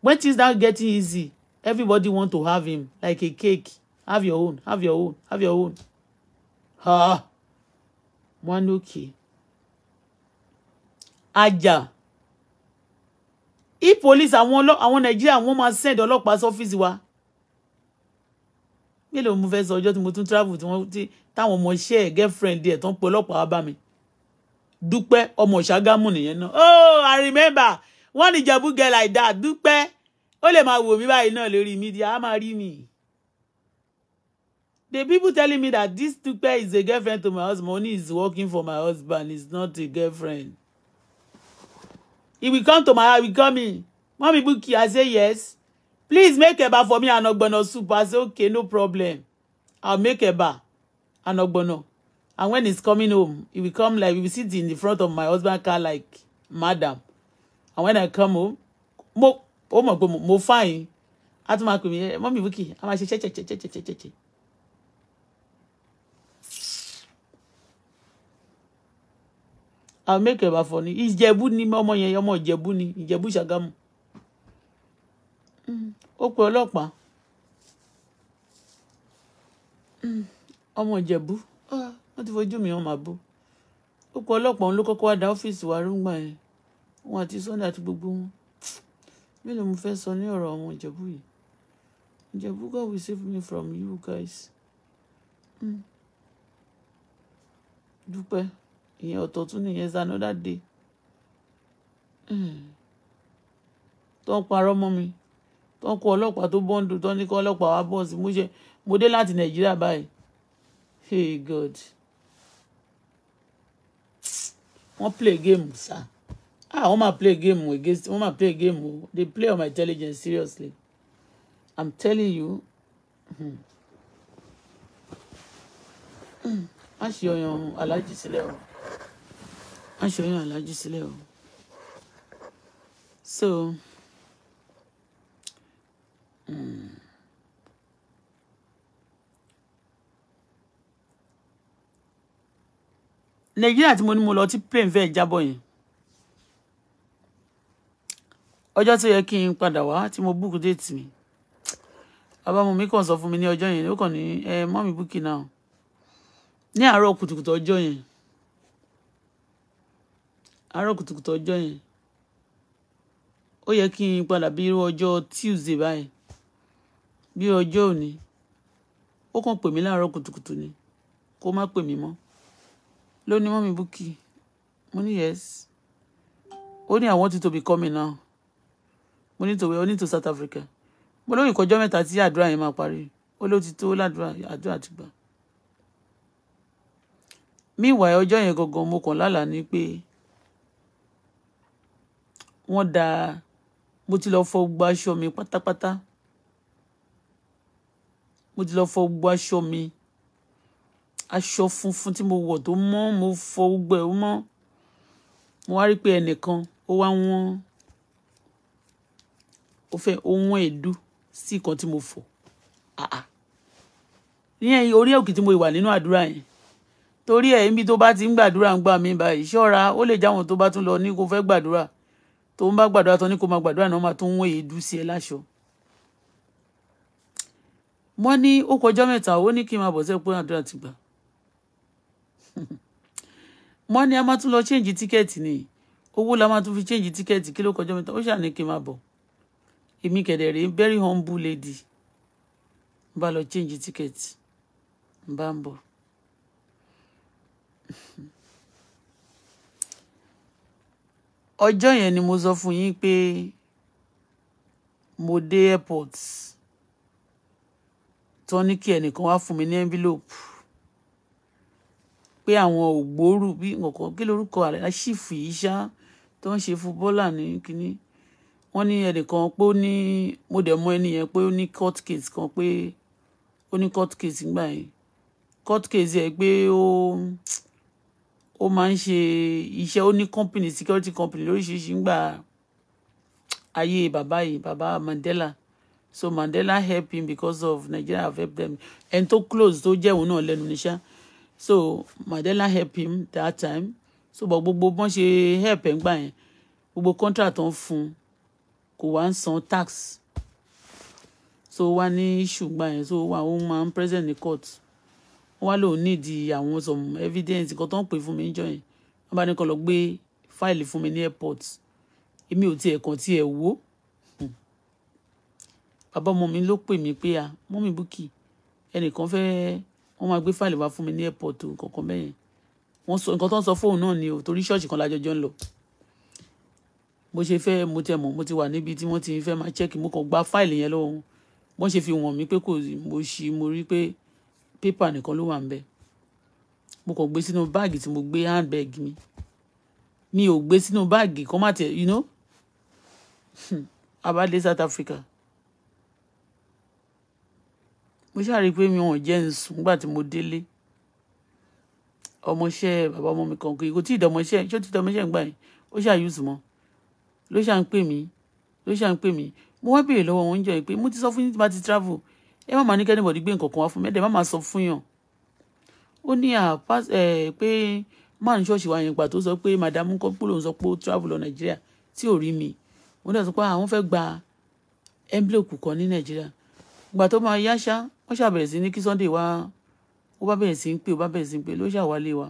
when things now getting easy everybody want to have him like a cake have your own have your own have your own ha one okay aja if police want I àwọn ọlọ àwọn I want máa send ọlọ́pàá sọ́fíìsì wa mélòó mo fẹ́ sọ ọjọ́ tí mo tún travel tí wọ́n ti táwọn ọmọ iṣẹ́ ẹ̀ girlfriend ẹ̀ tó ń pe ọlọ́pàá wá bá mi dúpẹ́ ọmọ ṣàgámù nìyẹn náà oh i remember wọ́n ní jẹ̀bú girl like that dúpẹ́ ó lè máa wò mí báyìí náà lórí media á máa rí mi. the people telling me that this dúpẹ́ is a girlfriend to my husband only is working for my husband is not a girlfriend. he will come to my house he come call me mommy Bukky i say yes Please make eba for me and ogbono soup. I say, okay, no problem. I'll make eba and ogbono. And when he's coming home, he will come like, he will sit in the front of my husband car like, madam. And when I come home, mo, oh my God, mo fine. At my kumi, mommy Vicky, I'm like, che, che, che, che, che, che, che, che. I'll make eba for me. Ìjẹ̀bú ni ọmọ yẹn, ọmọ Ìjẹ̀bú ni, Ìjẹ̀bú Ṣàgámù ó pe ọlọ́pàá ọmọ ìjẹ̀bú wọ́n ti fojú mi wọ́n máa bó ó pe ọlọ́pàá òun ló kọ́kọ́ wá da ọ́fíìsì wa rúgbà yẹn òun àti sunday àti gbogbo wọn mélòó mo fẹ́ sọ ní ọ̀rọ̀ ọmọ ìjẹ̀bú yìí ìjẹ̀bú God will save me from you guys mm. dúpẹ́ ìyẹn ọ̀tọ̀ tún nìyẹn is another day mm. tó ń parọ́ mọ́ mi tó ń kó ọlọ́pàá tó bọ́ǹdù tó ní kó ọlọ́pàá wá bọ́ sí múṣẹ mo dé láti nàìjíríà báyìí hey god wọ́n play game sá ah wọ́n máa play game against wọ́n máa play game o they play on my intelligence seriously i'm telling you hmm. Hmm. má ṣe ọyàn aláàjì sílẹ̀ o má ṣe ọyàn aláàjì sílẹ̀ o so. Mm. nàìjíríà tí mo ní mo lọ tí plane fẹ́ jábọ̀ yẹn ọjọ́ tó yẹ kí n padà wá tí mo búùkù déètì mi abamu mi kàn sọ fún mi ní ọjọ́ yẹn ó kàn ní ẹ mọ́mì búùkì náà ní àárọ̀ kùtùkùtù ọjọ́ yẹn àárọ̀ kùtùkùtù ọjọ́ yẹn ó yẹ kí n padà bí irú ọjọ́ Tuesday báyìí bí ọjọ́ òní ó kàn pè mí láàárọ̀ kùtùkùtù ni kó má pè mí mọ́ ló ní mọ́mí búkì mo ní yes ó ní I want you to be coming now mo ní tòwe ó ní to South Africa mo lóyún ìkọjọ́ mẹ́ta tí àdúrà yẹn máa parí ó ló ti tó ládùúrà àdúrà ti gbà meanwhile ọjọ́ yẹn gangan mo kàn lálàá ni pé wọ́n da mo ti lọ fọ gbogbo aṣọ mi pátápátá mo ti lọ fọ gbogbo aṣọ mi aṣọ funfun tí mo wọ̀ tó mọ́ mo fọ gbogbo ẹ̀ mọ́ mo wá rí pé ẹnìkan ó wá wọ́n ó fẹ́ ó wọ́n èédú sí ìkan tí mo fọ̀ àà ní ẹ̀yìn orí òkè tí mo wà nínú àdúrà yẹn torí ẹ̀ níbi tó bá ti ń gbàdúrà ń gbà mí báyìí ṣọ́ra ó lè jáwọn tó bá tún lọ ní kó fẹ́ gbàdúrà tó ń bá gbàdúrà tán ní kó máa gbàdúrà náà máa tún wọ́n èédú sí ẹ láṣọ wọ́n ní ó kọjọ́ mẹ́ta ó ní kí n máa bọ̀ sẹ́pọ̀ àdúrà ti gbà [laughs] wọ́n ní a máa tún lọ change tíkẹ́ẹ̀tì ni owó la máa tún fi change tíkẹ́ẹ̀tì kí ló kọjọ́ mẹ́ta ó ṣàní kí n máa bọ̀ èmi kẹ̀dẹ̀ rèé very humble lady n bá lọ change tíkẹ́ẹ̀tì n bá ń bọ̀. [laughs] ọjọ́ yẹn ni mo sọ fún yín pé mo dé airport tó ní kí ẹnìkan wá fún mi ní envelope pé àwọn ògbóòrù bí nǹkan kí lórúkọ aláṣìfù yìí ṣá tó ń ṣe fún bọ́là ní kínní wọ́n ní ẹnìkan pé ó ní mo dẹ̀ mọ ẹni yẹn pé ó ní court case kan pé ó ní court case ńgbà yẹn court case yẹn pé ó ó máa ń ṣe iṣẹ́ ó ní company security company lóríṣiríṣi ńgbà ayé bàbá yìí bàbá Mandela so Mandela help him because of Nigeria have helped them ẹni tó close tó jẹ́ òun náà lẹ́nu níṣẹ́ so Mandela help him that time so bọ̀ gbogbo bọ́n ṣe help ẹ̀ ń gbà yẹn gbogbo contract tó ń fún kò wá ń san tax so wá ní issue gbà yẹn so wà ó máa ń present ní court wọ́n wá lòun nídìí àwọn some evidence kan tó ń pè fún mi níjọ́ yẹn wọ́n bá ní kó lọ gbé fáìlì fún mi ní airport èmi ò tiẹ̀ kàn tiẹ̀ wò ó bàbá ọmọ mi ló pè mí pé à mọ́mì Bukky ẹnìkan fẹ́ wọ́n máa gbé fáìlì wá fún mi ní airport kankan bẹ́yẹn wọ́n sọ nǹkan tó ń sọ fóun náà ni o torí ṣọ́ọ̀ṣì kan lájọjọ́ ń lọ mo ṣe fẹ́ mo tẹ̀ mọ́ mo ti wà níbi tí wọ́n ti fẹ́ máa ṣẹ́ẹ̀kì mo kàn gba fáìlì yẹn lọ́wọ́ wọ́n ṣe fi wọ̀n mí pé kò mo ṣì mo rí pé pépà nìkan ló wà ń bẹ̀ mo kàn gbé sínú báàgì tí mo gbé handbag mi mi ò gbé sínú báàgì kan má tẹ̀ you know hmm, abá South Africa mo ṣàrí pé mi wọn jẹ́ ń sùn nígbà tí mo délé ọmọọṣẹ́ bàbá ọmọ mi kan kì í kò tí ì dọmọṣẹ́ ṣó ti dọmọṣẹ́ ń gbà yẹn ó ṣàyùsù mọ́ ló ṣà ń pè mí ló ṣà ń pè mí mo wá béèrè lọ́wọ́ wọn ń jọ yìí pé mo ti sọ fún yín tí bá ti travel ẹ má máa ní kẹ́nìbọ̀dì gbé nǹkan kan wá fún mi ẹ̀ dẹ̀ má máa sọ fún yàn ó ní à pé máà ní ṣọ́ọ̀ṣì wa yẹn gbà tó sọ pé madam kọ́pọ̀ lòún sọ pé ó travel lọ nàìjíríà tí ò rí mi mo dẹ̀ sọ pé àwọn fẹ́ gba envelope kan ní nàìjíríà ìgbà tó máa yá ṣá wọ́n ṣàbẹ̀rẹ̀ sí ní kí Sunday wá ó bá bẹ̀rẹ̀ sí ń pè ó bá bẹ̀rẹ̀ sí ń pè ló ṣàwálé wa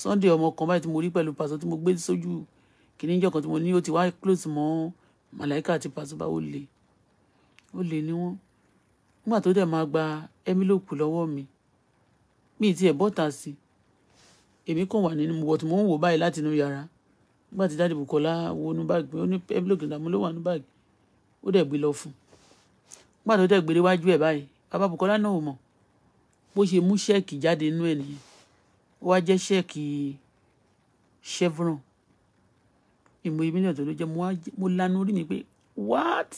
Sunday ọmọ kan báyìí tí mo rí pẹ̀lú pàṣọ tí mo gbé sójú kìíní ìjọ kan tí mo ní ó ti wá close mọ́ màláìka àti pàṣọ bá ó le ó le ní wọ́n nígbà tó dẹ̀ máa gba ẹ́mílòkù lọ́wọ́ mi mi ti ẹ̀ bọ́ta sí èmi kàn wà nínú wọ̀tí mò ń wò báyìí láti inú yàrá nígbà tí dáàdì Bùkọ́lá wo báàgì ó ní ẹ́mílòkù làmúlò wà ní báàgì ó dẹ̀ gbé lọ fún un nígbà tó tẹ̀ gbélé wájú ẹ̀ báyìí bàbá Bukola náà ò mọ̀ bó ṣe mú ṣẹ́ẹ̀kì jáde nínú ẹ̀ nìyẹn ó wá jẹ́ ṣẹ́ẹ̀kì chevron ìmọ̀ye mílíọ̀nù tó ló jẹ́ mo lanu orí mi pé what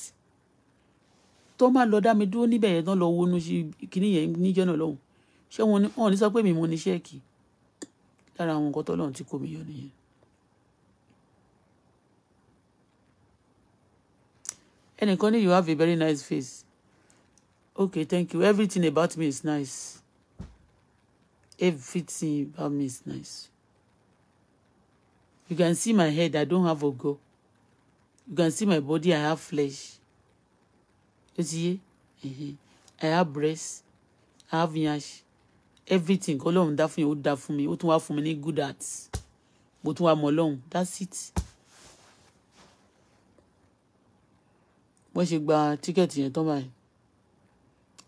tó máa lọ dá mi dúró níbẹ̀ yẹn tán lọ wọnú kíní yẹn níjọ́ náà lọ́hùn ṣé wọn ò ní sọ pé mi mo ní ṣẹ́ẹ̀kì lára àwọn nǹkan tọ́lọ́run tí kò mí yọ nìyẹn. ẹnìkan ní you have a very nice face Okay, thank you. Everything about me is nice. Everything about me is nice. You can see my head, I don't have a go. You can see my body, I have flesh. You see? Mm-hmm. I have breasts. I have yansh. Everything. Ọlọ́run dá fún yín, ó dá fún mi. Ó tún wá fún mi ní good heart. But tún wá mọ That's it. Wọ́n ṣe gba tíkẹ́ẹ̀tì yẹn tán báyìí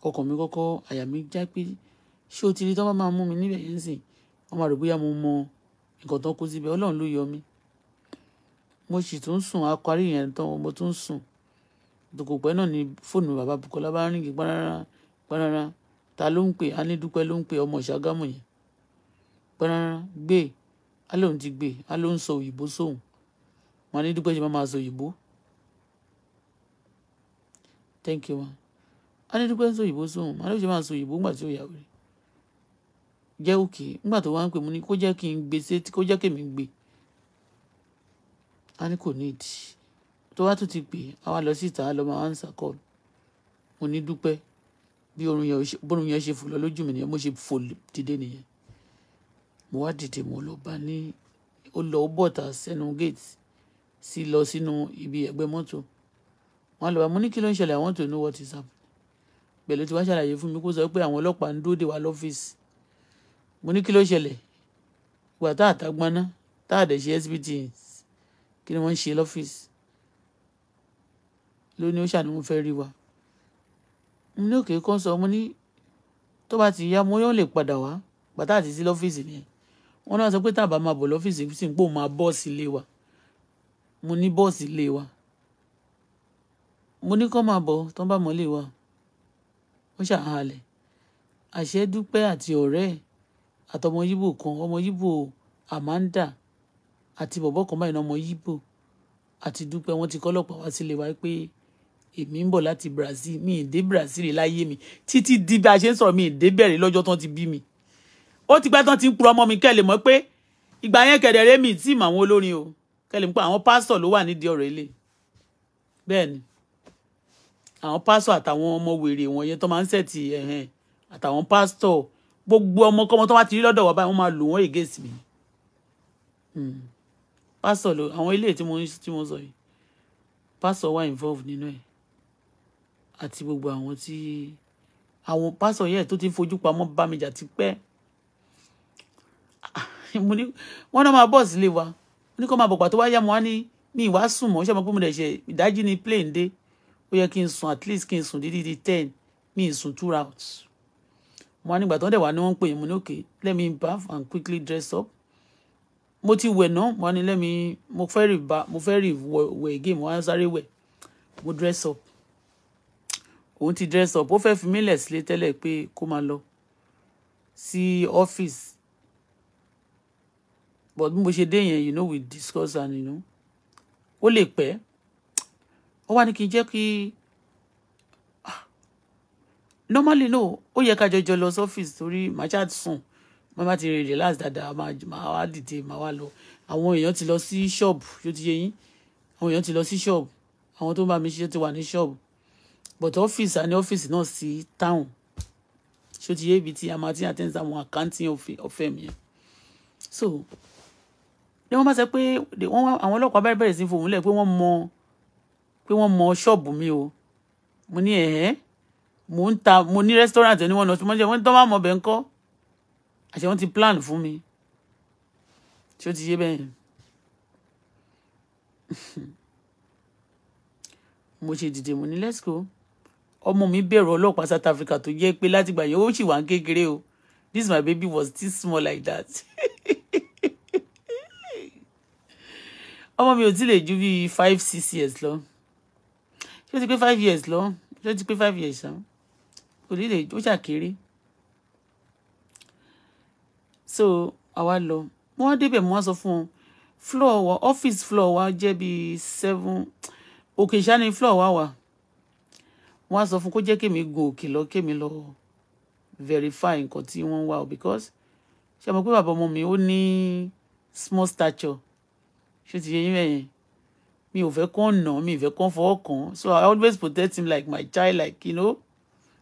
ọkàn mi kọ́kọ́ àyà mi já pé ṣé o ti rí tán bá máa mú mi níbẹ̀ yẹn sìn wọ́n máa rò bóyá mo mọ nǹkan tán kó síbẹ̀ ọlọ́run ló yọ mí mo sì tún sùn akọrí yẹn tán mo tún sùn dùkò pẹ́ náà ni fóònù bàbá Bukola bá rìn kí gbárára gbárára ta ló ń pè á ní dúpẹ́ ló ń pè ọmọ ìṣàgámù yẹn gbárára gbé á e. ti gbé á e. sọ òyìnbó sóun wọn á ṣe máa sọ òyìnbó thank you ma adédúpẹ́ ń sọ òyìnbó sóhun adédúpẹ́ máa sọ òyìnbó ńgbà tí ó yà wẹ̀rẹ̀ jẹ́ òkè ńgbà tó wá ń pè mí ní kó jẹ́ kí n gbé sétí kó jẹ́ kí èmi gbé a ní kò ní ìdí tó wá tún ti pè á wá lọ síta á lọ máa ń sàkọlù mo ní dúpẹ́ bí orun yẹn ṣe fò lọ lójú mi nìyẹn mo ṣe fò dìde nìyẹn mo wá dìde mo lọ bá ní ó lọ ó bọ̀tà sẹ́nu gate sí lọ sínú ibi ẹ̀gbẹ́ mọ́tò wọn lọ bá mo ní kí ló ń ṣẹlẹ̀ I want to know what is pẹ̀lú tí wọ́n ṣàlàyé fún mi kó sọ pé àwọn ọlọ́pàá ń dóde wa lọ́fíìsì mo ní kí ló ṣẹlẹ̀ ìgbà tá àtàgbọ́ná tá àdẹ̀ ṣe sbt kí ni wọ́n ń ṣe lọ́fíìsì ló ó ṣàní wọn fẹ́ rí wa mo ní òkè kan sọ mo ní tó bá ti yá mo yóò lè padà wá bàtà àti sí lọ́fíìsì nìyẹn wọn náà sọ pé tá a bá máa bọ̀ lọ́fíìsì sì ń pò máa bọ́ọ̀sì ilé wa mo ní bọ́ọ̀sì ilé wa mo ní kọ́ máa bọ̀ tó bá mọ́ ilé wa wọ́n ṣàhàlẹ̀ àṣẹ dúpẹ́ àti ọ̀rẹ́ ẹ̀ àtọmọ yíbò kan ọmọ yíbò amanda àti bọ̀bọ̀ kan báyìí ọmọ yíbò àti dúpẹ́ wọ́n ti kọ́ ọlọ́pàá wá sílé wa pé èmi ń bọ̀ láti brazil mi ì dé brazil láyé mi títí di bí a ṣe ń sọ̀rọ̀ mi ì dé bẹ̀rẹ̀ lọ́jọ́ tán ti bí mi ó ti pẹ́ tán ti ń purọ́ ọmọ mi kẹ́lẹ̀ mọ́ pé ìgbà yẹn kẹ̀dẹ̀rẹ́ mi ì tí ì mọ àwọn olórin o kẹ́lẹ̀ mọ́ pé àwọn pásítọ̀ ló wà nídìí ọ̀rọ̀ ilé bẹ́ẹ̀ ni àwọn pásítọ̀ àtàwọn ọmọ wèrè wọ̀nyẹn tó máa ń sẹ̀tì ẹ̀hẹ̀n àtàwọn pásítọ̀ gbogbo ọmọkọ́mọ tó bá ti rí lọ́dọ̀ wá báyìí wọ́n máa lò wọ́n against mi hmm. pásítọ̀ lò àwọn ilé tí mo tí mo sọ yìí pásítọ̀ wà involved nínú ẹ̀ àti gbogbo àwọn tí àwọn pásítọ̀ yẹn tó ti fojú pamọ́ bá mi ti pẹ́ ah, mo ní wọ́n náà máa bọ̀ sílé wa mo ní kó máa bọ̀ pàtó wáyà mo wá ní mi ìwá sùn mọ́ ṣé mo pé mo dẹ̀ ṣe ìdájí ni plane dé ó yẹ kí n sùn at least kí n sùn dídí di ten mi ì sùn two routes. mo nígbà tó ń dẹ̀ wá ní wọ́n ń pè mí ní òkè let me bath and quickly dress up mo ti wẹ̀ náà mo ní let me mo fẹ́ rì bá mo fẹ́ rì wẹ̀ again mo wá sáré wẹ̀ mo dress up òun ti dress up ó fẹ́ fi mí lẹ̀ sílé tẹ́lẹ̀ pé kó máa lọ sí ọ́fíìsì but bí mo ṣe dé yẹn you know we discuss and you know ó lè pẹ́ ó wá ní kí n jẹ́ kí ah, normally no ó yẹ ká jọjọ lọ sọ́fíìsì torí màá ṣáà sùn màá bá ti rìn relax dáadáa màá wá dìde màá wá lọ àwọn èèyàn ti lọ sí ṣọ́ọ̀bù yóò ti yé yín àwọn èèyàn ti lọ sí ṣọ́ọ̀bù àwọn tó ń bá mi ṣiṣẹ́ ti wà ní ṣọ́ọ̀bù but ọ́fíìsì àní ọ́fíìsì náà sí táwọn ṣó ti yé ibi tí a máa ti àtẹ́ǹsì àwọn àkáǹtì ọ̀fẹ́ mi yẹn so ni wọ́n bá sọ pé àwọn ọlọ́pàá bẹ̀rẹ̀ sí fòun lẹ̀ pé wọ́n mọ pé wọ́n mọ ṣọ́ọ̀bù mi o mo ní ẹ̀ẹ́ mo ń ta mo ní restaurant ẹni wọn náà tí mo jẹ wọn ní tọ́ bá mọ bẹ́ẹ̀ ń àṣẹ wọn ti plan fún mi ṣé ó ti yé bẹ́ẹ̀ [laughs] mo ṣe dìde mo ní let's go ọmọ mi bẹ̀rù ọlọ́pàá South Africa tó jẹ́ pé látìgbà yẹn ó sì wà ń kékeré o this my baby was still small like that [laughs] ọmọ mi ò tí lè ju bíi five six years lọ ṣé ó ti pé five years lọ ṣé ó ti pé five years ṣáà kò ní lè ó ṣà kéré so àwa lọ wọ́n débẹ̀ wọ́n sọ fún wọn floor wa office floor wa jẹ́ bíi seven òkè ṣá ni floor wa wà wọ́n sọ fún kó jẹ́ kémi gun òkè lọ kémi lọ verify nǹkan tí wọ́n ń o because ṣe mọ̀ pé bàbá ọmọ mi ó ní small stature ṣé ti yẹ yín mẹ́yìn mi ò fẹ́ kàn nà mi ò fẹ́ kàn fọwọ́ kàn so i always protect him like my child like you know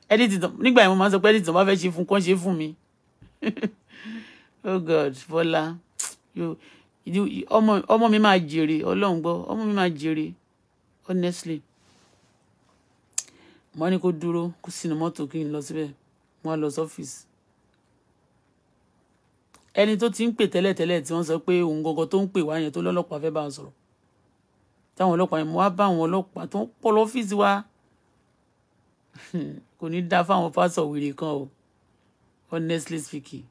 editing nígbà yẹn mo máa ń sọ pé editing bá fẹ́ ṣe fún kàn ṣe fún mi [laughs] oh god Bọ́lá ọmọ ọmọ mi máa jèrè Ọlọ́run gbọ́ ọmọ mi máa jèrè honestly mo ní kó dúró kó sínú mọ́tò kí n lọ síbẹ̀ mo á lọ sọ́fíìsì ẹni tó ti ń pè tẹ́lẹ̀tẹ́lẹ̀ tí wọ́n sọ pé òun gangan tó ń pè wá yẹn tó lọ́lọ́pàá fẹ́ bá wọn sọ̀rọ̀ táwọn ọlọ́pàá yẹn mo wá bá àwọn ọlọ́pàá tó ń pọ̀ lọ́fíìsì wa [laughs] kò ní dáa fáwọn pásọ̀ wèrè kan o honestly speaking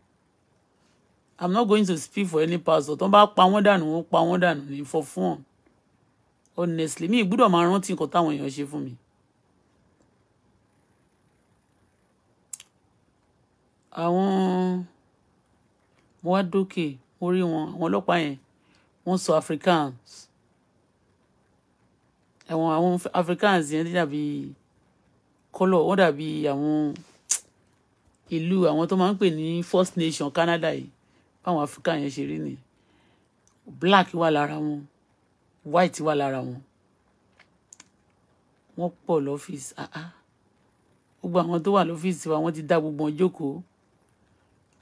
i'm not going to speak for any pastor tó ń bá pa wọ́n dànù wọ́n pa wọ́n dànù ní for fun honestly mi gbọ́dọ̀ máa rántí nǹkan táwọn èèyàn ṣe fún mi. àwọn mo wá dókè mo rí wọn àwọn ọlọ́pàá yẹn wọ́n sọ africans àwọn àwọn africans yẹn dàbí kọ́lọ̀ wọ́n dàbí àwọn ìlú àwọn tó máa ń pè ní first nation Canada yìí báwọn africa yẹn ṣe rí ni black wà lára wọn white wà lára wọn wọ́n pọ̀ lọ́fíìsì àá ah, ah. gbogbo àwọn tó wà lọ́fíìsì wa wọ́n ti dá gbogbo wọn jókòó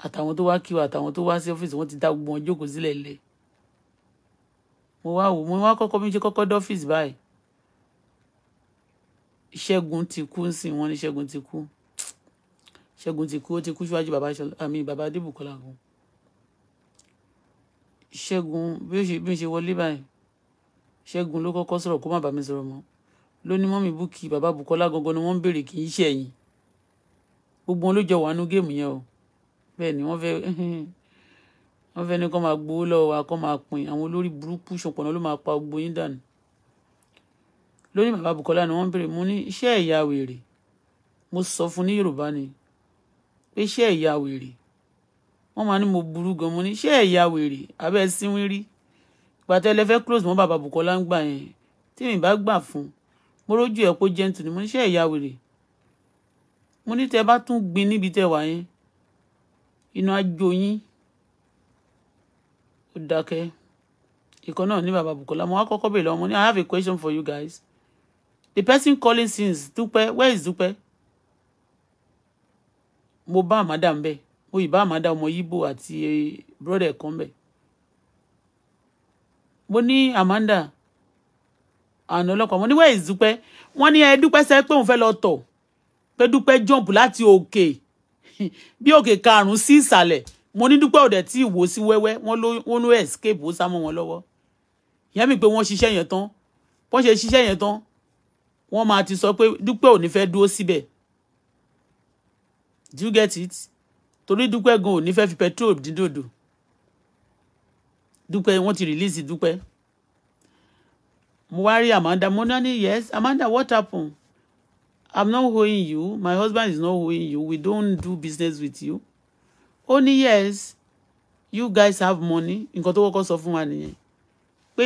àtàwọn tó wá kí wa àtàwọn tó wá sí ọ́fíìsì wọ́n ti dá gbogbo wọn jókòó sílẹ̀ lẹ̀ mo wá wò mo wá kọ́kọ́ mi ṣe kọ́kọ́ dọ́fíìsì báyìí ṣẹ́gun ti kú ń sìn ní ṣẹ́gun ti kú ṣẹ́gun ti kú ó ti kú síwájú bàbá ṣọlá àmì bàbá adébùkọ́lá kan ṣẹ́gun bí ó ṣe bí ó ṣe wọlé báyìí ṣẹ́gun ló kọ́kọ́ sọ̀rọ̀ kó má bàa mi sọ̀rọ̀ mọ́ ló ní mọ́mì búkì bàbá bùkọ́lá gangan ni wọ́n ń béèrè kì í ṣe ẹ̀yìn gbogbo wọn ló jọ wà nú géèmù yẹn o bẹ́ẹ̀ ni wọ́n fẹ́ [laughs] wọ́n fẹ́ ní kó máa gbowó lọ́wọ́ wa kó máa pín àwọn olórí burúkú ṣọ̀pọ̀nà ló máa pa gbogbo yín dànù lórí bàbá Bukola ni wọ́n béèrè mo ní iṣẹ́ ẹ̀yà wèrè mo sọ fún ní Yorùbá ni pé iṣẹ́ ẹ̀yà wèrè wọ́n máa ní mo burú gan mo ní iṣẹ́ ẹ̀yà wèrè abẹ́ síwín rí gbàtẹ́ lẹ́fẹ́ close mọ́ bàbá Bukola ń gbà yẹn tí mi bá gbà fún mo rójú ẹ̀ pé gentle ni mo ní iṣẹ́ ẹ̀yà wèrè mo ní tẹ bá tún gbin níbi tẹ wà yẹn inú ajo yín ó dákẹ́ ìkan náà ní bàbá Bukola mo wá kọ́kọ́ bèèrè lọ́wọ́ mo ní I have a question for you guys The person calling since Dupe, where is Dupe? Mo bá madam be. mo ì bá madam ọmọ Yibo ati e, brother kan be. Mo ní Amanda àná ọlọ́pàá mo ní where is Dupe? Wọ́n ní ẹ Dupe sẹ́ pé òun fẹ́ lọ tọ̀ pé Dupe jump láti òkè [laughs] bí òkè karùn-ún sí ìsàlẹ̀ mo ní Dupe ọ̀dẹ̀ tí ìwò sí wẹ́wẹ́ wọ́n ló escape ó sá mọ́ wọn lọ́wọ́. Ìyá mi pé wọ́n ṣiṣẹ́ yẹn tán, wọ́n ṣe ṣiṣẹ́ yẹn tán wọ́n máa ti sọ pé dúpẹ́ ò ní fẹ́ dúró síbẹ̀ do you get it torí dúpẹ́ gan ò ní fẹ́ fi petrol dín dòdò dúpẹ́ wọ́n ti release dúpẹ́ mo wá rí Amanda mo náà ní yes Amanda what happen i'm not hoeing you my husband is not hoeing you we don't do business with you ó ní yes you guys have money nǹkan tó kọ́kọ́ sọ fún wa nìyẹn pé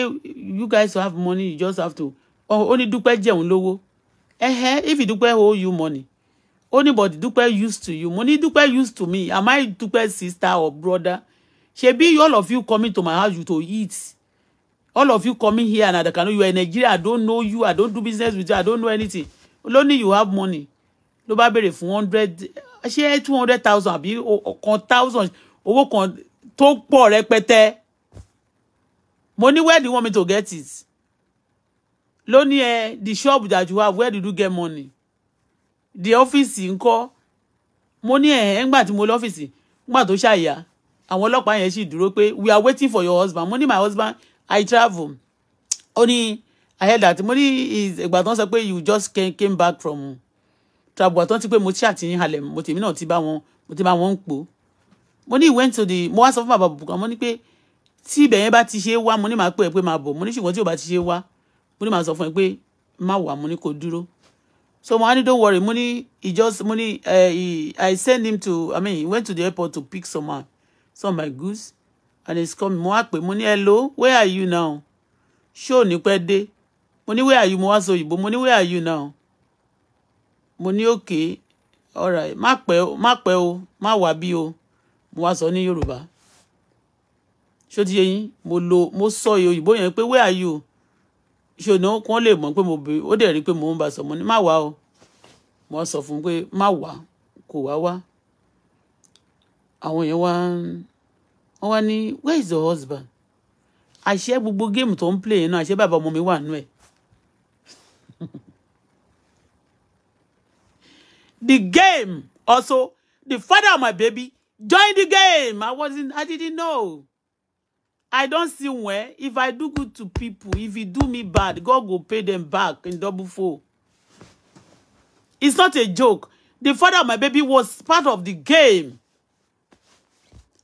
you guys have money you just have to ó ní dúpẹ́ jẹun lówó ẹ̀hẹ́ if you dúpẹ́ owe you money ó ní but dúpẹ́ used to you mo ní dúpẹ́ used to me am I dúpẹ́ sister or brother ṣebí all of you coming to my house you to eat all of you coming here and I can know you are Nigeria I don't know you I don't do business with you I don't know anything lónìí you have money ló bá béèrè fún hundred ṣé two hundred thousand àbí kan thousand owó kan tó pọ̀ rẹpẹtẹ mo ní where do you want me to get it lónìí ẹ the shop that you have where did you get money the office ńkọ́ mo ní ẹ ẹ ńgbà tí mo lọ ọ́fíìsì ńgbà tó ṣàyà àwọn ọlọ́pàá yẹn sì dúró pé we are waiting for your husband mo ní my husband i travel ó ní i heard that mo ní ìgbà tó ń sọ pé you just came, came back from travel àtọ́ ti pé mo ti àtìyìn halẹ̀ mo tèmi náà ti bá wọn mo ti bá wọn ń pò mo ní went to the mo wá sọ fún bàbá bùkún mo ní pé tí ibẹ̀ yẹn bá ti ṣe é wá mo ní màá pè é pé màá bọ̀ mo ní ṣùgbọ́n tí ò bá ti ṣe é wá mo ní màá sọ fún ẹ pé má wà mo ní kó dúró so mo á ní don't worry mo ní he just mo ní eh, i send him to i mean he went to the airport to pick some man uh, some my goods and he's coming mo wá pè mo ní hello where are you now ṣó ní pẹ́ dé mo ní where are you mo wá sọ òyìnbó mo ní where are you now mo ní okay all right má pẹ́ o má pẹ́ o má wà bí o mo wá sọ ní yorùbá ṣó ti yẹ yín mo lo mo sọ òyìnbó yẹn pé where are you ṣòná kán lè mọ̀ pé mo bè ó dẹ̀ rí pé mo ń ba sọ mo ní má wá o mo sọ fún pé má wá kò wá wá àwọn yẹn wá wọn wá ní where is your husband àṣẹ gbogbo géèmù tó ń play náà àṣẹ bàbá ọmọ mi wà nù ẹ [laughs] the game also the father of my baby joined the game i wasn't i didn't know. I don't see where if I do good to people, if you do me bad, God will pay them back in double four. It's not a joke. The father of my baby was part of the game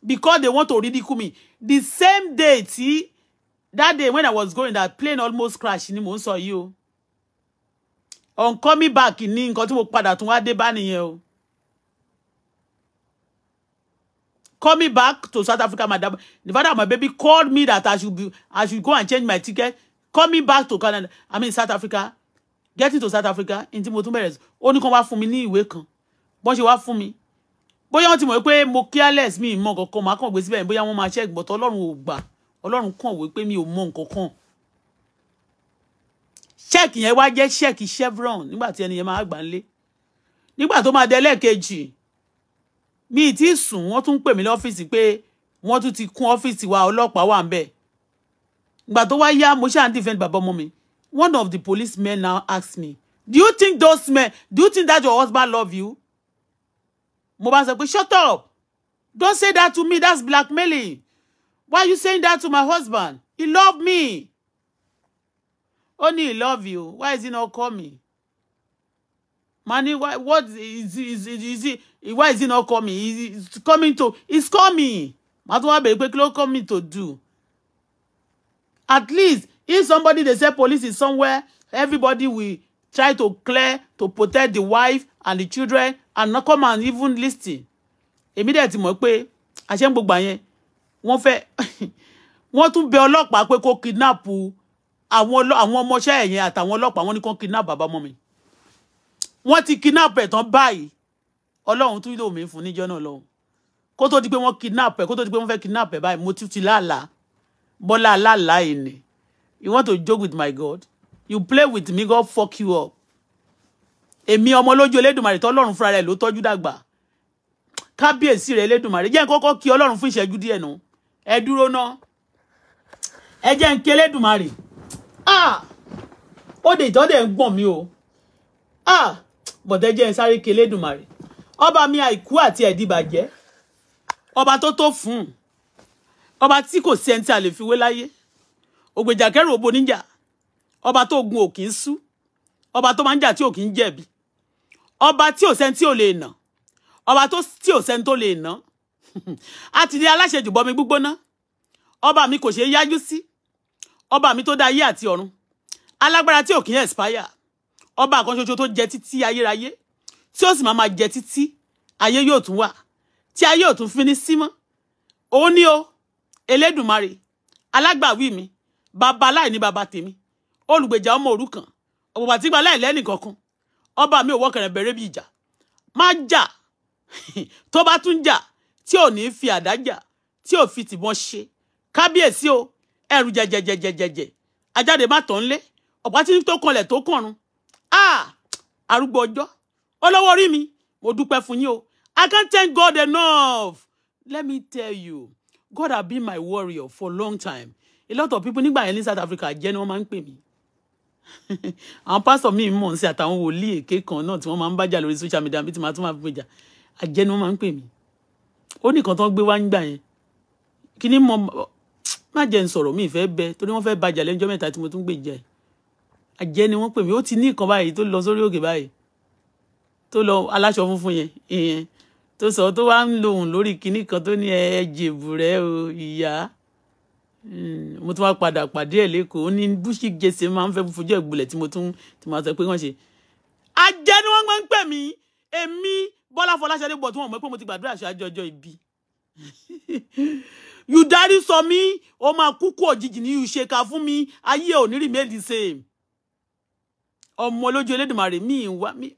because they want to ridicule me. The same day, see, that day when I was going, that plane almost crashed ni saw you. sọ yìí On coming back, in nǹkan tí mo padà tún wá Call me back to South Africa, madam. dad, the father of my baby called me that I should be, I should go and change my ticket. Call me back to Canada, I mean South Africa, getting to South Africa, in tí mo tún bẹ̀rẹ̀, ó ní kàn wá fún mi ní ìwé kan. Bọ́n ṣe wá fún mi. Bóyá wọ́n ti mọ̀ pé mo careless mi mọ nǹkan kan, màá kàn gbé síbẹ̀, bóyá wọ́n máa check, but Ọlọ́run ò gbà. Ọlọ́run kàn wò pé mi ò mọ nǹkan kan. Check yẹn wá jẹ́ check Chevron nígbà tí ẹni yẹn máa gbà ńlé. Nígbà tó máa dé lẹ́ẹ̀kejì, mi ì tí sùn wọ́n tún pè mí lọ́fíìsì pé wọ́n tún ti kún ọ́fíìsì wa ọlọ́pàá wà ń bẹ̀ ìgbà tó wá yá mo ṣáà ń defend bàbá ọmọ mi one of the police men now asked me do you think those men do you think that your husband love you mo bá sọ pé shut up don't say that to me that's blackmailing why you saying that to my husband he love me ó ní he love you why is he not call me mani why what is is is, is he why is he not coming He's coming to He's coming màá tún wá bèrè pé coming to do at least if somebody they say police is somewhere everybody will try to clear to protect the wife and the children and not come and even listen Immediately dẹ̀ ti mọ̀ pé àṣẹ ń gbogbo àyẹn wọ́n fẹ́ [laughs] wọ́n tún bẹ ọlọ́pàá pé kó kidnap àwọn àwọn ọmọọṣẹ́ ẹ̀yẹn àtàwọn ọlọ́pàá wọ́n ní kó kidnap bàbá ọmọ mi wọ́n ti kidnap ẹ̀ tán báyìí ọlọ́run tún lòun mi fún níjọ́ náà lọ́hùn kó tó di pé wọ́n kidnap ẹ̀ kó tó di pé wọ́n fẹ́ kidnap ẹ̀ báyìí mo tún ti láàlá bọ́lá aláàlá yìí ni you want to joke with my God you play with me God fuck you up èmi ọmọ lójú Elédùmarè tó ọlọ́run fúnra rẹ̀ ló tọ́jú dàgbà kábíyèsí rẹ̀ Elédùmarè jẹ́ kọ́kọ́ kí ọlọ́run fún ìṣẹ́jú díẹ̀ nu ẹ dúró ná ẹ jẹ́ ń kí Elédùmarè ah! ó dè ìtọ́dẹ̀ ń gbọ̀n mi o ah! bọ̀dẹ́ jẹ́ ń sáré kí Elédùmarè ọba mi àìkú àti ẹ̀dìbàjẹ́ ọba tó tó fún un ọba tí kò sí ẹni tí a lè fi wé láyé ògbèjà kẹrù òbo níjà ọba tó gun òkì ń sú ọba tó máa ń jà tí òkì ń jẹ̀bi ọba tí ò sẹ́ni tí ò lè nà ọba tí ò sẹ́ni tó lè nà á [laughs] ti ní aláṣejù bọmi gbígbóná ọba mi kò ṣe é yájú sí ọba mi tó dá ayé àti ọ̀run alágbára tí òkì ń expire ọba kan tó jẹ títí ayérayé tí ó sì máa máa jẹ títí ayé yóò tún wà tí ayé ò tún fi ní símọ́ òun ni o elédùnmarè alágbàwí mi bàbá láì ní bàbá tèmi olùgbèjà ọmọ òrukàn ọ̀pọ̀pọ̀ àti ìgbà láì lẹ́nì kankan ọba mi ò wọ́kẹ̀rẹ̀ bẹ̀rẹ̀ bí ìjà má jà [laughs] tó bá tún jà tí ò ní fi àdá jà tí ò fi tìbọn ṣe kábíyèsí o ẹrù jẹjẹjẹjẹjẹjẹ ajáde má tán lé ọ̀pá tí tó kanlẹ̀ tó kànrun arúgbó ọjọ́ olówó orí mi mo dúpẹ́ fún yín o I can't thank God enough let me tell you God has been my warrior for long time a lot of people nígbà yẹn ní South Africa jẹ́ ni wọ́n máa ń pè mí [laughs] àwọn pásítọ̀ míì mọ̀ sí àtàwọn wòlíì èké kan náà tí wọ́n máa ń bájà lórí social media bí tí màá tún máa gbèjà àjẹ́ ni wọ́n máa ń pè mí ó nìkan tó ń gbé wá ń gbà yẹn kí ni mo má jẹ́ ń sọ̀rọ̀ mi ìfẹ́ bẹ torí wọ́n fẹ́ bàjà lẹ́jọ́ mẹ́ta tí mo tún gbèjà ẹ̀ àjẹ́ ni wọ́n pè mí ó ti ní ìkan báyìí tó lọ sórí òkè báyìí tó lọ aláṣọ funfun yẹn ìyẹn tó sọ tó wá ń lo òun lórí kinní kan tó ní ẹ jèbù rẹ o ìyá hmm, mo tún wá padà pàdé ẹ lẹkọọ ó ní búṣì jẹsẹ máa ń fẹ́ fojú ẹ gbolẹ̀ tí mo tún tí mo sọ pé wọn ṣe ajẹ ni wọn ń pè mí èmi Bọ́lá Fọláṣadé bọ tí wọn mọ pé mo ti gbàdúrà ṣe àjọjọ ìbí [laughs] you dárí sọ mí o máa kúkú òjijì ní ìṣèkà fún mi ayé ò ní rìmẹ́ẹ̀dì same ọmọ lójú Elédùmarè mi wá mi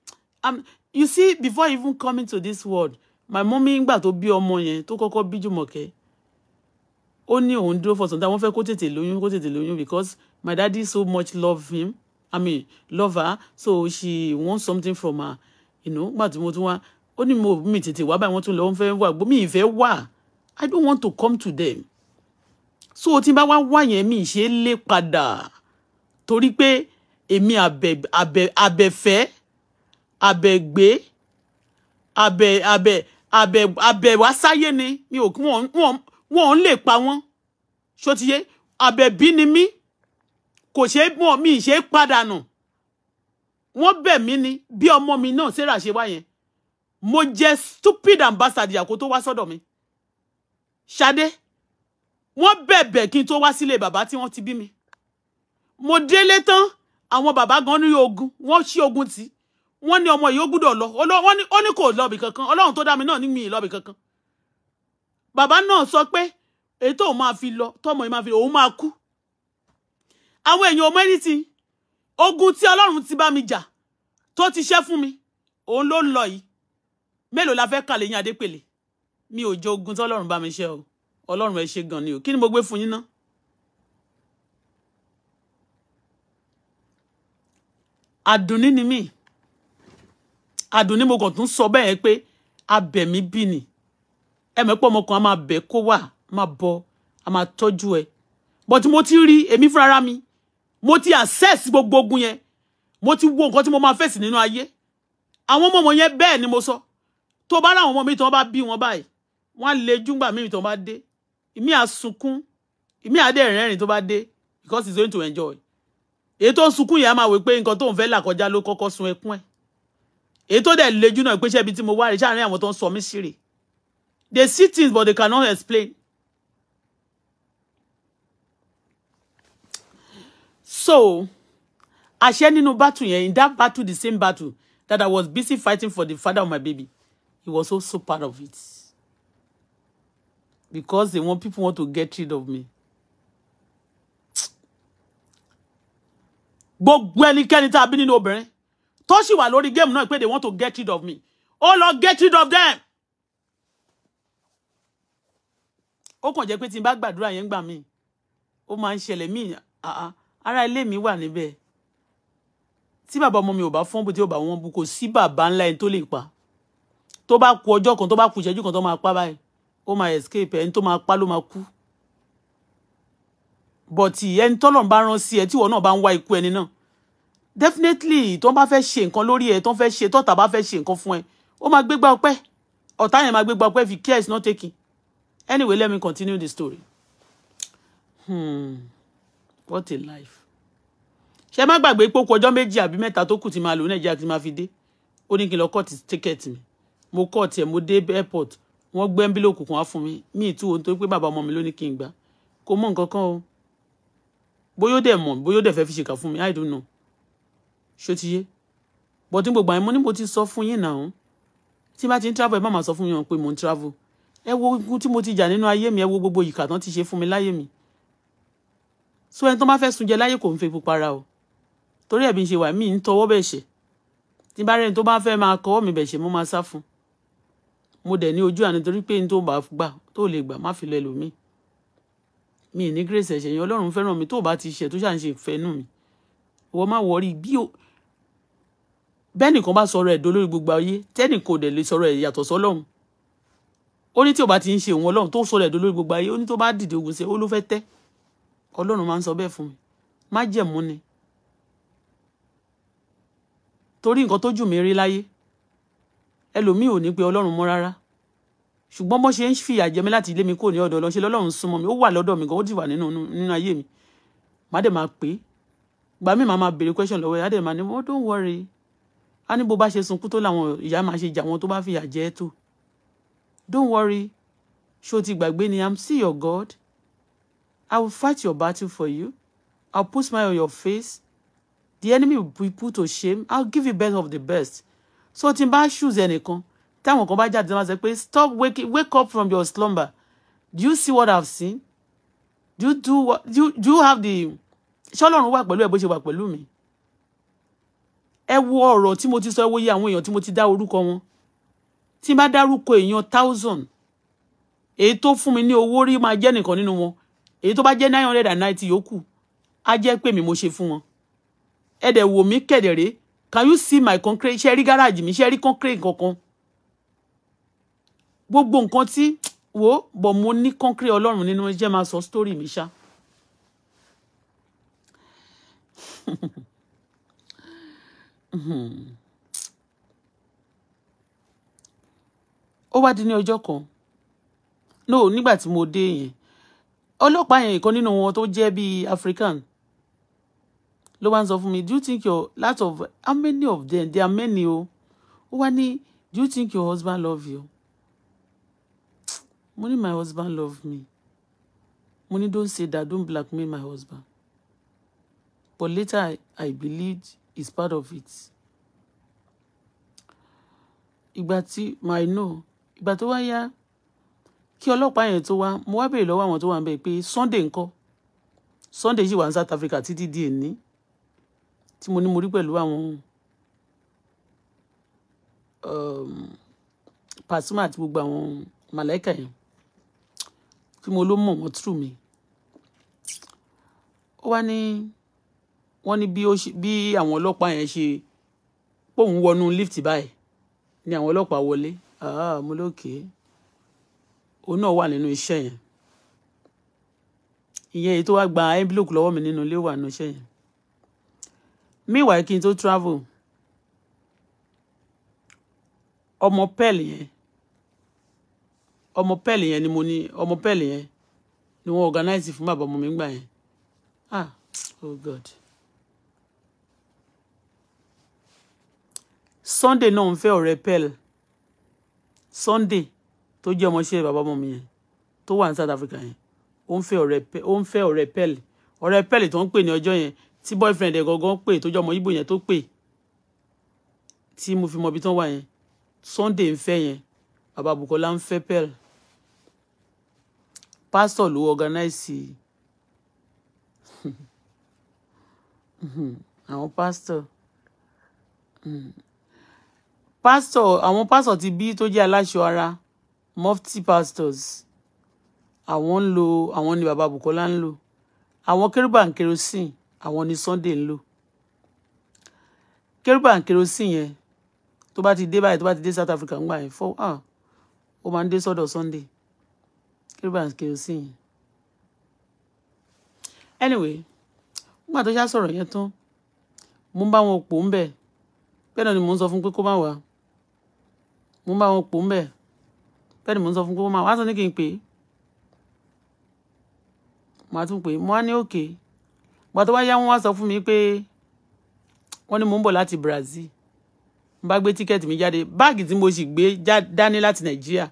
you see before even coming to this world my mommy ngbà to bí ọmọ yẹn to kọ́kọ́ bí Jùmọ̀kẹ́ ó ní òun dúró for some time wọ́n fẹ́ kó tètè lóyún kó tètè lóyún because my daddy so much love him i mean love her so she want something from her you know ngbà tí mo tún wá ó ní mo mi tètè wá báyìí wọ́n tún lọ wọ́n fẹ́ wá mi ìfẹ́ wá i don't want to come to them so tí n bá wá wá yẹn mi ṣe é lé padà torí pé èmi àbẹ̀ àbẹ̀ àbẹ̀fẹ́ àbẹ̀gbé àbẹ̀ àbẹ̀ àbẹ̀ àbẹ̀wá sáyé ni mi ò wọ́n wọ́n wọ́n lè pa wọ́n ṣótiyé àbẹ̀bí ni mí kò ṣe wọ́n mi ṣe padà nù wọ́n bẹ̀ mi ni bí ọmọ mi náà sarah ṣe wá yẹn mo jẹ́ stupid ambassador ìyàkó tó wá sọ́dọ̀ mi ṣadé wọ́n bẹ̀bẹ̀ kí n tó wá sílé bàbá tí wọ́n ti bí mi mo délé tán àwọn bàbá gan ní ogun wọ́n ṣí ogun tì wọ́n ní ọmọ yìí ó gbúdọ̀ lọ ó ní kò lọ́bì kankan ọlọ́run tó dá mi náà ní mi lọ́bì kankan bàbá náà sọ pé èyí tóun máa fi lọ tọmọ yìí máa fi òun máa kú àwọn èèyàn ò mẹ́rin ti ogun tí ọlọ́run ti bá mi jà tó ti ṣẹ́ fún mi òun ló ń lọ yìí mélòó la fẹ́ kà lẹ́yìn adépèlé mi ò jẹ ogun tí ọlọ́run bá mi ṣe o ọlọ́run ẹ ṣe gan ni o kí ni mo gbé fún yín ná. àdùnní ni mí àdùnní mo kàn tún sọ bẹ́ẹ̀ pé abẹ̀mí bì ní ẹ̀mí pọ̀ ọmọkùnrin a máa bẹ̀ kó wà máa bọ a máa tọ́jú ẹ but mo ti rí èmi fúnra mi mo ti access gbogbo ogun yẹn mo ti wo nǹkan tí mo máa fèsì nínú ayé àwọn ọmọ ọmọ yẹn bẹ́ẹ̀ ni mo sọ tó bá láwọn ọmọ mi tí wọ́n bá bí wọn báyìí wọ́n á le júgbà mímì tí wọ́n bá dé ìmí á sunkún ìmí á dẹ̀ rẹ́rìn tó bá dé because he's going to enjoy èyí tó ń sunkún yẹn á máa wò pé nǹkan tó ń fẹ́ là kọjá ló kọ́kọ́ sun ẹkún ẹ̀ èyí tó dẹ̀ lejú náà ìpèsè ibi tí mo wá rè sáàárín àwọn tó ń sọ mí sí they see things but they cannot explain. so àṣẹ nínú battle yẹn in that battle the same battle that I was busy fighting for the father of my baby he was also part of it because they want people want to get rid of me. gbogbo ẹnikẹ́ni tá a bí nínú obìnrin tó sì wà lórí géèmù náà pé they want to get rid of me ó lọ get rid of them. ó kàn jẹ́ pé tí n bá gbàdúrà yẹn gbà mí ó máa ń ṣẹlẹ̀ mí ara ilé mi wà níbẹ̀ tí bàbá ọmọ mi ò bá fọ́n bó tí ò bá wọ́n bu kò sí bàbá ńlá ẹni tó lè pa tó bá ku ọjọ́ kan tó bá ku ìṣẹ́jú kan tó máa pa báyìí ó máa escape ẹni tó máa pa ló máa kú bọ̀tì ẹni tọ́lọ̀ bá rán sí ẹ tí ìwọ náà bá ń wá ikú ẹni náà definitely tó ń bá fẹ́ ṣe nǹkan lórí ẹ tó ń fẹ́ ṣe tọ́ta bá fẹ́ ṣe nǹkan fún ẹ ó máa gbégbá ọpẹ́ ọ̀tá yẹn máa gbégbá ọpẹ́ if you care is not taking anyway let me continue the story hmm. what a life ṣe má gbàgbé pé kó ọjọ́ méjì àbí mẹ́ta tó kù ti máa lò ní nàìjíríà ti máa fi dé ó ní kí n lọ kọ́ọ̀tì tíkẹ́ẹ̀tì mi mo kọ́ọ̀tì ẹ̀ mo dé airport wọ́n gbé ẹ́ńbílòkù kan wá fún mi mi ì tú ohun tó pé bàbá ọmọ mi ló ní kí n gbà kó mọ̀ nǹkan kan o bóyá dẹ̀ mọ̀ bóyá dẹ̀ fẹ́ fi ṣèkà fún mi i don't know ṣó ti yé bọ́ tí gbogbo àwọn ẹ̀mọ́ ni mo ti sọ fún yín náà tí bá ti ń travel ẹ má máa sọ fún yín pé mo ń travel ẹ wo ogun tí mo ti jà nínú ayé mi ẹ wo gbogbo ìkà tán ti ṣe fún mi láyé mi so ẹni tó bá fẹ́ sun jẹ láyé kò ń fi pupa ra o torí ẹ̀bí ń ṣe wà mí ń tọwọ́ bẹ̀ ṣe tí bá rẹ́ni tó bá fẹ́ máa kọ́wọ́ mi bẹ̀ ṣe mo máa sá fún mo dẹ̀ ní ojú àná torí pé n tó bá gbà tó lè gbà má fi lọ ẹlòmíì mi ní grace ẹ̀ṣẹ̀ yẹn ọlọ́run fẹ́ràn mi tó bá ti ṣẹ̀ tó ṣà ìfẹ́ nù mi ìwọ má wọrí bí bẹ́nìkan bá sọ̀rọ̀ ẹ̀dọ́ lórí gbogbo ayé tẹ́nìkan ò dẹ̀ lè sọ̀rọ̀ ẹ̀ yàtọ̀ sọ́lọ́run ó ní tí ò bá ti ń ṣe òun ọlọ́run tó sọ̀rọ̀ ẹ̀dọ́ lórí gbogbo ayé ó ní tó bá dìde ogun ṣe ó ló fẹ́ tẹ́ ọlọ́run máa ń sọ bẹ́ẹ̀ fún mi má jẹ̀mú ni torí nǹkan tó jù mí rí láyé ẹlòmíì ò ní pe ọlọ́run mọ́ rárá ṣùgbọ́n bó ṣe ń fìyà jẹ mi láti ilé mi kò ní ọ̀dọ̀ ọlọ́run ṣe lọ́lọ́run súnmọ́ mi ó wà lọ́dọ̀ mi gan ó ti wà nínú nínú ayé mi má dẹ̀ máa pè é gbà mí máa béèrè question lọ́wọ́ ẹ̀ á dẹ̀ máa ní wọ́n oh, don't worry a ní bó bá ṣe sunkún tó làwọn ìyá máa ṣe jà wọn tó bá fìyà jẹ tó don't worry ṣó ti gbàgbé ni i'm still your god i will fight your battle for you i will put smile on your face the enemy will be put to shame i will give you best of the best so tí n bá ṣùzẹ nìkan táwọn kan bá jáde máa sọ pé stop wake, wake up from your slumber do you see what i've seen do you do what do you, do you have the ṣọlọ́run wà pẹ̀lú ẹ bó ṣe wà pẹ̀lú mi ẹ wo ọ̀rọ̀ tí mo ti sọ ẹ wo iye àwọn èèyàn tí mo ti dá orúkọ wọn tí bá dárúkọ èèyàn thousand èyí tó fún mi ní owó rí máa jẹ́ nìkan nínú wọn èyí tó bá jẹ́ nine hundred and ninety yòókù á jẹ́ pé mi mo ṣe fún wọn ẹ dẹ̀ wò mí kẹ̀dẹ̀rẹ́ can you see my concrete ṣe rí gáràjì mi ṣe rí concrete kankan gbogbo nǹkan tí wo bọ̀ mo ní concrete ọlọ́run nínú ẹ jẹ́ máa sọ story mi ṣá. [laughs] ó wá di ní ọjọ́ kan no nígbà tí mo dé yẹn ọlọ́pàá yẹn kan nínú wọn tó jẹ́ bíi African ló wá ń sọ fún mi do you think your lot of how many of them there are many o ó wá ní do you think your husband love you mo ní my husband love me mo ní don't say that don't blackmail my husband but later I, I believed is part of it ìgbà tí my no ìgbà tó wá yá kí ọlọ́pàá yẹn tó wá mo wá béèrè lọ́wọ́ àwọn tó wà ń bẹ̀ pé Sunday ńkọ́ Sunday yìí wà ní South Africa títí di èní tí mo ní mo rí pẹ̀lú àwọn um, Pasuma àti gbogbo àwọn màláìkà yẹn tí mo ló mọ̀ wọ́n tù mí ó wá ní wọ́n ní bí àwọn ọlọ́pàá yẹn ṣe póun wọnú lift báyìí ni àwọn ọlọ́pàá wọlé mo lókè òun náà wà nínú iṣẹ́ yẹn ìyẹn èyí tó wá gba envelope lọ́wọ́ mi nínú ilé wà nínú iṣẹ́ yẹn meanwhile kí n tó travel ọmọ pẹ́ẹ̀lì yẹn ọmọ pẹ́ẹ̀lì yẹn ni mo ní ọmọ pẹ́ẹ̀lì yẹn ni wọ́n organize fún bàbá ọmọ mi gbà yẹn ah oh god. Sunday náà ń fẹ́ ọ̀rẹ́ Pearl Sunday tó jẹ́ ọmọọṣẹ́ bàbá ọmọ mi yẹn tó wà ní South Africa yẹn ó ń fẹ́ ọ̀rẹ́ ó ń fẹ́ ọ̀rẹ́ Pearl ọ̀rẹ́ Pearl tó ń pè ní ọjọ́ yẹn tí boyfriend ẹ̀ gangan pè tó jẹ́ ọmọ Ìgbò yẹn tó pè tí mo fi mọ ibi tán wà yẹn Sunday ń fẹ́ yẹn bàbá Bukola ń fẹ́ Pearl pásítọ̀ ló organize [laughs] àwọn pásítọ̀. Pastor, àwọn pastor ti bí tó jẹ́ aláṣọ ara mufti pastors àwọn ń lo àwọn ni bàbá Bukola ń lò àwọn kérúbà ń àwọn ni Sunday ń lò kérúbà ń kerosene yẹn tó bá ti dé báyìí tó bá ti dé South Africa ń gbà yẹn fọ ah ó máa ń dé sọ́dọ̀ Sunday kérúbà ń yẹn anyway nígbà tó ṣá sọ̀rọ̀ yẹn tán mo ń bá wọn pò ń bẹ̀ bẹ́ẹ̀ náà ni mo ń sọ fún pé kó má wàá mo ń bá wọn pò ń bẹ̀ bẹ́ẹ̀ ni mo ń sọ fún pé wọ́n máa wá sọ ní kí n pè é màá tún pè é mo wá ní òkè ìgbà tó wá yá wọn wá sọ fún mi pé wọ́n ní mo ń bọ̀ láti Brazil mo bá gbé tíkẹ́ẹ̀tì mi jáde báàgì tí mo sì gbé dání láti Nàìjíríà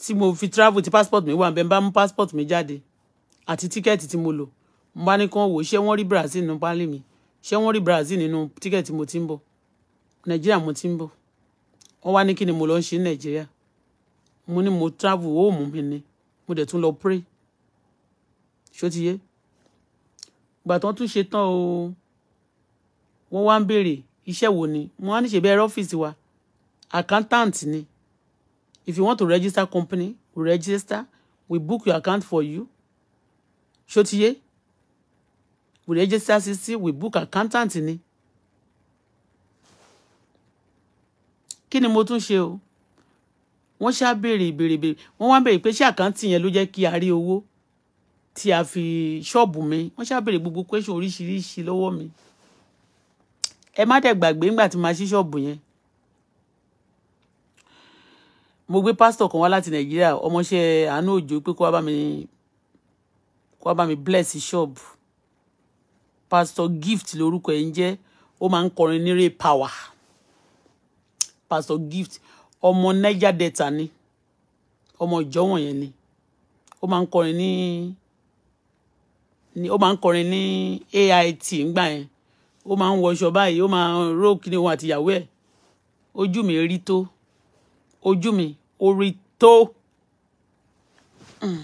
tí mo fi travel tí passport mi wà bẹ́ẹ̀ bá mú passport mi jáde àti tíkẹ́ẹ̀tì tí mo lò mo bá ní kán wò ṣé wọ́n rí Brazil nínú pálí mi ṣé wọ́n rí Brazil nínú tíkẹ́ẹ̀tì mo ti ń bọ̀ Nàìjíríà mo ti ń bọ̀ wọ́n wá ní kí ni mo lọ ń ṣe ní nàìjíríà mo ní mo travel home mi ni mo dẹ̀ tún lọ pray ṣó ti yé ìgbà tán tún ṣe tán o wọ́n wá ń béèrè iṣẹ́ wo ni mo wá ní ṣe bẹ́ẹ̀ ọ́fíìsì wa accountant ni if you want to register company we register we book your account for you ṣó ti yé we register sisi we book accountant ni kí ni mo tún ṣe o wọ́n ṣá béèrè ìbéèrè béèrè wọ́n wá béèrè pé ṣé àkáǹtì yẹn ló jẹ́ kí a rí owó tí a fi ṣọ́ọ̀bù mi wọ́n ṣá béèrè gbogbo question oríṣiríṣi lọ́wọ́ mi ẹ má dẹ̀ gbàgbé ńgbà tí màá ṣí ṣọ́ọ̀bù yẹn mo gbé pásítọ̀ kan wá láti nàìjíríà ọmọọṣẹ́ àánú òjò pé kó wá bá mi kó wá bá mi bless ṣọ́ọ̀bù pásítọ̀ gift lórúkọ ẹ̀ ń jẹ́ ó máa ń kọrin ní ray power pastor gift ọmọ niger delta ni ọmọ ìjọ wọ̀nyẹn ni ó máa ń kọrin ní ó máa ń kọrin ní AIT ńgbà yẹn ó máa ń wọṣọ báyìí ó máa ń ró kíni òun àtìyàwó ẹ̀ ojú mi rí tó ojú mi ó rí tó hmm.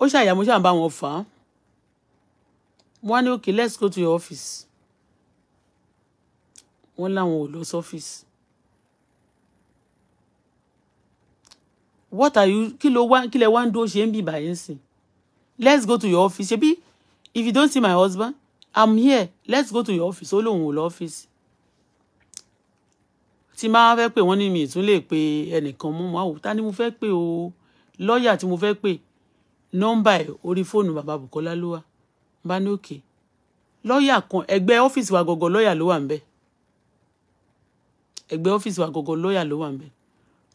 ó ṣàyà mo ṣàǹbá wọn fà á mo wá ní okay let's go to your office wọ́n láwọn ò lọ sọ́fíìsì what are you kí ló wá kí lẹ wá ń dúró ṣe ń bì báyìí sí let's go to your office ṣebí if you don't see my husband i'm here let's go to your office ó lóun ò lọ ọ́fíìsì tí máa fẹ́ pè wọ́n ní mi ìtún lè pe ẹnìkan mú máa wò ta ni mo fẹ́ pè o lọ́ọ̀yà tí mo fẹ́ pè nọ́mbà ẹ̀ orí fóònù bàbá Bukola ló wà bá ní òkè lọ́ọ̀yà kan ẹgbẹ́ ọ́fíìsì wa gọ́gọ́ lọ́ọ̀yà ló wà ń bẹ̀ ẹgbẹ́ ọ́fíìsì wa gọ́gọ́ lọ́ọ̀yà ló wà ń bẹ̀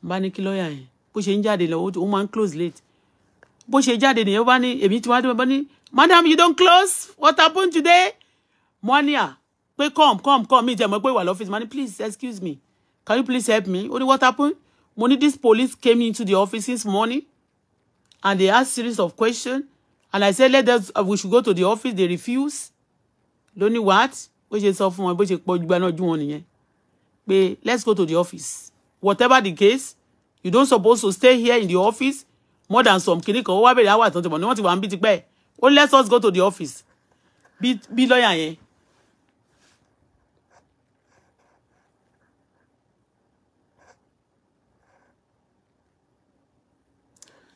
bá ní kí lọ́ọ̀yà yẹn bó ṣe ń jáde lọ ó máa ń close late bó ṣe jáde nìyẹn ó bá ní èmi tí wọ́n á dé bá ní madam you don't close what happen today monia ah, pé come come come mi jẹ́ mọ́ pé wà lọ́fíìsì ma please excuse me can you please help me ó ní what happen mo ní this police came into the office since morning and they asked series of questions and I said let us we should go to the office they refuse ló what bó ṣe sọ fún wọn bó ṣe pọ̀ jù gbanájú wọn nìyẹn pé let's go to the office whatever the case you don't suppose to stay here in the office more than some kìnnì kan ó wá bèrè àwọn àtúntò ni wọ́n ti wà ń bí tipẹ́ ó let us go to the office bí lawyer. yẹn.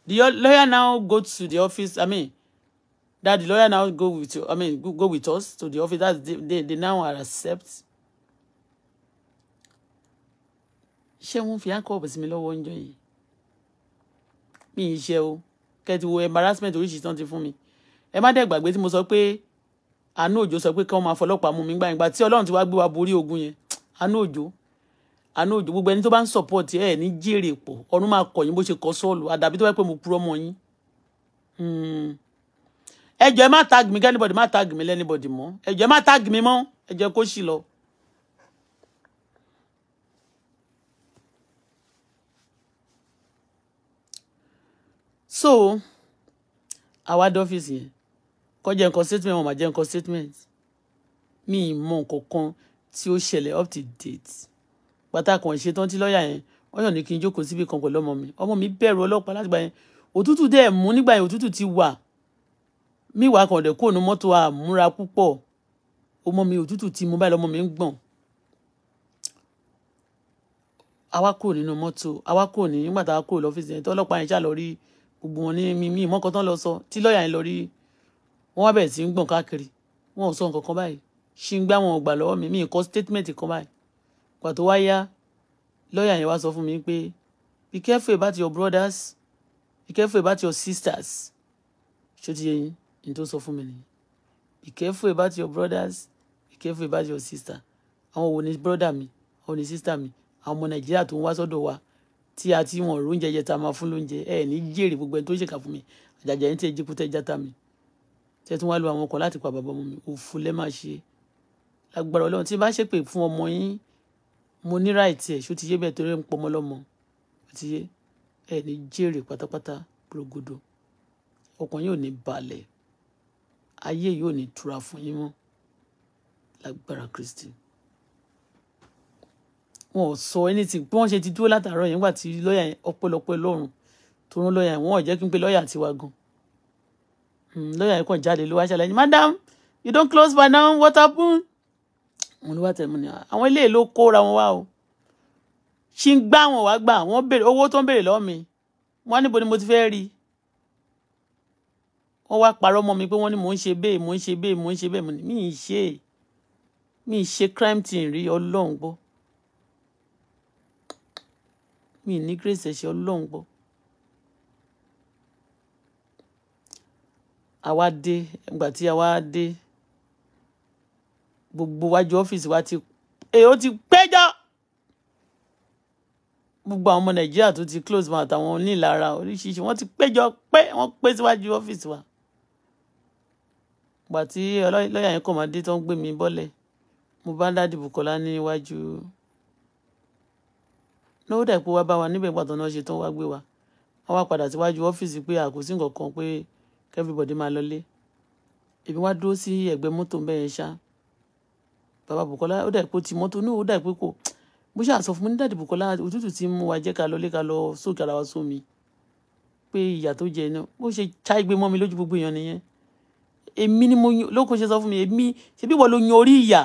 The lawyer now go to the office. I mean, that the lawyer now go with you. I mean, go, go with us to the office. That they, they, they now accept ṣé wọ́n fi handcuff sí mi lọ́wọ́ oúnjẹ yìí mi ì ṣe o kẹ́tì wo embarrassment oríṣiríṣi tán ti fún mi ẹ má dẹ̀ gbàgbé tí mo sọ pé àánú òjò sọ pé kí wọ́n máa fọlọ́pàá mú mi gbà ìgbà tí ọlọ́run ti wá gbé wa borí ogun yẹn àánú òjò àánú òjò gbogbo ẹni tó bá ń support ẹ ní jèrè pọ̀ ọ̀run máa kọ̀ yín bó ṣe kọ sọ́ọ̀lù àdàbí tó bá pẹ́ mo purọ́ mọ́ yín hmm. ẹ jọ̀ọ́ ẹ má tag mi kẹ́nibọ̀dì má tag mi lẹ́nibọ̀dì mọ́ ẹ ẹ má tag mi mọ́ ẹ kó ṣì lọ. so our dé ọ́fíìsì yẹn kọ́ jẹ́ nǹkan statement wọn máa jẹ́ nǹkan statement mi ì mọ nǹkan kan tí ó ṣẹlẹ̀ up to date pátá kan ṣe tán tí lọ́ọ̀yà yẹn wọ́n yàn ní kí n jókòó síbi kan pẹ̀lú ọmọ mi ọmọ mi bẹ̀rù ọlọ́pàá látìgbà yẹn òtútù dẹ̀ mú nígbà yẹn òtútù ti wà mí wàá kàn dẹ̀ kóònù mọ́tò àmúra púpọ̀ ọmọ mi òtútù ti mú báyìí lọ́mọ mi ń gbọ̀n àwa kúrò nínú mọ́tò àwa kúrò ní nígbà tá a kúrò lọ́fíìsì yẹn tọ́lọ́pàá yẹn ṣàlọ́ rí gbogbo wọn ní mímí ìmọ̀kan tán lọ sọ tí lọ́ọ̀yà yẹn lọ rí wọn wá bẹ̀rẹ̀ sí ń gbọ̀n káàkiri wọn ò sọ nǹkan kan báyìí ṣì ń gbá wọn ò gbà lọ́wọ́ mi mí kọ́ statement kan báyìí gbà tó wá lọ́ọ̀yà yẹn wá sọ fún mi pé be careful about your brothers be careful about your sisters ṣó ti yẹ yín tó sọ fún mi nìyẹn be careful about your brothers be careful about your sister àwọn wo ni brother mi àwọn wo ni sister mi àwọn ọmọ nàìjíríà tó ń wá sọ́dọ̀ wa tí a ti wọn òrò oúnjẹ yẹ tá a máa fún lóúnjẹ ẹ ní jèrè gbogbo ẹni tó ṣèkà fún mi àjàjà yín tí ẹ jíkú tẹ játa mi tẹ tún wá lu àwọn ọkọ láti pa bàbá ọmọ mi òfu lẹ máa ṣe lágbára Ọlọ́run tí bá ṣépè fún ọmọ yín mo ní ráìtì ẹ ṣó ti yé bẹ́ẹ̀ torí ń pọmọ lọmọ àti yé ẹ ní jèrè pátápátá gbòrògbòdò ọkàn yóò ní balẹ̀ ayé yóò ní tura fún yín mọ́ lágbára Kristi wọn ò sọ anything bí wọ́n ṣe ti dúró látàárọ̀ yẹn nígbà tí lọ́ọ̀yà yẹn ọpẹ́lọpẹ́ lọ́rùn tó rán lọ́ọ̀yà yẹn wọn ò jẹ́ kí n pe lọ́ọ̀yà tiwa gan hmm, lọ́ọ̀yà yẹn kàn jáde ló wá ṣàlàyé madam you don close by now what happened? wọn ló wá tẹ̀mú ni àwọn eléyìí ló kóra wọn wá o ṣì ń gbá wọn wá gbà wọn béèrè owó tó ń béèrè lọ́wọ́ mi wọn níbo ni mo ti fẹ́ rí wọn wá parọ́ mọ́ mi pé wọ́n ní mò ń ṣe bẹ́ẹ̀ mò ń ṣe bẹ́ẹ̀ mò ń ṣe bẹ́ẹ̀ mi ì ṣe mi ì ṣe crime team rí ọlọ́run gbọ́ mi ní grace ẹ̀ṣẹ̀ ọlọ́run gbọ́. àwa dé ìgbà tí àwa dé gbogbo wájú ọ́fíìsì wa ti èyí ó ti péjọ gbogbo àwọn ọmọ nàìjíríà tó ti close mouth àwọn onílára oríṣiríṣi wọ́n ti péjọ pé wọ́n pé síwájú ọ́fíìsì wa gbà tí lọ́ọ̀yà yẹn kàn máa dé tó ń gbé mi bọ́lẹ̀ mo bá ń dádì Bùkọ́lá níwájú lówó dẹ̀ pé wá bá wa níbẹ̀ pàtó náà ṣe tán wá gbé wa wọ́n wá padà síwájú ọ́fíìsì pé àkóso nǹkan pé everybody máa lọlé èmi wá dúró sí ẹ̀gbẹ́ mọ́tò ń bẹyẹn ṣá bàbá Bùkọ́lá ó dà pé ti mọ́tò náà ó dà pé kò bó ṣe àsọ fún mi ní dàdí Bùkọ́lá òtútù ti mú wa jẹ́ ká lọlé ká lọ sókè ara wa sómi pé ìyà tó jẹ náà bó ṣe ṣá igbe mọ́ mi lójú gbogbo èèyàn nìyẹn èmi ni mo lókun ṣe sọ fún mi èmi ṣebí wọ́n ló yan orí ìyà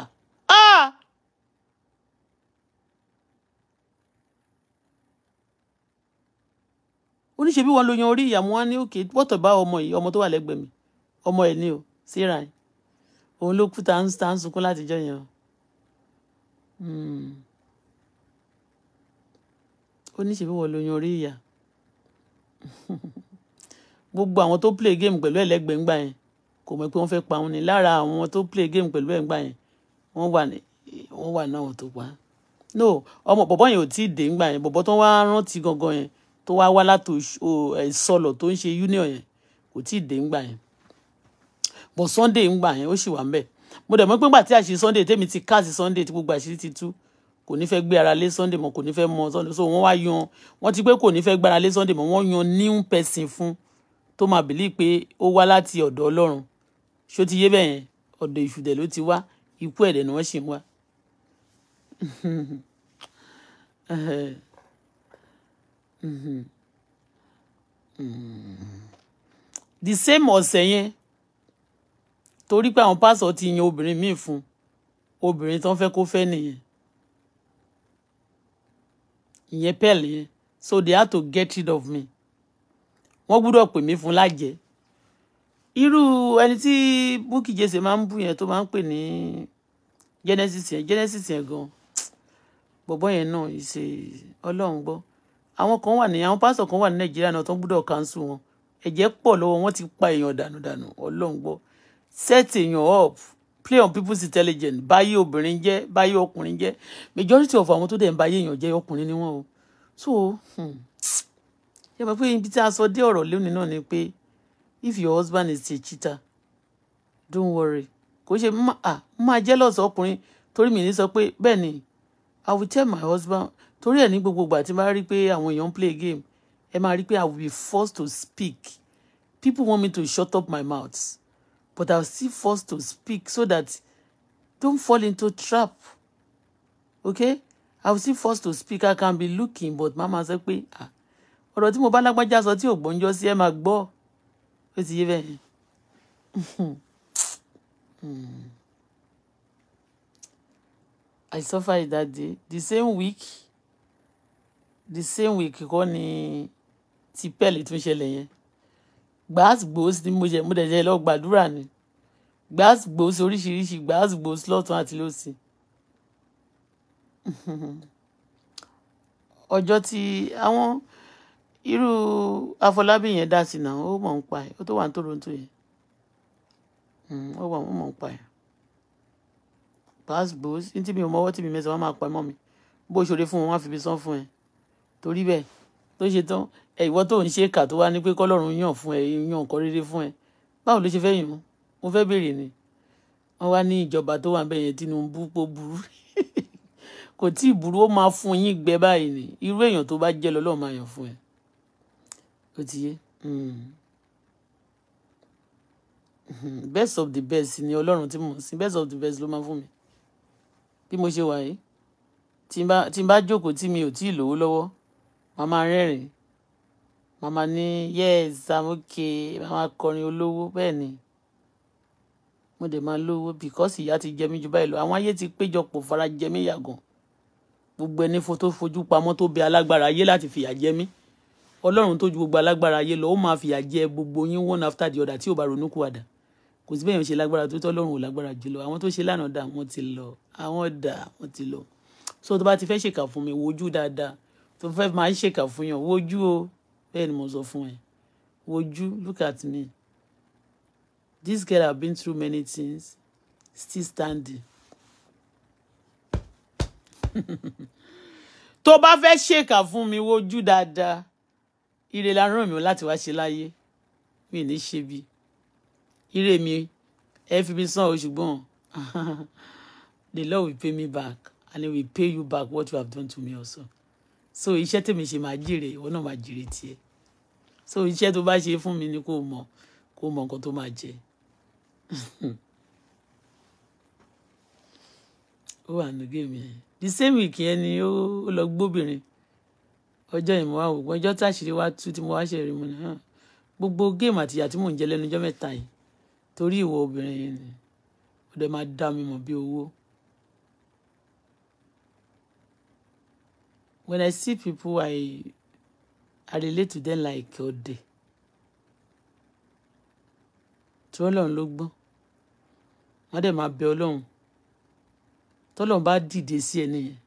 oníṣẹ́ bí wọ́n lo yan orí ìyàmú wá ní òkè wọ́tọ̀ bá ọmọ yìí ọmọ tó wà lẹ́gbẹ̀ẹ́ mi ọmọ ẹ̀ ní o síra ẹ̀ òun ló kú tá ń sunkún látijọ́ yẹn o hmm. oníṣẹ́ bí wọ́n lo yan orí ìyà [laughs] gbogbo àwọn tó play game pẹ̀lú ẹ̀lẹ́gbẹ̀ẹ́ ńgbà yẹn kò mọ̀ pé wọ́n fẹ́ pa òun ni lára àwọn tó play game pẹ̀lú ẹ̀ ńgbà yẹn wọ́n wà ní wọ́n wà náà tó pa no ọmọ bọ̀bọ́ yẹn ò tí ì dé ńgbà yẹn bọ̀bọ́ tó wá rántí gangan yẹn tó wá wá láti sọlọ tó ń ṣe union yẹn kò tí ì dé ńgbà yẹn but sunday ńgbà yẹn ó sì wà ńbẹ̀ mo dẹ̀ mọ̀ pé ńgbà tí àṣírí sunday tèmi ti káàsì sunday tí gbogbo àṣírí ti tú kò ní fẹ́ gbé ara lé sunday mọ́ kò ní fẹ́ mọ sunday so wọ́n wá yan wọ́n ti pé kò ní fẹ́ gbára lé sunday mọ́ wọ́n yan new person fún tó máa bìlí pé ó wá láti ọ̀dọ̀ ọlọ́run ṣó ti yé bẹ́ẹ̀ yẹn ọ̀dọ̀ ìṣùdẹ̀ ló ti wá ikú ẹ̀dẹ̀ ni wọ́n ṣì wá. [laughs] Mm-hmm. Mm-hmm. the same ọ̀sẹ̀ yẹn torí pé àwọn pásọ ti yan obìnrin míì fún obìnrin tó ń fẹ́ kó fẹ́ nìyẹn ìyẹn pẹ́ẹ̀lì yẹn so they had to get rid of me wọ́n gbúdọ̀ pè mí fún lájẹ́ irú ẹni tí Bukky Jesse máa ń bù yẹn tó máa ń pè ní Genesis yẹn Genesis yẹn gan bọ̀bọ́ yẹn náà ìṣe ọlọ́run gbọ́ àwọn kan wà ní àwọn pásítọ̀ kan wà ní nàìjíríà náà tó ń gbúdọ̀ káńsù wọn ẹ̀jẹ̀ pọ̀ lọ́wọ́ wọn ti pa èèyàn dànùdànù ọlọ́run gbọ́ set èèyàn up play on people's intelligence báyé obìnrin jẹ́ báyé ọkùnrin jẹ́ majority of àwọn tó dẹ̀ ń báyé èèyàn jẹ́ ọkùnrin ni wọ́n o so hmm. ṣe pé ibi tí a sọ dé ọ̀rọ̀ lónìí náà ni pé if your husband is a cheater don't worry kò ṣe ah, máa jealous ọkùnrin torí mi ní sọ pé bẹ́ẹ̀ ni i will tell my husband torí ẹ̀ ní gbogbo ìgbà tí máa rí pé àwọn èèyàn ń play game ẹ máa rí pé i will be forced to speak people want me to shut up my mouth but i still forced to speak so that don't fall into trap okay i still forced to speak i can be looking but Mama máa sọ pé ah ọ̀rọ̀ tí mo bá lágbájá sọ tí ò sí ẹ máa gbọ́ ó ti yé bẹ́ẹ̀ hmm. Hmm. I suffered that day the same week the same week kọ́ ni ti pẹ́ẹ́lì tún ṣẹlẹ̀ yẹn gbàásìgbòs ni mo jẹ mo dẹ̀ jẹ lọ gbàdúrà ni gbàásìgbòs oríṣiríṣi gbàásìgbòs lọ́tún àti lósì [laughs] ọjọ́ tí àwọn irú Afọlábí yẹn dá sí náà ó mọ̀ ń pa ẹ̀ ó tó wà ní Toronto yẹn hmm, ó wà ó mọ̀ ń pa ẹ̀ gbàásìgbòs ní tí mi ò mọ ọwọ́ tí mi mẹ́sàn-án máa pa ẹ̀ mọ́ mi bó ṣòro fún wọn wọ́n á fi bí sán fún ẹ̀ torí bẹ́ẹ̀ tó ṣe tán ẹ ìwọ tó ń ṣe kà tó wá ní pé kọ́lọ́run yàn fún ẹ yàn nǹkan rere fún ẹ báwo ló ṣe fẹ́ yàn mo fẹ́ béèrè ni wọ́n wá ní ìjọba tó wà ń bẹ yẹn Tinubu pó burú [laughs] kò tí ì burú ó máa fún yín gbẹ báyìí ni irú èèyàn tó bá jẹ́ lọ́lọ́run máa yàn fún ẹ ó ti yé hmm. [laughs] best of the best ni Ọlọ́run tí mo sin best of the best ló máa fún mi bí mo ṣe wà yìí tí n bá jókòó tí mi ò tí ì lówó lọ́wọ́ màá máa rẹ́rìn màá ní yes i'm okay màá máa kọrin olówó bẹ́ẹ̀ ni mo dẹ̀ máa lówó because ìyà ti jẹ mí ju báyìí lọ àwọn ayé ti péjọpọ̀ fara jẹ mí yàgàn gbogbo ẹni tó fojú pamọ́ tó bẹ alágbára ayé láti fìyà jẹ mí ọlọ́run tó ju gbogbo alágbára ayé lọ ó máa fìyà jẹ gbogbo yín one after the other tí ò bá ronú kúwàdà kò sí bẹ́ẹ̀ yẹn ṣe lágbára tó tọ́lọ́run ò lágbára jùlọ àwọn tó ṣe lánàá dà wọ́n ti lọ àwọn dà wọ́n ti lọ so tó bá ti fẹ́ ṣèkà fún mi wojú dáadáa tó fẹ́ máa ṣèkà fún yàn wojú o bẹ́ẹ̀ ni mo sọ fún ẹ wojú look at me this girl have been through many things still standing [laughs] tó bá fẹ́ ṣèkà fún mi wojú dáadáa ire la ràn mí láti wá ṣe láyé mi ní ṣe bí ire mi ẹ fi mi san o ṣùgbọ́n [laughs] the Lord will pay me back and he will pay you back what you have done to me also so iṣẹ́ tèmi ṣe máa jèrè ìwọ náà máa jèrè tiẹ̀ so iṣẹ́ tó bá ṣe fún mi ni kò mọ̀ kò mọ̀ nǹkan tó máa jẹ [laughs] ó wà nù géèmì yẹn the same week yẹn ni ó lọ gbóbìnrin ọjọ́ yìí mo wá wò ọjọ́ táṣìírí wá tú tí mo wá ṣe rí mu ni hàn gbogbo géèmù àtìyà tí mò ń jẹ lẹ́nu ọjọ́ mẹ́ta yìí torí ìwọ obìnrin yìí ni ó máa dá mi mọ̀ bí owó when I see people, I I relate to them like ọdẹ. Tí Ọlọ́run ló gbọ́n, wọ́n dẹ̀ máa bẹ Ọlọ́run. Tọ́lọ́run bá dìde sí ẹni yẹn.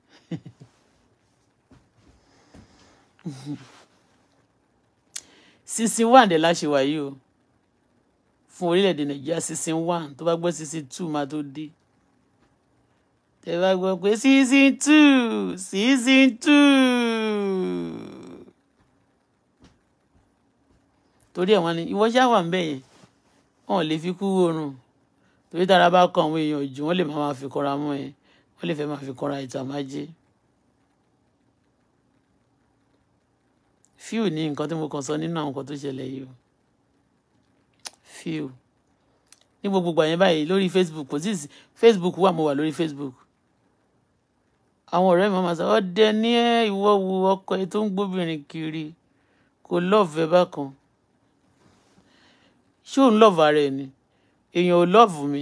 Season [laughs] one dẹ̀ láṣẹ wáyé o. Fún orílẹ̀ de Nàìjíríà season one tó bá gbọ́ season two máa tó dé tẹ bá gbọ́ pé season two season two torí ẹ̀ wọ́n ni ìwọ ṣáà wà ń bẹ̀ yẹn wọn ò lè fi kú oorun torí tára bá kọ àwọn èèyàn jù wọ́n lè máa fi kọra mọ́ ẹ wọ́n lè fẹ́ máa fi kọra ìtàmájé. fíù ní nǹkan tí mo kàn sọ nínú àwọn nǹkan tó ṣẹlẹ̀ yìí o fíù ní gbogbo ìgbà yẹn báyìí lórí facebook kò sí facebook wà mo wà lórí facebook àwọn ọ̀rẹ́ mi máa sọ ọdẹ ní ẹ ìwọ wo ọkọ ẹ tó ń gbóbìnrin kiri kò lọ́ọ̀fẹ́ bákan ṣé òun lọ́ọ̀fù ara ẹ ni èèyàn ò lọ́ọ̀fù mi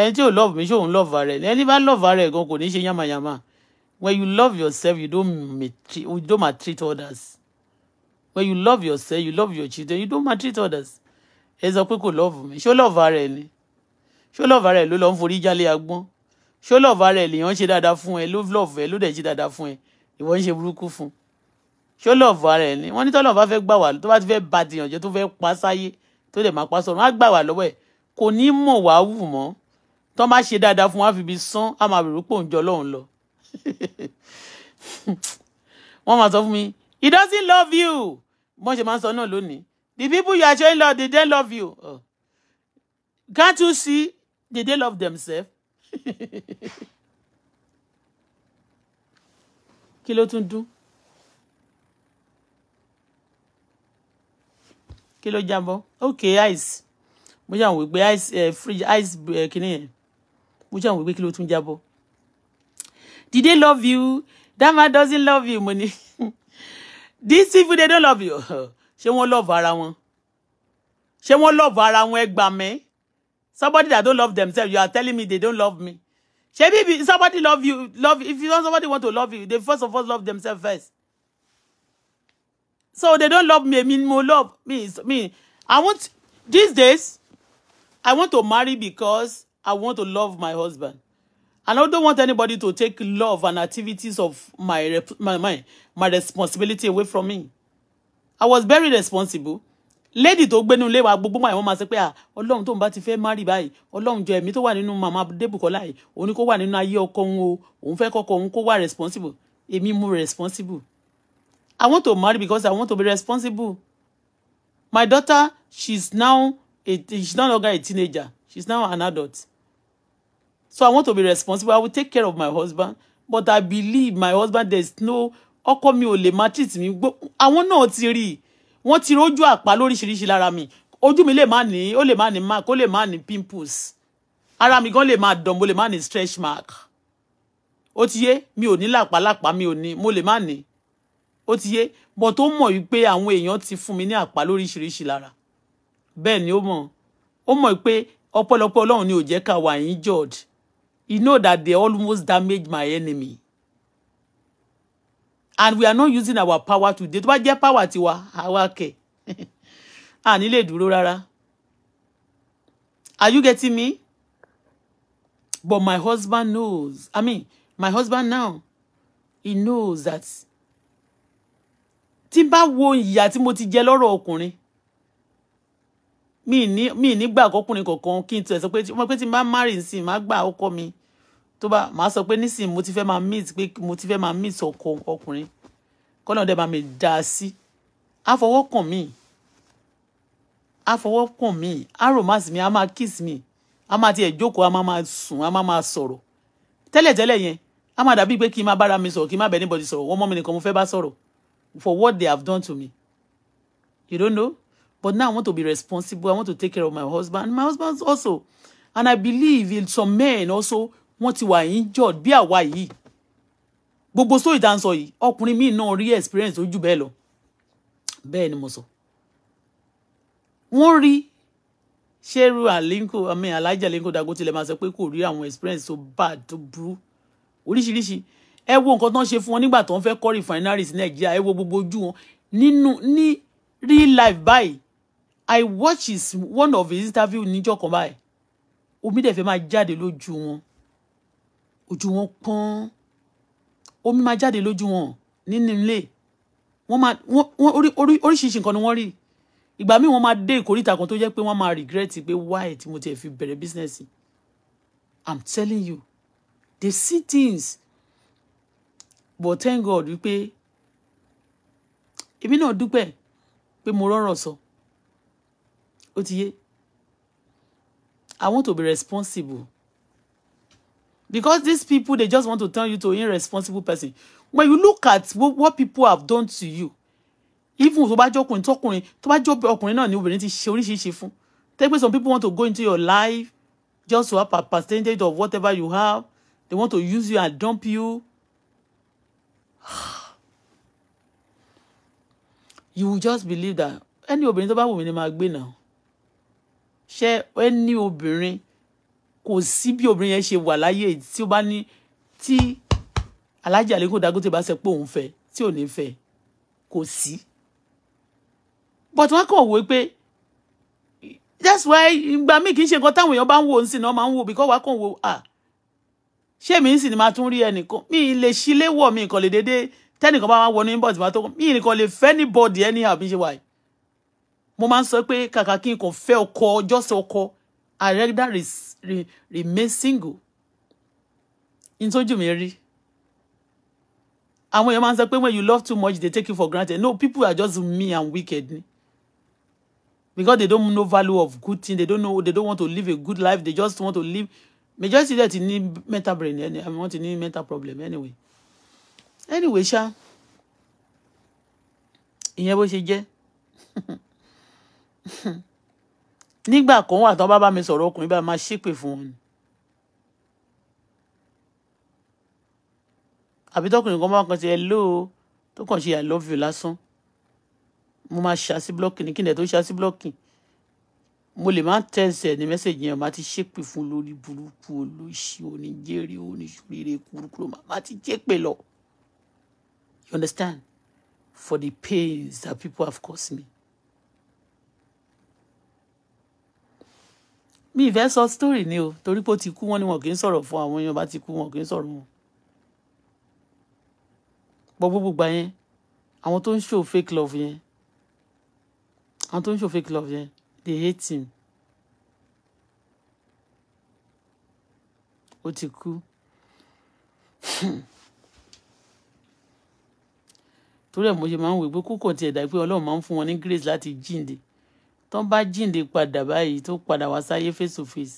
ẹni tí ò lọ́ọ̀fù mi ṣé òun lọ́ọ̀fù ara ẹ ni ẹni bá lọ́ọ̀fù ara gan kò ní ṣe yàmàyàmà when you love yourself you don't maltreat you don't maltreat others when you love yourself you love your children you don't maltreat others ẹ sọ pé kò lọ́ọ̀fù mi ṣé ó lọ́ọ̀fù ara ẹ ni ṣé ó lọ́ọ̀fù ara ló lọ́ọ́ ń forí jálé agbọ́n ṣó lọ́ọ̀fà rẹ̀ lèèyàn ṣe dáadáa fún ẹ ló lọ́ọ̀fà ẹ ló dẹ̀ ṣe dáadáa fún ẹ ìwọ ń ṣe burúkú fún ṣó lọ́ọ̀fà rẹ̀ ni wọ́n ní tọ́lọ̀ bá fẹ́ gbà wá tó bá ti fẹ́ ba tìyàn jẹ́ tó fẹ́ pa sáyé tó dẹ̀ máa pa sọ̀rọ̀ má gbà wá lọ́wọ́ ẹ̀ kò ní mọ̀ wá wù mọ́ tó má ṣe dáadáa fún wa fi bi sán á máa bèrè pò ń jọ lọ́hùn lọ. [laughs] wọ́n máa sọ fún mi he doesn't love you bọ́n ṣe máa ń sọ náà lónìí the people you are showing love they don't love you oh. can't you see they dey love themselves [laughs] kí ló tún dún kí ló jábọ́ ok ice mo ṣàn wí pé ice uh, fridge ice uh, eh, kìíní yẹn mo ṣàn wí pé kí ló tún jábọ́ did they love you that man doesn't love you money. ní [laughs] these people they don't love you [laughs] ṣé wọ́n love ara wọn ṣé wọ́n love ara wọn ẹ gbà Somebody that don't love themselves, you are telling me they don't love me. Shebi, somebody love you, love if you want somebody want to love you, they first of all love themselves first. So they don't love me. I mean, more love me. Me, I want these days. I want to marry because I want to love my husband. And I don't want anybody to take love and activities of my my my, my responsibility away from me. I was very responsible lady tó gbénu ilé wa gbogbo àwọn máa ṣe pé ọlọ́run tóun bá ti fẹ́ márì báyìí ọlọ́run jọ ẹ̀mí tó wà nínú màmá débùkọ́lá yìí òun ni kó wà nínú ayé ọkọ òun o òun fẹ́ kọ́kọ́ òun kó wà responsible èmi mú responsible I want to marry because I want to be responsible my daughter she's now a she's no longer a teenager she's now an adult so I want to be responsible I will take care of my husband but I believe my husband there is no ọkọ mi ò lè má treat mi gbó àwọn náà ti rí i wọ́n ti rójú àpá lóríṣiríṣi lára mi ojú mi lè má ní ó lè má ní mark ó lè má ní pimples ara mi gan lè má dán mo lè má ní stretch mark ó ti yé mi ò ní làpálàpá mi ò ní mo lè má ní ó ti yé bọ̀ tó mọ̀ wípé àwọn èèyàn ti fún mi ní àpá lóríṣiríṣi lára bẹ́ẹ̀ ni ó mọ̀ ó mọ̀ pé ọpẹ́lọpẹ́ ọlọ́run ni ò jẹ́ ká wà injured he know that they almost damage my enemy and we are not using our power today tó bá jẹ́ power tiwa àwa kẹ̀ à [laughs] ní lè dúró rárá are you getting me but my husband knows i mean my husband now he knows that tí bá wo ìyà tí mo ti jẹ lọ́rọ̀ ọkùnrin mi ní mi nígbà kọkùnrin kọ̀ọ̀kan kí n tẹ̀ sọ pé tí n bá márì sí i gbà ọkọ mi tó bá màá sọ pé nísìnyí mo ti fẹ́ máa meet pé mo ti fẹ́ máa meet ọkọ ọkùnrin kọ́nà dẹ́ bá mi dá a sí àfọwọ́kàn mi àfọwọ́kàn mi àròmásì mi a máa kiss mi a máa tiẹ̀ jókòó a máa máa sùn a máa máa sọ̀rọ̀ tẹ́lẹ̀tẹ́lẹ̀ yẹn a máa dàbí pé kí n má bára mi sọ̀rọ̀ kí n má bẹ̀ anybody sọ̀rọ̀ wọ́n mọ́ mi nìkan mo fẹ́ bá sọ̀rọ̀ for what they have done to me you don't know but now I want to be responsible I want to take care of my husband my husband also and I believe in some men also wọ́n ti wà injured bí àwa yìí gbogbo sórí tá à ń sọ yìí ọkùnrin míì náà rí experience tó jù bẹ́ẹ̀ lọ bẹ́ẹ̀ ni mo sọ wọ́n rí ṣerú Alinko, àmì alájà àlínkù Dangote lè máa sọ pé kò rí àwọn experience tó bad tó burú oríṣiríṣi ẹ wo nǹkan tó ń ṣe fún wọn nígbà tó ń fẹ́ kọ́ refineries Nàìjíríà ẹ wo gbogbo ojú wọn nínú ní real life báyìí I watch his one of his interview níjọ́ kan báyìí omi dẹ̀ fẹ́ máa jáde lójú wọn ojú wọn pọ́n omi máa jáde lójú wọn nínú ilé wọn máa wọn oríṣiríṣi nǹkan ni wọ́n rí ìgbà míì wọ́n máa dé ìkórìtà kan tó jẹ́ pé wọ́n máa regret pé why tí mo tiẹ̀ fi bẹ̀rẹ̀ business i'm telling you they see things but thank god wípé èmi náà dúpẹ́ pé mo rọ́rọ̀ sọ ó ti yé i want to be responsible Because these people, they just want to turn you to an irresponsible person. When you look at what, what people have done to you, even tó bá jọ ọkùnrin tọkùnrin tó bá jọ ọkùnrin náà ni obìnrin ti ṣe oríṣiríṣi fún. Take some people want to go into your life just to have a percentage of whatever you have. They want to use you and dump you. [sighs] you will just believe that any obìnrin tó bá wù mí ni màá gbé náà. Ṣé any obìnrin kò sí bí obìnrin yẹn ṣe wà láyé tí ó bá ní tí Alhaji Aliko Dangote bá sọ pé òun fẹ́ tí ò ní fẹ́ kò sí but wọn kàn wò pé that's why ìgbà míì kì í ṣe nǹkan táwọn èèyàn bá ń wò ó ń sìn náà máa ń wò because wàá kàn wò ah ṣé mi ń sìn ni máa tún rí ẹnìkan mi ì lè ṣílé wọ̀ mi nǹkan lè dédé tẹ́nìkan bá wọn wọ ní máa tó mi ì nìkan lè fẹ́ ní bọ́ọ̀dì anyhow bí ṣe wà yìí mo máa ń sọ pé kàkà kí n kàn fẹ́ ọkọ ọjọ́sọ ọkọ I rather re, re, remain single nítorí mi rí àwọn èèyàn máa ń sọ when you love too much they take you for granted no people are just me and wicked because they don't know value of good thing they don't know they don't want to live a good life they just want to live majority there ti ní mental brain any i mean wọ́n ti mental problem anyway anyway ṣá ìyẹn bó ṣe jẹ́. [laughs] nígbà kan wà tán bá bá mi sọ̀rọ̀ ọkùnrin bá máa ṣépè fún wọn ni àbí tọkùnrin kan bá kàn sí ẹ tó kàn ṣe i love you lásán mo máa ṣàṣì blọọkì ní kíndẹ̀ tó ṣàṣì blọọkì mo lè má tẹ̀sẹ̀ ní mẹ́sẹ̀gì yẹn màá ti ṣépè fún lórí burúkú olóṣì oníjèrè oníṣòrire kúrúkúrú màá ti ṣépè lọ you understand for the pains that people have caused me. mi ìfẹ́ sọ story ni o torí pé ó ti kú wọn ni wọn kì í sọ̀rọ̀ fún àwọn èèyàn bá ti kú wọn kì í sọ̀rọ̀ wọn. gbogbogbò gbà yẹn àwọn tó ń show fake love yẹn àwọn tó ń show fake love yẹn they hate him. ó ti kú torí ẹ̀ mo ṣe máa ń wò pé kókò tiẹ̀ dá pé ọlọ́run máa ń fún wọn ní grace láti jíǹde tọ́n bá jíǹde padà báyìí tó padà wá sáyé face to face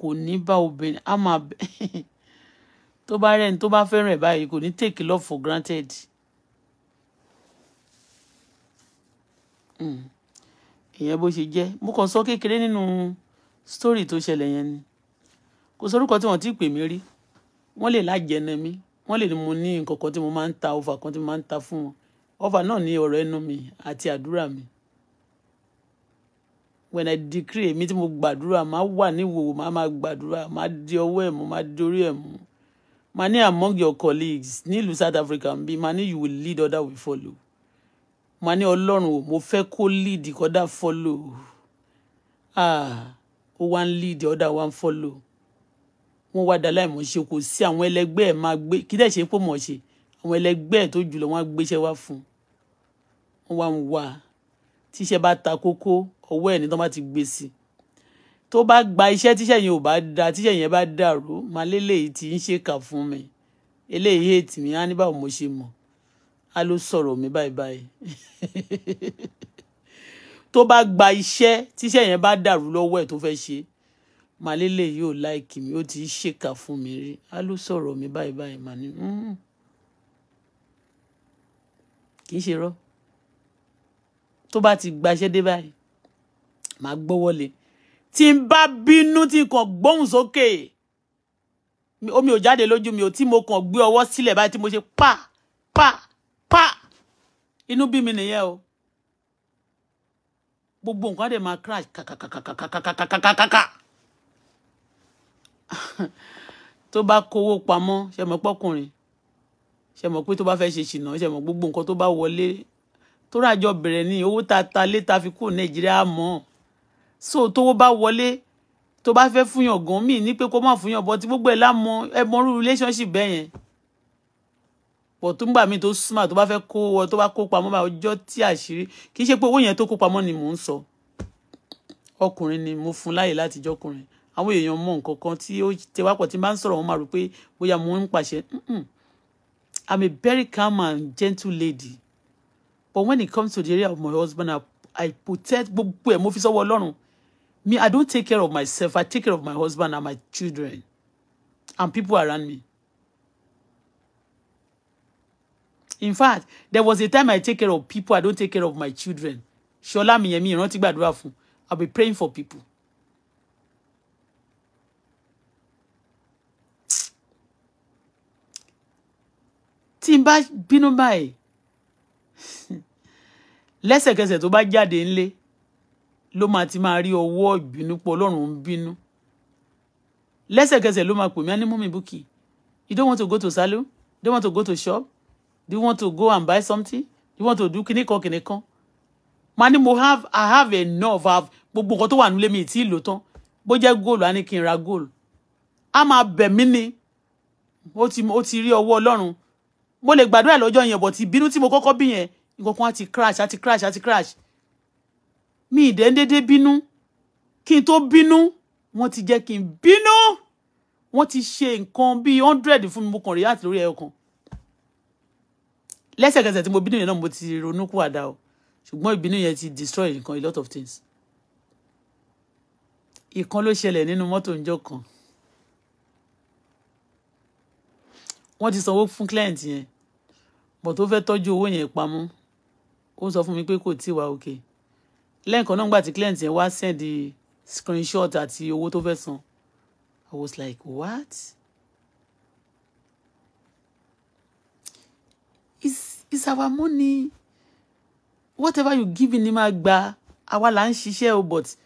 kò ní bá obìnrin á máa [laughs] tó bá rẹ́ni tó bá fẹ́ràn ẹ̀ báyìí kò ní take love for granted. Hmm. ìyẹn bó ṣe jẹ́ mo kàn sọ kékeré nínú story tó ṣẹlẹ̀ yẹn ni kò sórúkọ tí wọ́n ti pè mí rí wọ́n lè lájẹ̀ẹ́nà mi wọ́n lè ní mo ní nǹkan kan tí mo máa ń ta ọfà kan tí mo máa ń ta fún wọn ọfà náà ní ọ̀rọ̀ ẹnu mi àti àdúrà mi when i decree èmi tí mo gbàdúrà máa wà níwòwò máa máa gbàdúrà máa di ọwọ́ ẹ̀ mú máa di orí ẹ̀ mú máa ní among your colleagues nílùú south africa ń bí máa ní you will lead other will follow máa ní ọlọ́run o mo fẹ́ kó lead kọ́dà follow ah ó wá ń lead other wá ń follow wọ́n wá dá láì mọ̀ ṣe kò sí àwọn ẹlẹgbẹ́ ẹ̀ máa gbé kí dẹ̀ ṣe pò mọ̀ ṣe àwọn ẹlẹgbẹ́ ẹ̀ tó jùlọ wọ́n á gbéṣẹ́ wá fún un wọ́n wá ń wá tíṣẹ́ bá ta kókó ọwọ́ ẹ̀ ní tó bá ti gbé sí tó bá gba iṣẹ́ tíṣẹ́ yẹn ò bá da tíṣẹ́ yẹn bá dàrú màá lélẹ́yìí tí ń ṣèkà fún mi eléyìí hate mi á ní báwo mo ṣe mọ̀ á ló sọ̀rọ̀ mi báyìí báyìí [laughs] tó bá gba iṣẹ́ tíṣẹ́ yẹn bá dàrú lọ́wọ́ ẹ̀ tó fẹ́ ṣe màá lélẹ́yìí ò láìkì mi ó ti ń ṣèkà fún mi rí á ló sọ̀rọ̀ mi báyìí báyìí màá ní mm-hmm. kì í ṣe rọ́ tó bá ti gbaṣẹ́ dé báyìí màá gbówó lé tí n bá bínú tí n kàn gbóhùn sókè omi ò jáde lójú mi ò tí mo kàn gbé ọwọ́ sílẹ̀ báyìí tí mo ṣe pa pa pa inú bí mi nìyẹn o gbogbo nǹkan dẹ̀ máa crash kàkàkàkàkàkàkàkàkàkà tó bá kówó pamọ́ ṣe mọ̀ pọ́kùnrin ṣe mọ̀ pé tó bá fẹ́ ṣe ṣìnà ṣe mọ̀ gbogbo nǹkan tó bá wọlé tó rájọ bẹ̀rẹ̀ ní owó tá a ta lé ta fi kú Nàìjíríà mọ́ so tówó bá wọlé tó bá fẹ́ fún yàn gan mí ní pé kó má fún bọ́ tí gbogbo ẹ̀ lámọ ẹmọrú relationship bẹ́ẹ̀ yẹn pọ̀ tó ń gbà mí tó súnmọ́ tó bá fẹ́ kó wọ tó bá kó pamọ́ bá ọjọ́ tí àṣírí kì í ṣe pé owó yẹn tó kó pamọ́ ni mò ń sọ ọkùnrin ni mo fún láyè láti jọkùnrin àwọn èèyàn mọ nǹkan kan tí ó ti wá pọ̀ tí bá ń sọ̀rọ̀ wọn máa rò pé bóyá mo ń pàṣẹ I'm a very calm and gentle lady but when it comes to the area of my husband I, I protect gbogbo ẹ̀ mo fi sọ́wọ́ Ọlọ́run Me, I don't take care of myself. I take care of my husband and my children and people around me. In fact, there was a time I take care of people, I don't take care of my children. Ṣọlá Miyemi, ìrántí gbàdúrà fún. I be praying for people. Tí n bá bínú báyìí, [laughs] lẹ́sẹ̀kẹsẹ̀ tó bá jáde ńlé, ló máa ti máa rí ọwọ́ ìbínú pọ̀ ọlọ́run ń bínú lẹ́sẹ̀kẹsẹ̀ ló máa pè mí á ní you don't want to go to salon you don't want to go to shop do you want to go and buy something you want to do kíní kan kíní kan màá ní mo have i have enough have gbogbo nǹkan tó wà nílé mi tí ì lò tán bó jẹ́ góòlù á ní kí n ra góòlù á máa bẹ̀ mí ni ó ti ó ti rí ọwọ́ ọlọ́run mo lè gbàdúrà lọ́jọ́ yẹn bọ̀ ti bínú tí mo kọ́kọ́ bí yẹn nǹkan kan á ti crash á ti crash á ti crash mi ì dẹ́ndédé bínú kí n tó bínú wọ́n ti jẹ́ kí n bínú wọ́n ti ṣe nǹkan bíi hundred fún mi mo kàn rí àti lórí ẹyọ kan lẹ́sẹ̀kẹsẹ̀ tí mo bínú yẹn náà mo ti ronú kúwàdà o ṣùgbọ́n ìbínú yẹn ti destroy nǹkan a lot of things ìkan ló ṣẹlẹ̀ nínú mọ́tò ńjọ́ kan wọ́n ti sanwó fún client yẹn bọ̀ tó fẹ́ tọ́jú owó yẹn pamọ́ ó sọ fún mi pé kò tí ì wá òkè. Okay lẹ́ǹkan náà gbà tí client yẹn wá send the screenshot àti owó tó fẹ́ san i was like what Is is our money whatever you give ni máa gba àwa là ń ṣiṣẹ́ o but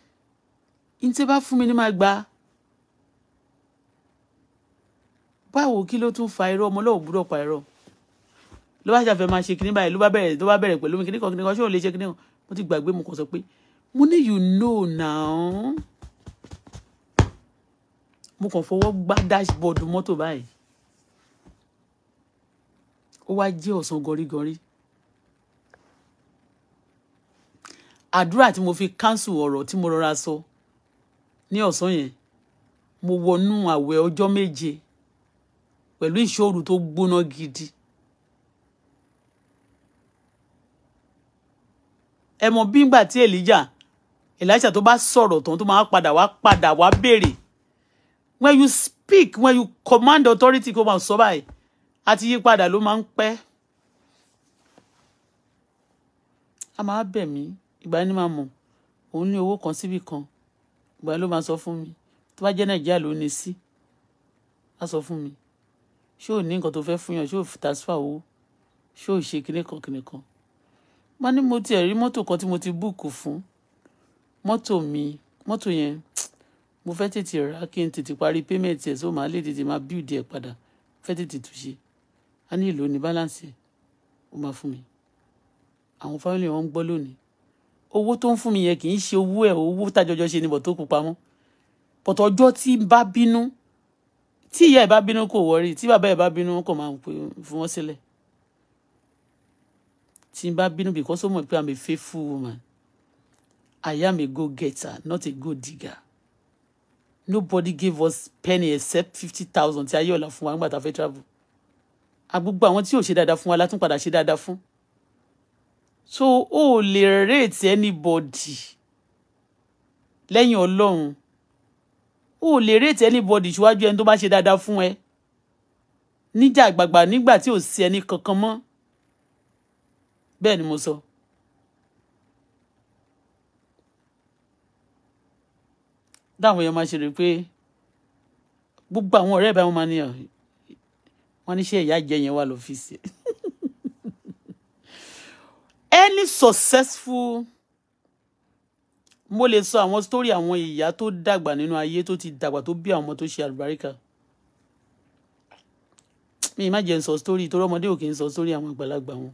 ntẹ́ bá fún mi ni máa gba. báwo kí ló tún fa irọ́ ọmọ lọ́wọ́ gbúdọ̀ pa irọ́ ló bá ṣàfẹ́ máa ṣe kinní báyìí ló bá bẹ̀rẹ̀ tó bá bẹ̀rẹ̀ pẹ̀lú mi kinní kan kinní kan ṣé òun lè ṣe kinní kan mo ti gbàgbé mo kàn sọ pé mo ní you know now mo kàn fọwọ́ gbá dashboard mọ́tò báyìí ó wá jẹ́ ọ̀sán gọrígọrí àdúrà tí mo fi cancel ọ̀rọ̀ tí mo rọra sọ ní ọ̀sán yẹn mo wọnú àwẹ̀ ọjọ́ méje pẹ̀lú ìṣòro tó gbóná gidi ẹ bí ngbà tí Elijah Elijah tó bá sọ̀rọ̀ tán tó máa padà wá padà wá béèrè when you speak when you command authority kó máa sọ báyìí àti yípadà ló máa ń pẹ́ a máa bẹ̀ mí ìgbà ni máa mọ̀ òun ní owó kan síbi kan ìgbà ló máa sọ fún mi tó bá jẹ́ nàìjíríà ló ní sí á sọ fún mi ṣé ò ní nǹkan tó fẹ́ fún yàn ṣé ò fi tasfa owó ṣé ò ṣe kinní kan kinní kan mo ní mo tiẹ̀ rí mọ́tò kan tí mo ti búùkù fún mọ́tò mi mọ́tò yẹn mo fẹ́ tètè rà kí n tètè parí payment ẹ̀ so màá lè tètè máa build ẹ̀ padà fẹ́ tètè túnṣe a ní ìlò ní balance ẹ̀ ó máa fún mi àwọn family wọn ń gbọ́ lónìí owó tó ń fún mi yẹn kì í ṣe owó ẹ̀ owó tàjọjọ ṣe ni bọ̀ tó kú pamọ́ pọ̀tọ̀ ọjọ́ tí bá bínú tí ìyá ẹ̀ bá bínú kò wọrí tí bàbá ẹ̀ bá bínú kò máa fún wọn sílẹ̀ tí n bá bínú because ó mọ̀ pé i'm a faithful woman i am a go-getter not a go-digger nobody gave us penny except fifty thousand tí ayéọ̀la fún wa nígbà tá a fẹ́ travel agbogbo àwọn tí ò ṣe dáadáa fún wa látún padà ṣe dáadáa fún so o ò lè rate anybody lẹ́yìn ọlọ́run o ò lè rate anybody ṣíwájú ẹni tó bá ṣe dáadáa fún ẹ níjà àgbààgbà nígbà tí ò sí ẹni kankan mọ́ bẹ́ẹ̀ ni mo sọ. dáwọn èèyàn máa ṣe rè pé gbogbo àwọn ọ̀rẹ́ ìbámu máa níyàn wọ́n ní ṣé ìyá jẹ wà lọ́fíìsì. [laughs] any successful mo lè sọ àwọn sítórì àwọn ìyá tó dàgbà nínú ayé tó ti dàgbà tó bí àwọn ọmọ tó ṣe àlùbáríkà mi má jẹ́ ń sọ sítórì torí ọmọdé ò kì í sọ sítórì àwọn àgbàlagbà wọn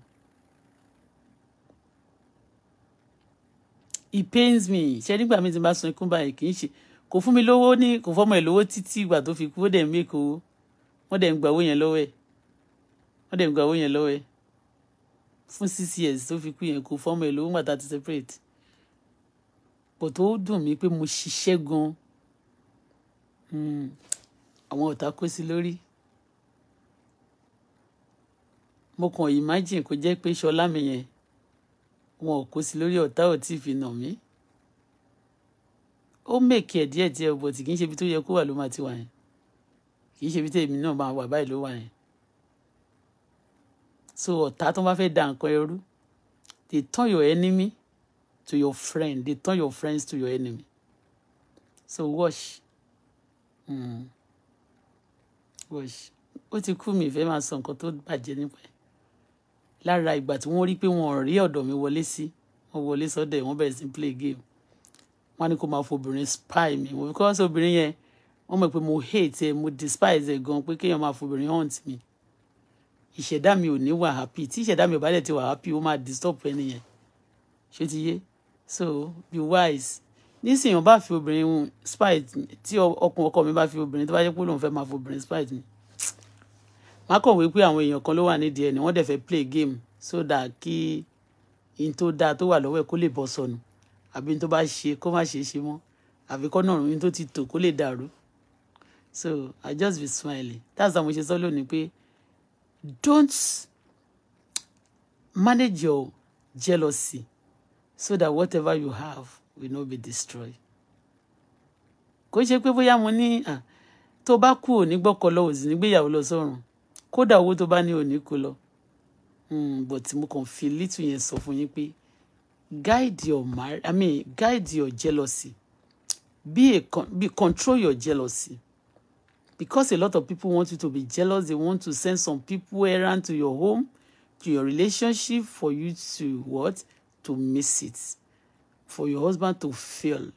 it pains me ṣe nígbà mi ti bá sun ikún báyìí kì í ṣe kò fún mi lówó ní kò fọmọ ẹ lówó títí ìgbà tó fi kú ó dẹ̀ ń mẹ́kọ̀ owó wọ́n dẹ̀ ń gba owó yẹn lọ́wọ́ ẹ̀ wọ́n dẹ̀ ń gba owó yẹn lọ́wọ́ ẹ̀ fún six years tó fi kú yẹn kò fọmọ ẹ lówó gbàtà ti separate pọ̀ tó dùn mí pé mo ṣiṣẹ́ gan hmm, àwọn ọ̀tá kó sí lórí mo kàn imagine kó jẹ́ pé ṣọlá mi yẹn wọn ò kó sí lórí ọ̀tá ò tí ì fi nà mí ó mèkì ẹ̀ díẹ̀ díẹ̀ bọ̀ tí kì í ṣe ibi tó yẹ kó wà ló máa ti wà yẹn kì í ṣe ibi tèmi náà máa wà báyìí ló wà yẹn so ọ̀tá tó bá fẹ́ da nǹkan ẹrú they turn your enemy to your friend they turn your friends to your enemy so watch mm. watch ó ti kú mi ìfẹ́ máa sọ nǹkan tó bàjẹ́ nípa ẹ̀ lára ìgbà tí wọ́n rí pé wọ́n rí ọ̀dọ̀ mi wọlé sí wọ́n wọlé sọ́dẹ̀ wọ́n bẹ̀rẹ̀ sí play game wọ́n ní kó máa fobìnrin spy mi wọ́n because obìnrin yẹn wọ́n mọ̀ pé mo hate ẹ mo despise ẹ gan pé kéèyàn máa fobìnrin hunt mi ìṣẹ̀dá mi ò ní wà happy tí ìṣẹ̀dá mi ò bá dẹ̀ ti wà happy ó máa disturb ẹni yẹn ṣé ti yé so be wise nísìnyàn bá fi obìnrin spite tí ọkùnrin ọkọ mi bá fi obìnrin tó bá jẹ́ pé lòun fẹ́ máa fobìnrin spite mi wọ́n kàn wí pé àwọn èèyàn kan ló wà nídìí ẹ̀ ni wọ́n dẹ̀ fẹ́ play game so that kí in tó dáa tó wà lọ́wọ́ ẹ̀ kó lè bọ́ sọnù àbí in tó bá ṣe kó má ṣe é ṣe mọ́ àbí kọ́ náà in tó ti tò kó lè dàrú so i just be smiling that's how mo ṣe sọ lónìí pé don't manage your jealousy so that whatever you have will not be destroyed kò ṣe pé bóyá mo ní tó bá kú ò ní gbọ́kọ̀ lọ ò sì lọ sọ́run kódà owó tó bá ní òní kó lọ hmm, but mo kàn fi little yẹn sọ fún yín pé guide your mar i mean guide your jealousy be a con be control your jealousy because a lot of people want you to be jealous they want to send some people around to your home to your relationship for you to what to miss it for your husband to fail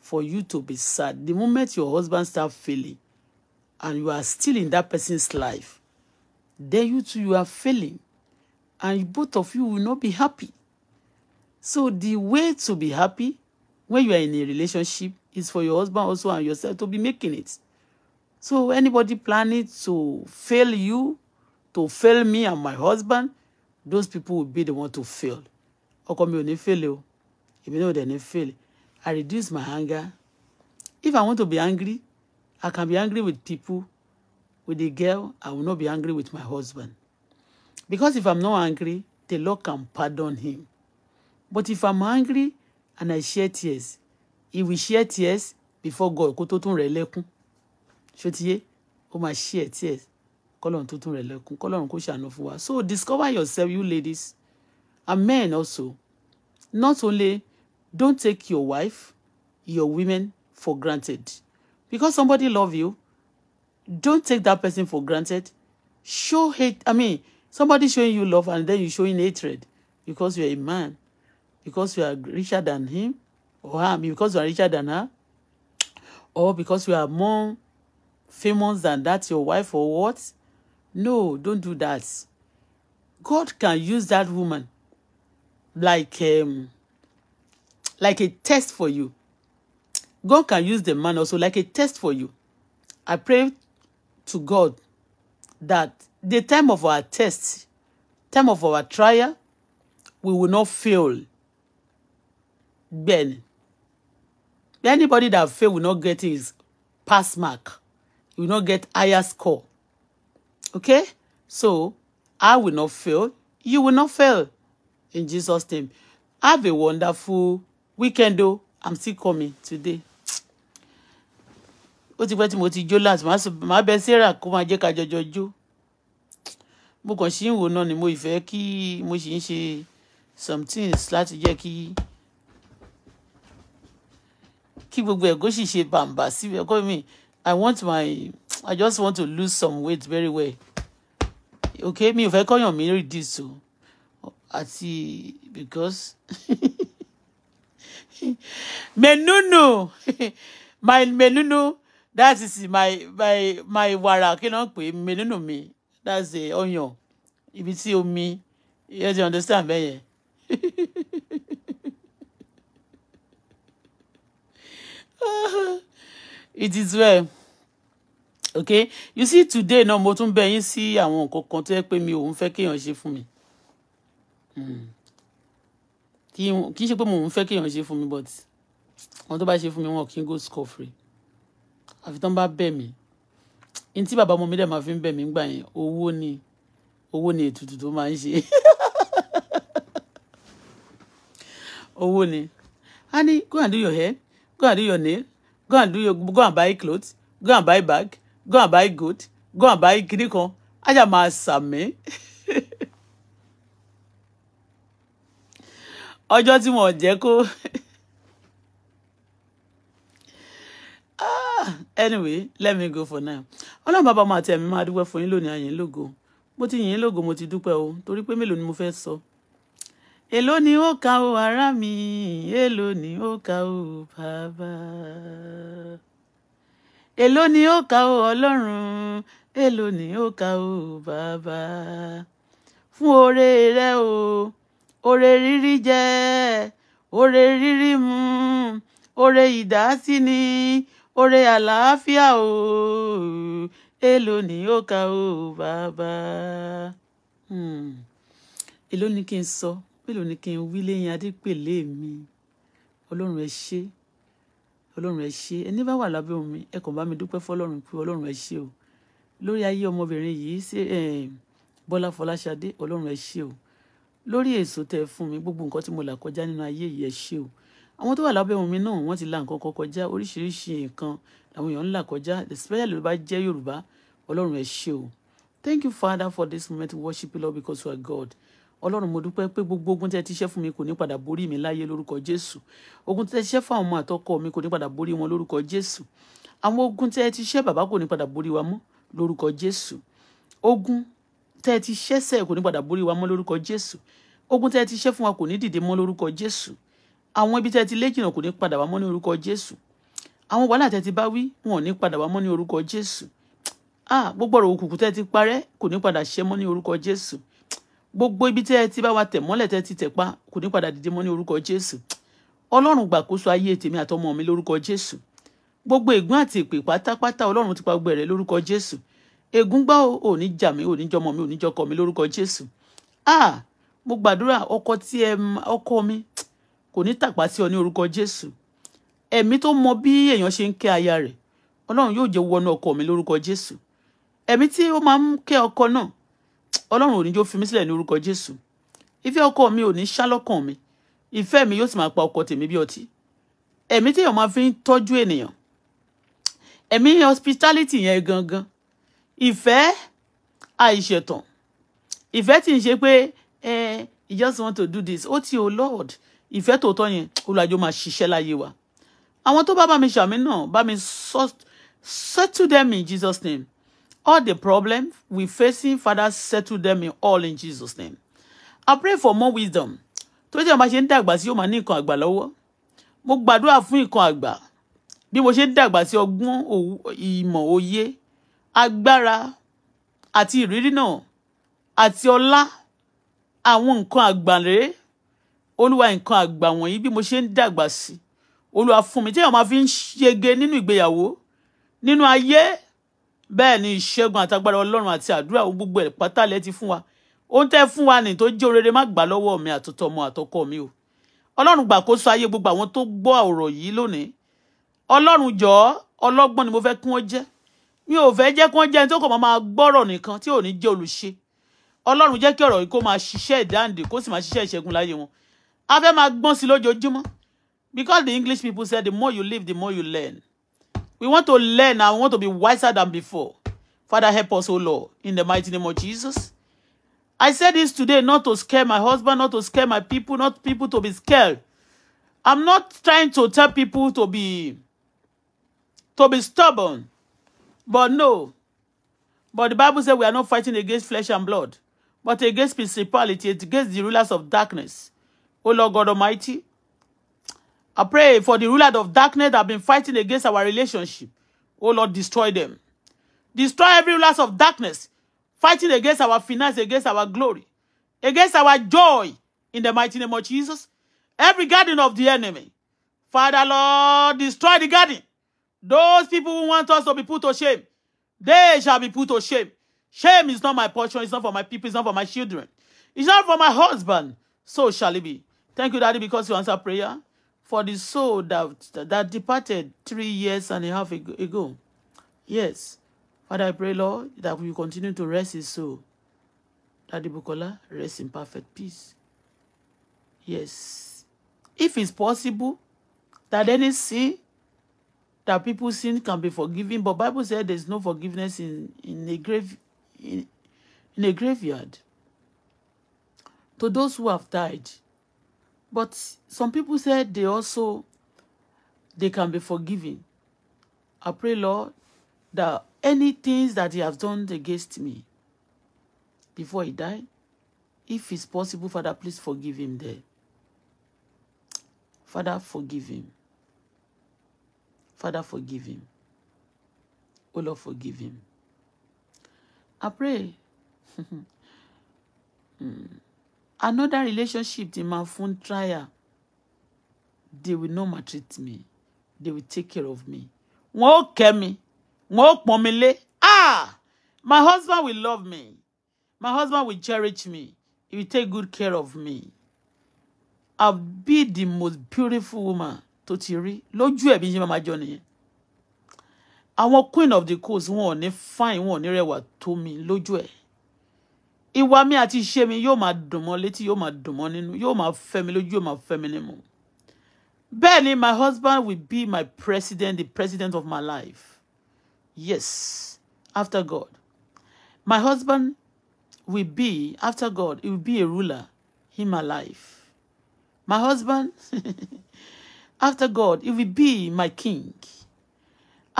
for you to be sad the moment your husband start failing and you are still in that person's life then you two, you are failing and both of you will not be happy so the way to be happy when you are in a relationship is for your husband also and yourself to be making it so anybody planning to fail you to fail me and my husband those people will be the one to fail ọkọ mi ò ní fail o èmi náà ò dẹ̀ ní fail I reduce my anger if I want to be angry I can be angry with people with the girl, I will not be angry with my husband. Because if I'm not angry, the Lord can pardon him. But if I'm angry and I share tears, he will share tears before God. Kó tó tún rẹ̀ lẹ́kún. tears. Kọ́lọ́run tó tún rẹ̀ lẹ́kún. Kọ́lọ́run kó ṣàánú So discover yourself, you ladies. And men also. Not only don't take your wife, your women for granted. Because somebody love you, Don't take that person for granted. Show hate. I mean, somebody showing you love and then you showing hatred because you're a man, because you are richer than him or her, because you are richer than her, or because you are more famous than that your wife or what? No, don't do that. God can use that woman like um, like a test for you. God can use the man also like a test for you. I pray to God that the time of our test, time of our trial, we will not fail. Ben, anybody that fail will not get his pass mark. You will not get higher score. Okay? So, I will not fail. You will not fail. In Jesus' name. Have a wonderful weekend, though. I'm still coming today ó ti pẹ́ tí mo ti jó last màá bẹ sarah kó máa jẹ́ ká jọjọ jó mo kàn sí ìwò náà ni mo ìfẹ́ kí mo sì ń ṣe some things láti jẹ́ kí kí gbogbo ẹ̀ kó sì ṣe bàǹbà síbẹ̀ kọ́ mi i want my i just want to lose some weight very well okay mi ò fẹ́ kọ́yàn mi reduce o àti because [laughs] menunu [laughs] my menunu that is my my my wara kí ló ń pè mí nínú mi that's the ọyàn ibi tí omi you dey understand bẹ́ẹ̀ yẹn. [laughs] it is well okay you see today náà mo tún bẹ yín sí àwọn nǹkan kan tó yẹ pé mi ò ń fẹ́ kéèyàn ṣe fún mi hmm. kì í ṣe pé mo ń fẹ́ kéèyàn ṣe fún mi but àwọn tó bá ṣe fún mi wọn kì í go score free àfi tán bá bẹ̀ mí ní tí bàbá ọmọ máa fi ń bẹ̀ mí gbà yẹn owó ni owó ni ètùtù tó máa ń ṣe [laughs] owó ni a ní go and do your hair go and do your nail go and do your go and buy clothes go and buy bag go and buy goat go and buy kiri kan ajá máa sàmì [laughs] ọjọ́ tí wọ́n jẹ́ kó. [laughs] anyway let me go for now ọlọ́run bàbá ọmọ àti ẹ̀mí máa dúpẹ́ fún yín lónìí àyìn lógo mo ti yìn lógo mo ti dúpẹ́ o torí pé mélòó ni mo fẹ́ sọ. èló ni ó ka o ará mi èló ni ó ka o bàbá èló ni ó ka o ọlọ́run èló ni ó ka o bàbá fún oore rẹ o oore rírí jẹ oore rírí mu oore ìdásí ni oore àlàáfíà o èèlò ni ó kà o bàbá èèlò hmm. ni kí n sọ mélòó ni kí n wí lẹ́yìn adépèlé mi ọlọ́run ẹ ṣé ọlọ́run ẹ ṣé ẹni bá wà lábẹ́ omi ẹ kàn bá mi dúpẹ́ fọlọ́run pé ọlọ́run ẹ ṣé o lórí ayé ọmọbìnrin yìí sí bọ́lá fọláṣadé ọlọ́run ẹ ṣé o lórí èso tẹ fún mi gbogbo nǹkan tí mo là kọjá nínú ayé yìí ẹ ṣé o àwọn tó wà lábẹ́ omi náà wọ́n ti la nǹkan kan kọjá oríṣiríṣi nǹkan làwọn èèyàn ń là kọjá especially ló jẹ́ yorùbá ọlọ́run ẹ ṣé o thank you father for this moment we worship you lord because you are god ọlọ́run mo dúpẹ́ pé gbogbo ogun tẹ́ ti ṣẹ́ fún mi kò ní padà borí mi láyé lórúkọ jésù ogun tẹ́ ti ṣẹ́ fún àwọn ọmọ àtọkọ mi kò ní padà borí wọn lórúkọ jésù àwọn ogun tẹ́ ti ṣẹ́ bàbá kò ní padà borí wa mọ́ lórúkọ jésù ogun tẹ́ ti ṣẹ́sẹ̀ kò ní padà borí wa mọ́ lórúkọ jésù ogun tẹ́ ti ṣẹ́ fún wa kò ní dìde mọ́ lórúkọ jésù àwọn ibi tẹ́ ti lé jìnnà kò ní padà wá mọ́ ní orúkọ jésù àwọn wàhálà tẹ́ ti bá wí wọn ò ní padà wá mọ́ ní orúkọ jésù ah gbogbo ọ̀rọ̀ òkùnkùn tẹ́ ti parẹ́ kò ní padà ṣẹ mọ́ ní orúkọ jésù gbogbo ibi tẹ́ ti bá wa tẹ̀ mọ́lẹ̀ tẹ́ ti tẹ̀ pa kò ní padà dìde mọ́ ní orúkọ jésù ọlọ́run gbàkóso ayé tèmi àtọmọ mi lórúkọ jésù gbogbo ègún àti èpè pátápátá ọlọ́run ti pa gbogbo lórúkọ jésù ègún gbá ò ní jà mí ò ní jọmọ mi ò ní jọkọ mi lórúkọ jésù ah mo gbàdúrà ọkọ tí ẹ ọkọ mi kò ní tàpá sí ọ ní orúkọ jésù ẹ̀mí tó mọ bí èèyàn ṣe ń kẹ́ aya rẹ̀ ọlọ́run yóò jẹ́ wọnú ọkọ mi lórúkọ jésù ẹ̀mí tí ó máa ń kẹ́ ọkọ náà ọlọ́run ò jó fi mí sílẹ̀ ní orúkọ jésù ìfẹ́ ọkọ mi ò ní ṣá mi ìfẹ́ mi yóò sì máa pa ọkọ tèmi bí ọtí ẹ̀mí tí èèyàn máa fi ń tọ́jú ènìyàn ẹ̀mí hospitality yẹn gangan ìfẹ́ àìṣẹ̀tàn ìfẹ́ tí ń ṣe pé eh, just want to do this ó ti o lord ìfẹ́ tòótọ́ yẹn olùwàjò máa ṣiṣẹ́ láyé wa àwọn tó bá bá mi ṣàmì náà bá mi settle them in Jesus name all the problems we facing Father settle them in all in Jesus name I pray for more wisdom tó jẹ́ bá ṣe ń dàgbà sí yóò máa ní nǹkan àgbà lọ́wọ́ mo gbàdúrà fún nǹkan àgbà bí mo ṣe ń dàgbà sí ọgbọ́n ìmọ̀ òye agbára àti ìrírí náà àti ọlá àwọn nǹkan àgbàlẹ́ olúwa nǹkan àgbà wọ̀nyí bí mo ṣe ń dàgbà sí olúwa fún mi téèyàn máa fi ń ṣege nínú ìgbéyàwó nínú ayé bẹ́ẹ̀ ni ìṣẹ́gun àtagbára ọlọ́run àti àdúrà gbogbo ẹ̀ pátálẹ̀ ti fún wa ohun tẹ́ fún wa nì tó jẹ́ orere má gbà lọ́wọ́ mi àtọ̀tọ̀ ọmọ àtọkọ mi o ọlọ́run gbàkóso ayé gbogbo àwọn tó gbọ́ ọ̀rọ̀ yìí lónìí ọlọ́run jọ̀ọ́ ọlọ́gbọ́n ni mo fẹ́ kí wọ́n jẹ́ mi ò fẹ́ jẹ́ kí wọ́n jẹ́ ẹni tó kàn máa gbọ́rọ̀ nìkan tí ò ní jẹ́ olùṣe ọlọ́run jẹ́ kí ọ̀rọ̀ yìí kó máa ṣiṣẹ́ ìdáǹdè kó sì máa ṣiṣẹ́ ìṣẹ́gun láyé wọn a fẹ́ máa gbọ́n sí lójoojúmọ́ because the English people said the more you live the more you learn we want to learn and we want to be wiser than before Father help us O Lord in the mighty name of Jesus I say this today not to scare my husband not to scare my people not people to be scared I'm not trying to tell people to be to be stubborn but no but the Bible said we are not fighting against flesh and blood but against principality against the rulers of darkness O Lord God Almighty, I pray for the rulers of darkness that have been fighting against our relationship. O Lord, destroy them. Destroy every ruler of darkness fighting against our finance, against our glory, against our joy in the mighty name of Jesus. Every garden of the enemy. Father, Lord, destroy the garden. Those people who want us to be put to shame, they shall be put to shame. Shame is not my portion. It's not for my people. It's not for my children. It's not for my husband. So shall it be. Thank you, Daddy, because you answer prayer for the soul that, that departed three years and a half ago. Yes. Father, I pray, Lord, that we continue to rest his soul. Daddy Bukola, rest in perfect peace. Yes. If it's possible that any sin that people sin can be forgiven, but Bible said there's no forgiveness in, in a grave in, in a graveyard. To those who have died, But some people said they also they can be forgiven. I pray, Lord, that any things that he has done against me before he died, if it's possible, Father, please forgive him there. Father, forgive him. Father, forgive him. Oh Lord, forgive him. I pray. [laughs] mm another relationship ti my phone trial they will not maltreat me they will take care of me wọn ò kẹ́ mi wọn ò pọ́n mi lé ah my husband will love me my husband will cherish me he will take good care of me i'll be the most beautiful woman tó ti rí lójú ẹ̀bí ṣe máa jọ nìyẹn àwọn queen of the coast wọn ò ní fine wọn ò ní rẹwà tó mi lójú ẹ̀ ìwà mi àti ìṣe mi yóò máa dùn mọ́ létí yóò máa dùn mọ́ nínú yóò máa fẹ́ mi lójú yóò máa fẹ́ mi nímú bẹ́ẹ̀ ni my husband will be my president the president of my life yes after God my husband will be after God he will be a ruler in my life my husband [laughs] after God he will be my king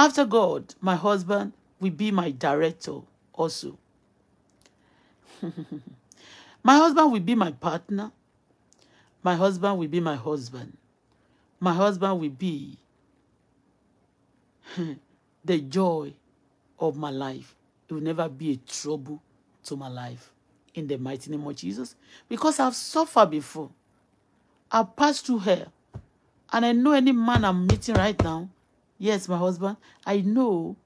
after God my husband will be my director also. [laughs] my husband will be my partner. My husband will be my husband. My husband will be [laughs] the joy of my life. It will never be a trouble to my life. In the mighty name of Jesus. Because I've suffered before. I've passed through hell. And I know any man I'm meeting right now. Yes, my husband. I know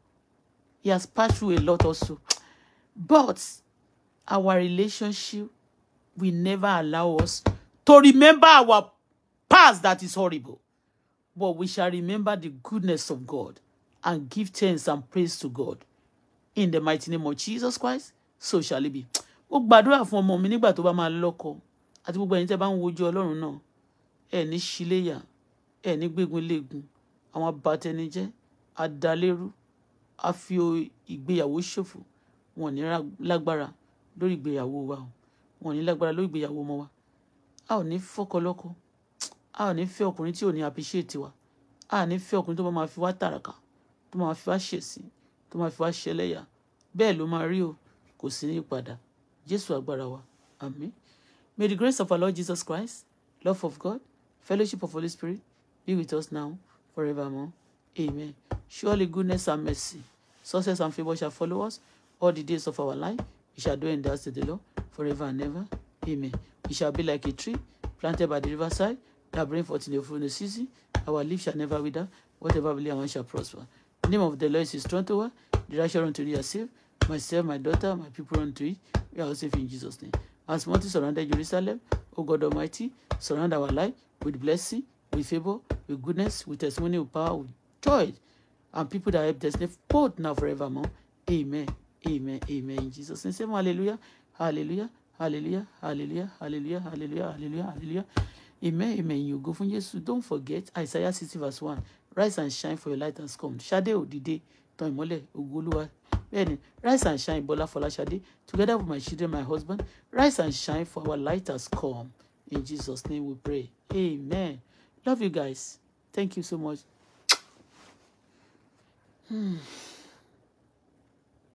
he has passed through a lot also. But our relationship will never allow us to remember our past that is horrible. But we shall remember the goodness of God and give thanks and praise to God. In the mighty name of Jesus Christ, so shall it be. Mo gbàdúrà fún ọmọ mi nígbà tó bá máa lọ́kọ àti gbogbo ẹ̀yin tẹ́ bá ń wojú Ọlọ́run náà. Ẹ ní ṣíléyà, ẹ ní gbégun léegun, àwọn abatẹnijẹ́, adalérú, a fi ìgbéyàwó ṣòfò, wọn ní lágbára lórí ìgbéyàwó wa o wọn ò ní lágbára lórí ìgbéyàwó ọmọ wa a ò ní fọkọ lọ́kọ a ò ní fẹ́ ọkùnrin tí ò ní appreciate wa a ò ní fẹ́ ọkùnrin tó bá máa fi wá tàràkà tó máa fi wá ṣèṣì tó máa fi wá ṣẹlẹ́yà bẹ́ẹ̀ ló máa rí o kò sí ní padà jésù agbára wa àmín may the grace of our lord jesus christ love of god fellowship of holy spirit be with us now forevermore amen surely goodness and mercy success and favour shall follow us all the days of our life He shall dwell in the house of the Lord forever and ever. Amen. We shall be like a tree planted by the riverside that bring forth in the full season. Our leaf shall never wither. Whatever we live, shall prosper. The name of the Lord is his strong tower. The righteous unto thee are safe. Myself, my daughter, my people unto it. We are all safe in Jesus' name. As mountains surrounded Jerusalem, O God Almighty, surround our life with blessing, with favor, with goodness, with testimony, with power, with joy, and people that help us live both now forevermore. Amen. Amen. Amen. Jesus' name. Say hallelujah. Hallelujah. Hallelujah. Hallelujah. Hallelujah. Hallelujah. Hallelujah. Hallelujah. Amen. Amen. You go from Jesus. Don't forget Isaiah 60 verse 1. Rise and shine for your light has come. Ṣadé òdìdé day, ìmọ́lẹ̀ mole, uguluwa. Bẹ́ẹ̀ni, rise and shine Bọ́lá Fọláṣadé together with my children, my husband. Rise and shine for our light has come. In Jesus' name we pray. Amen. Love you guys. Thank you so much. Hmm.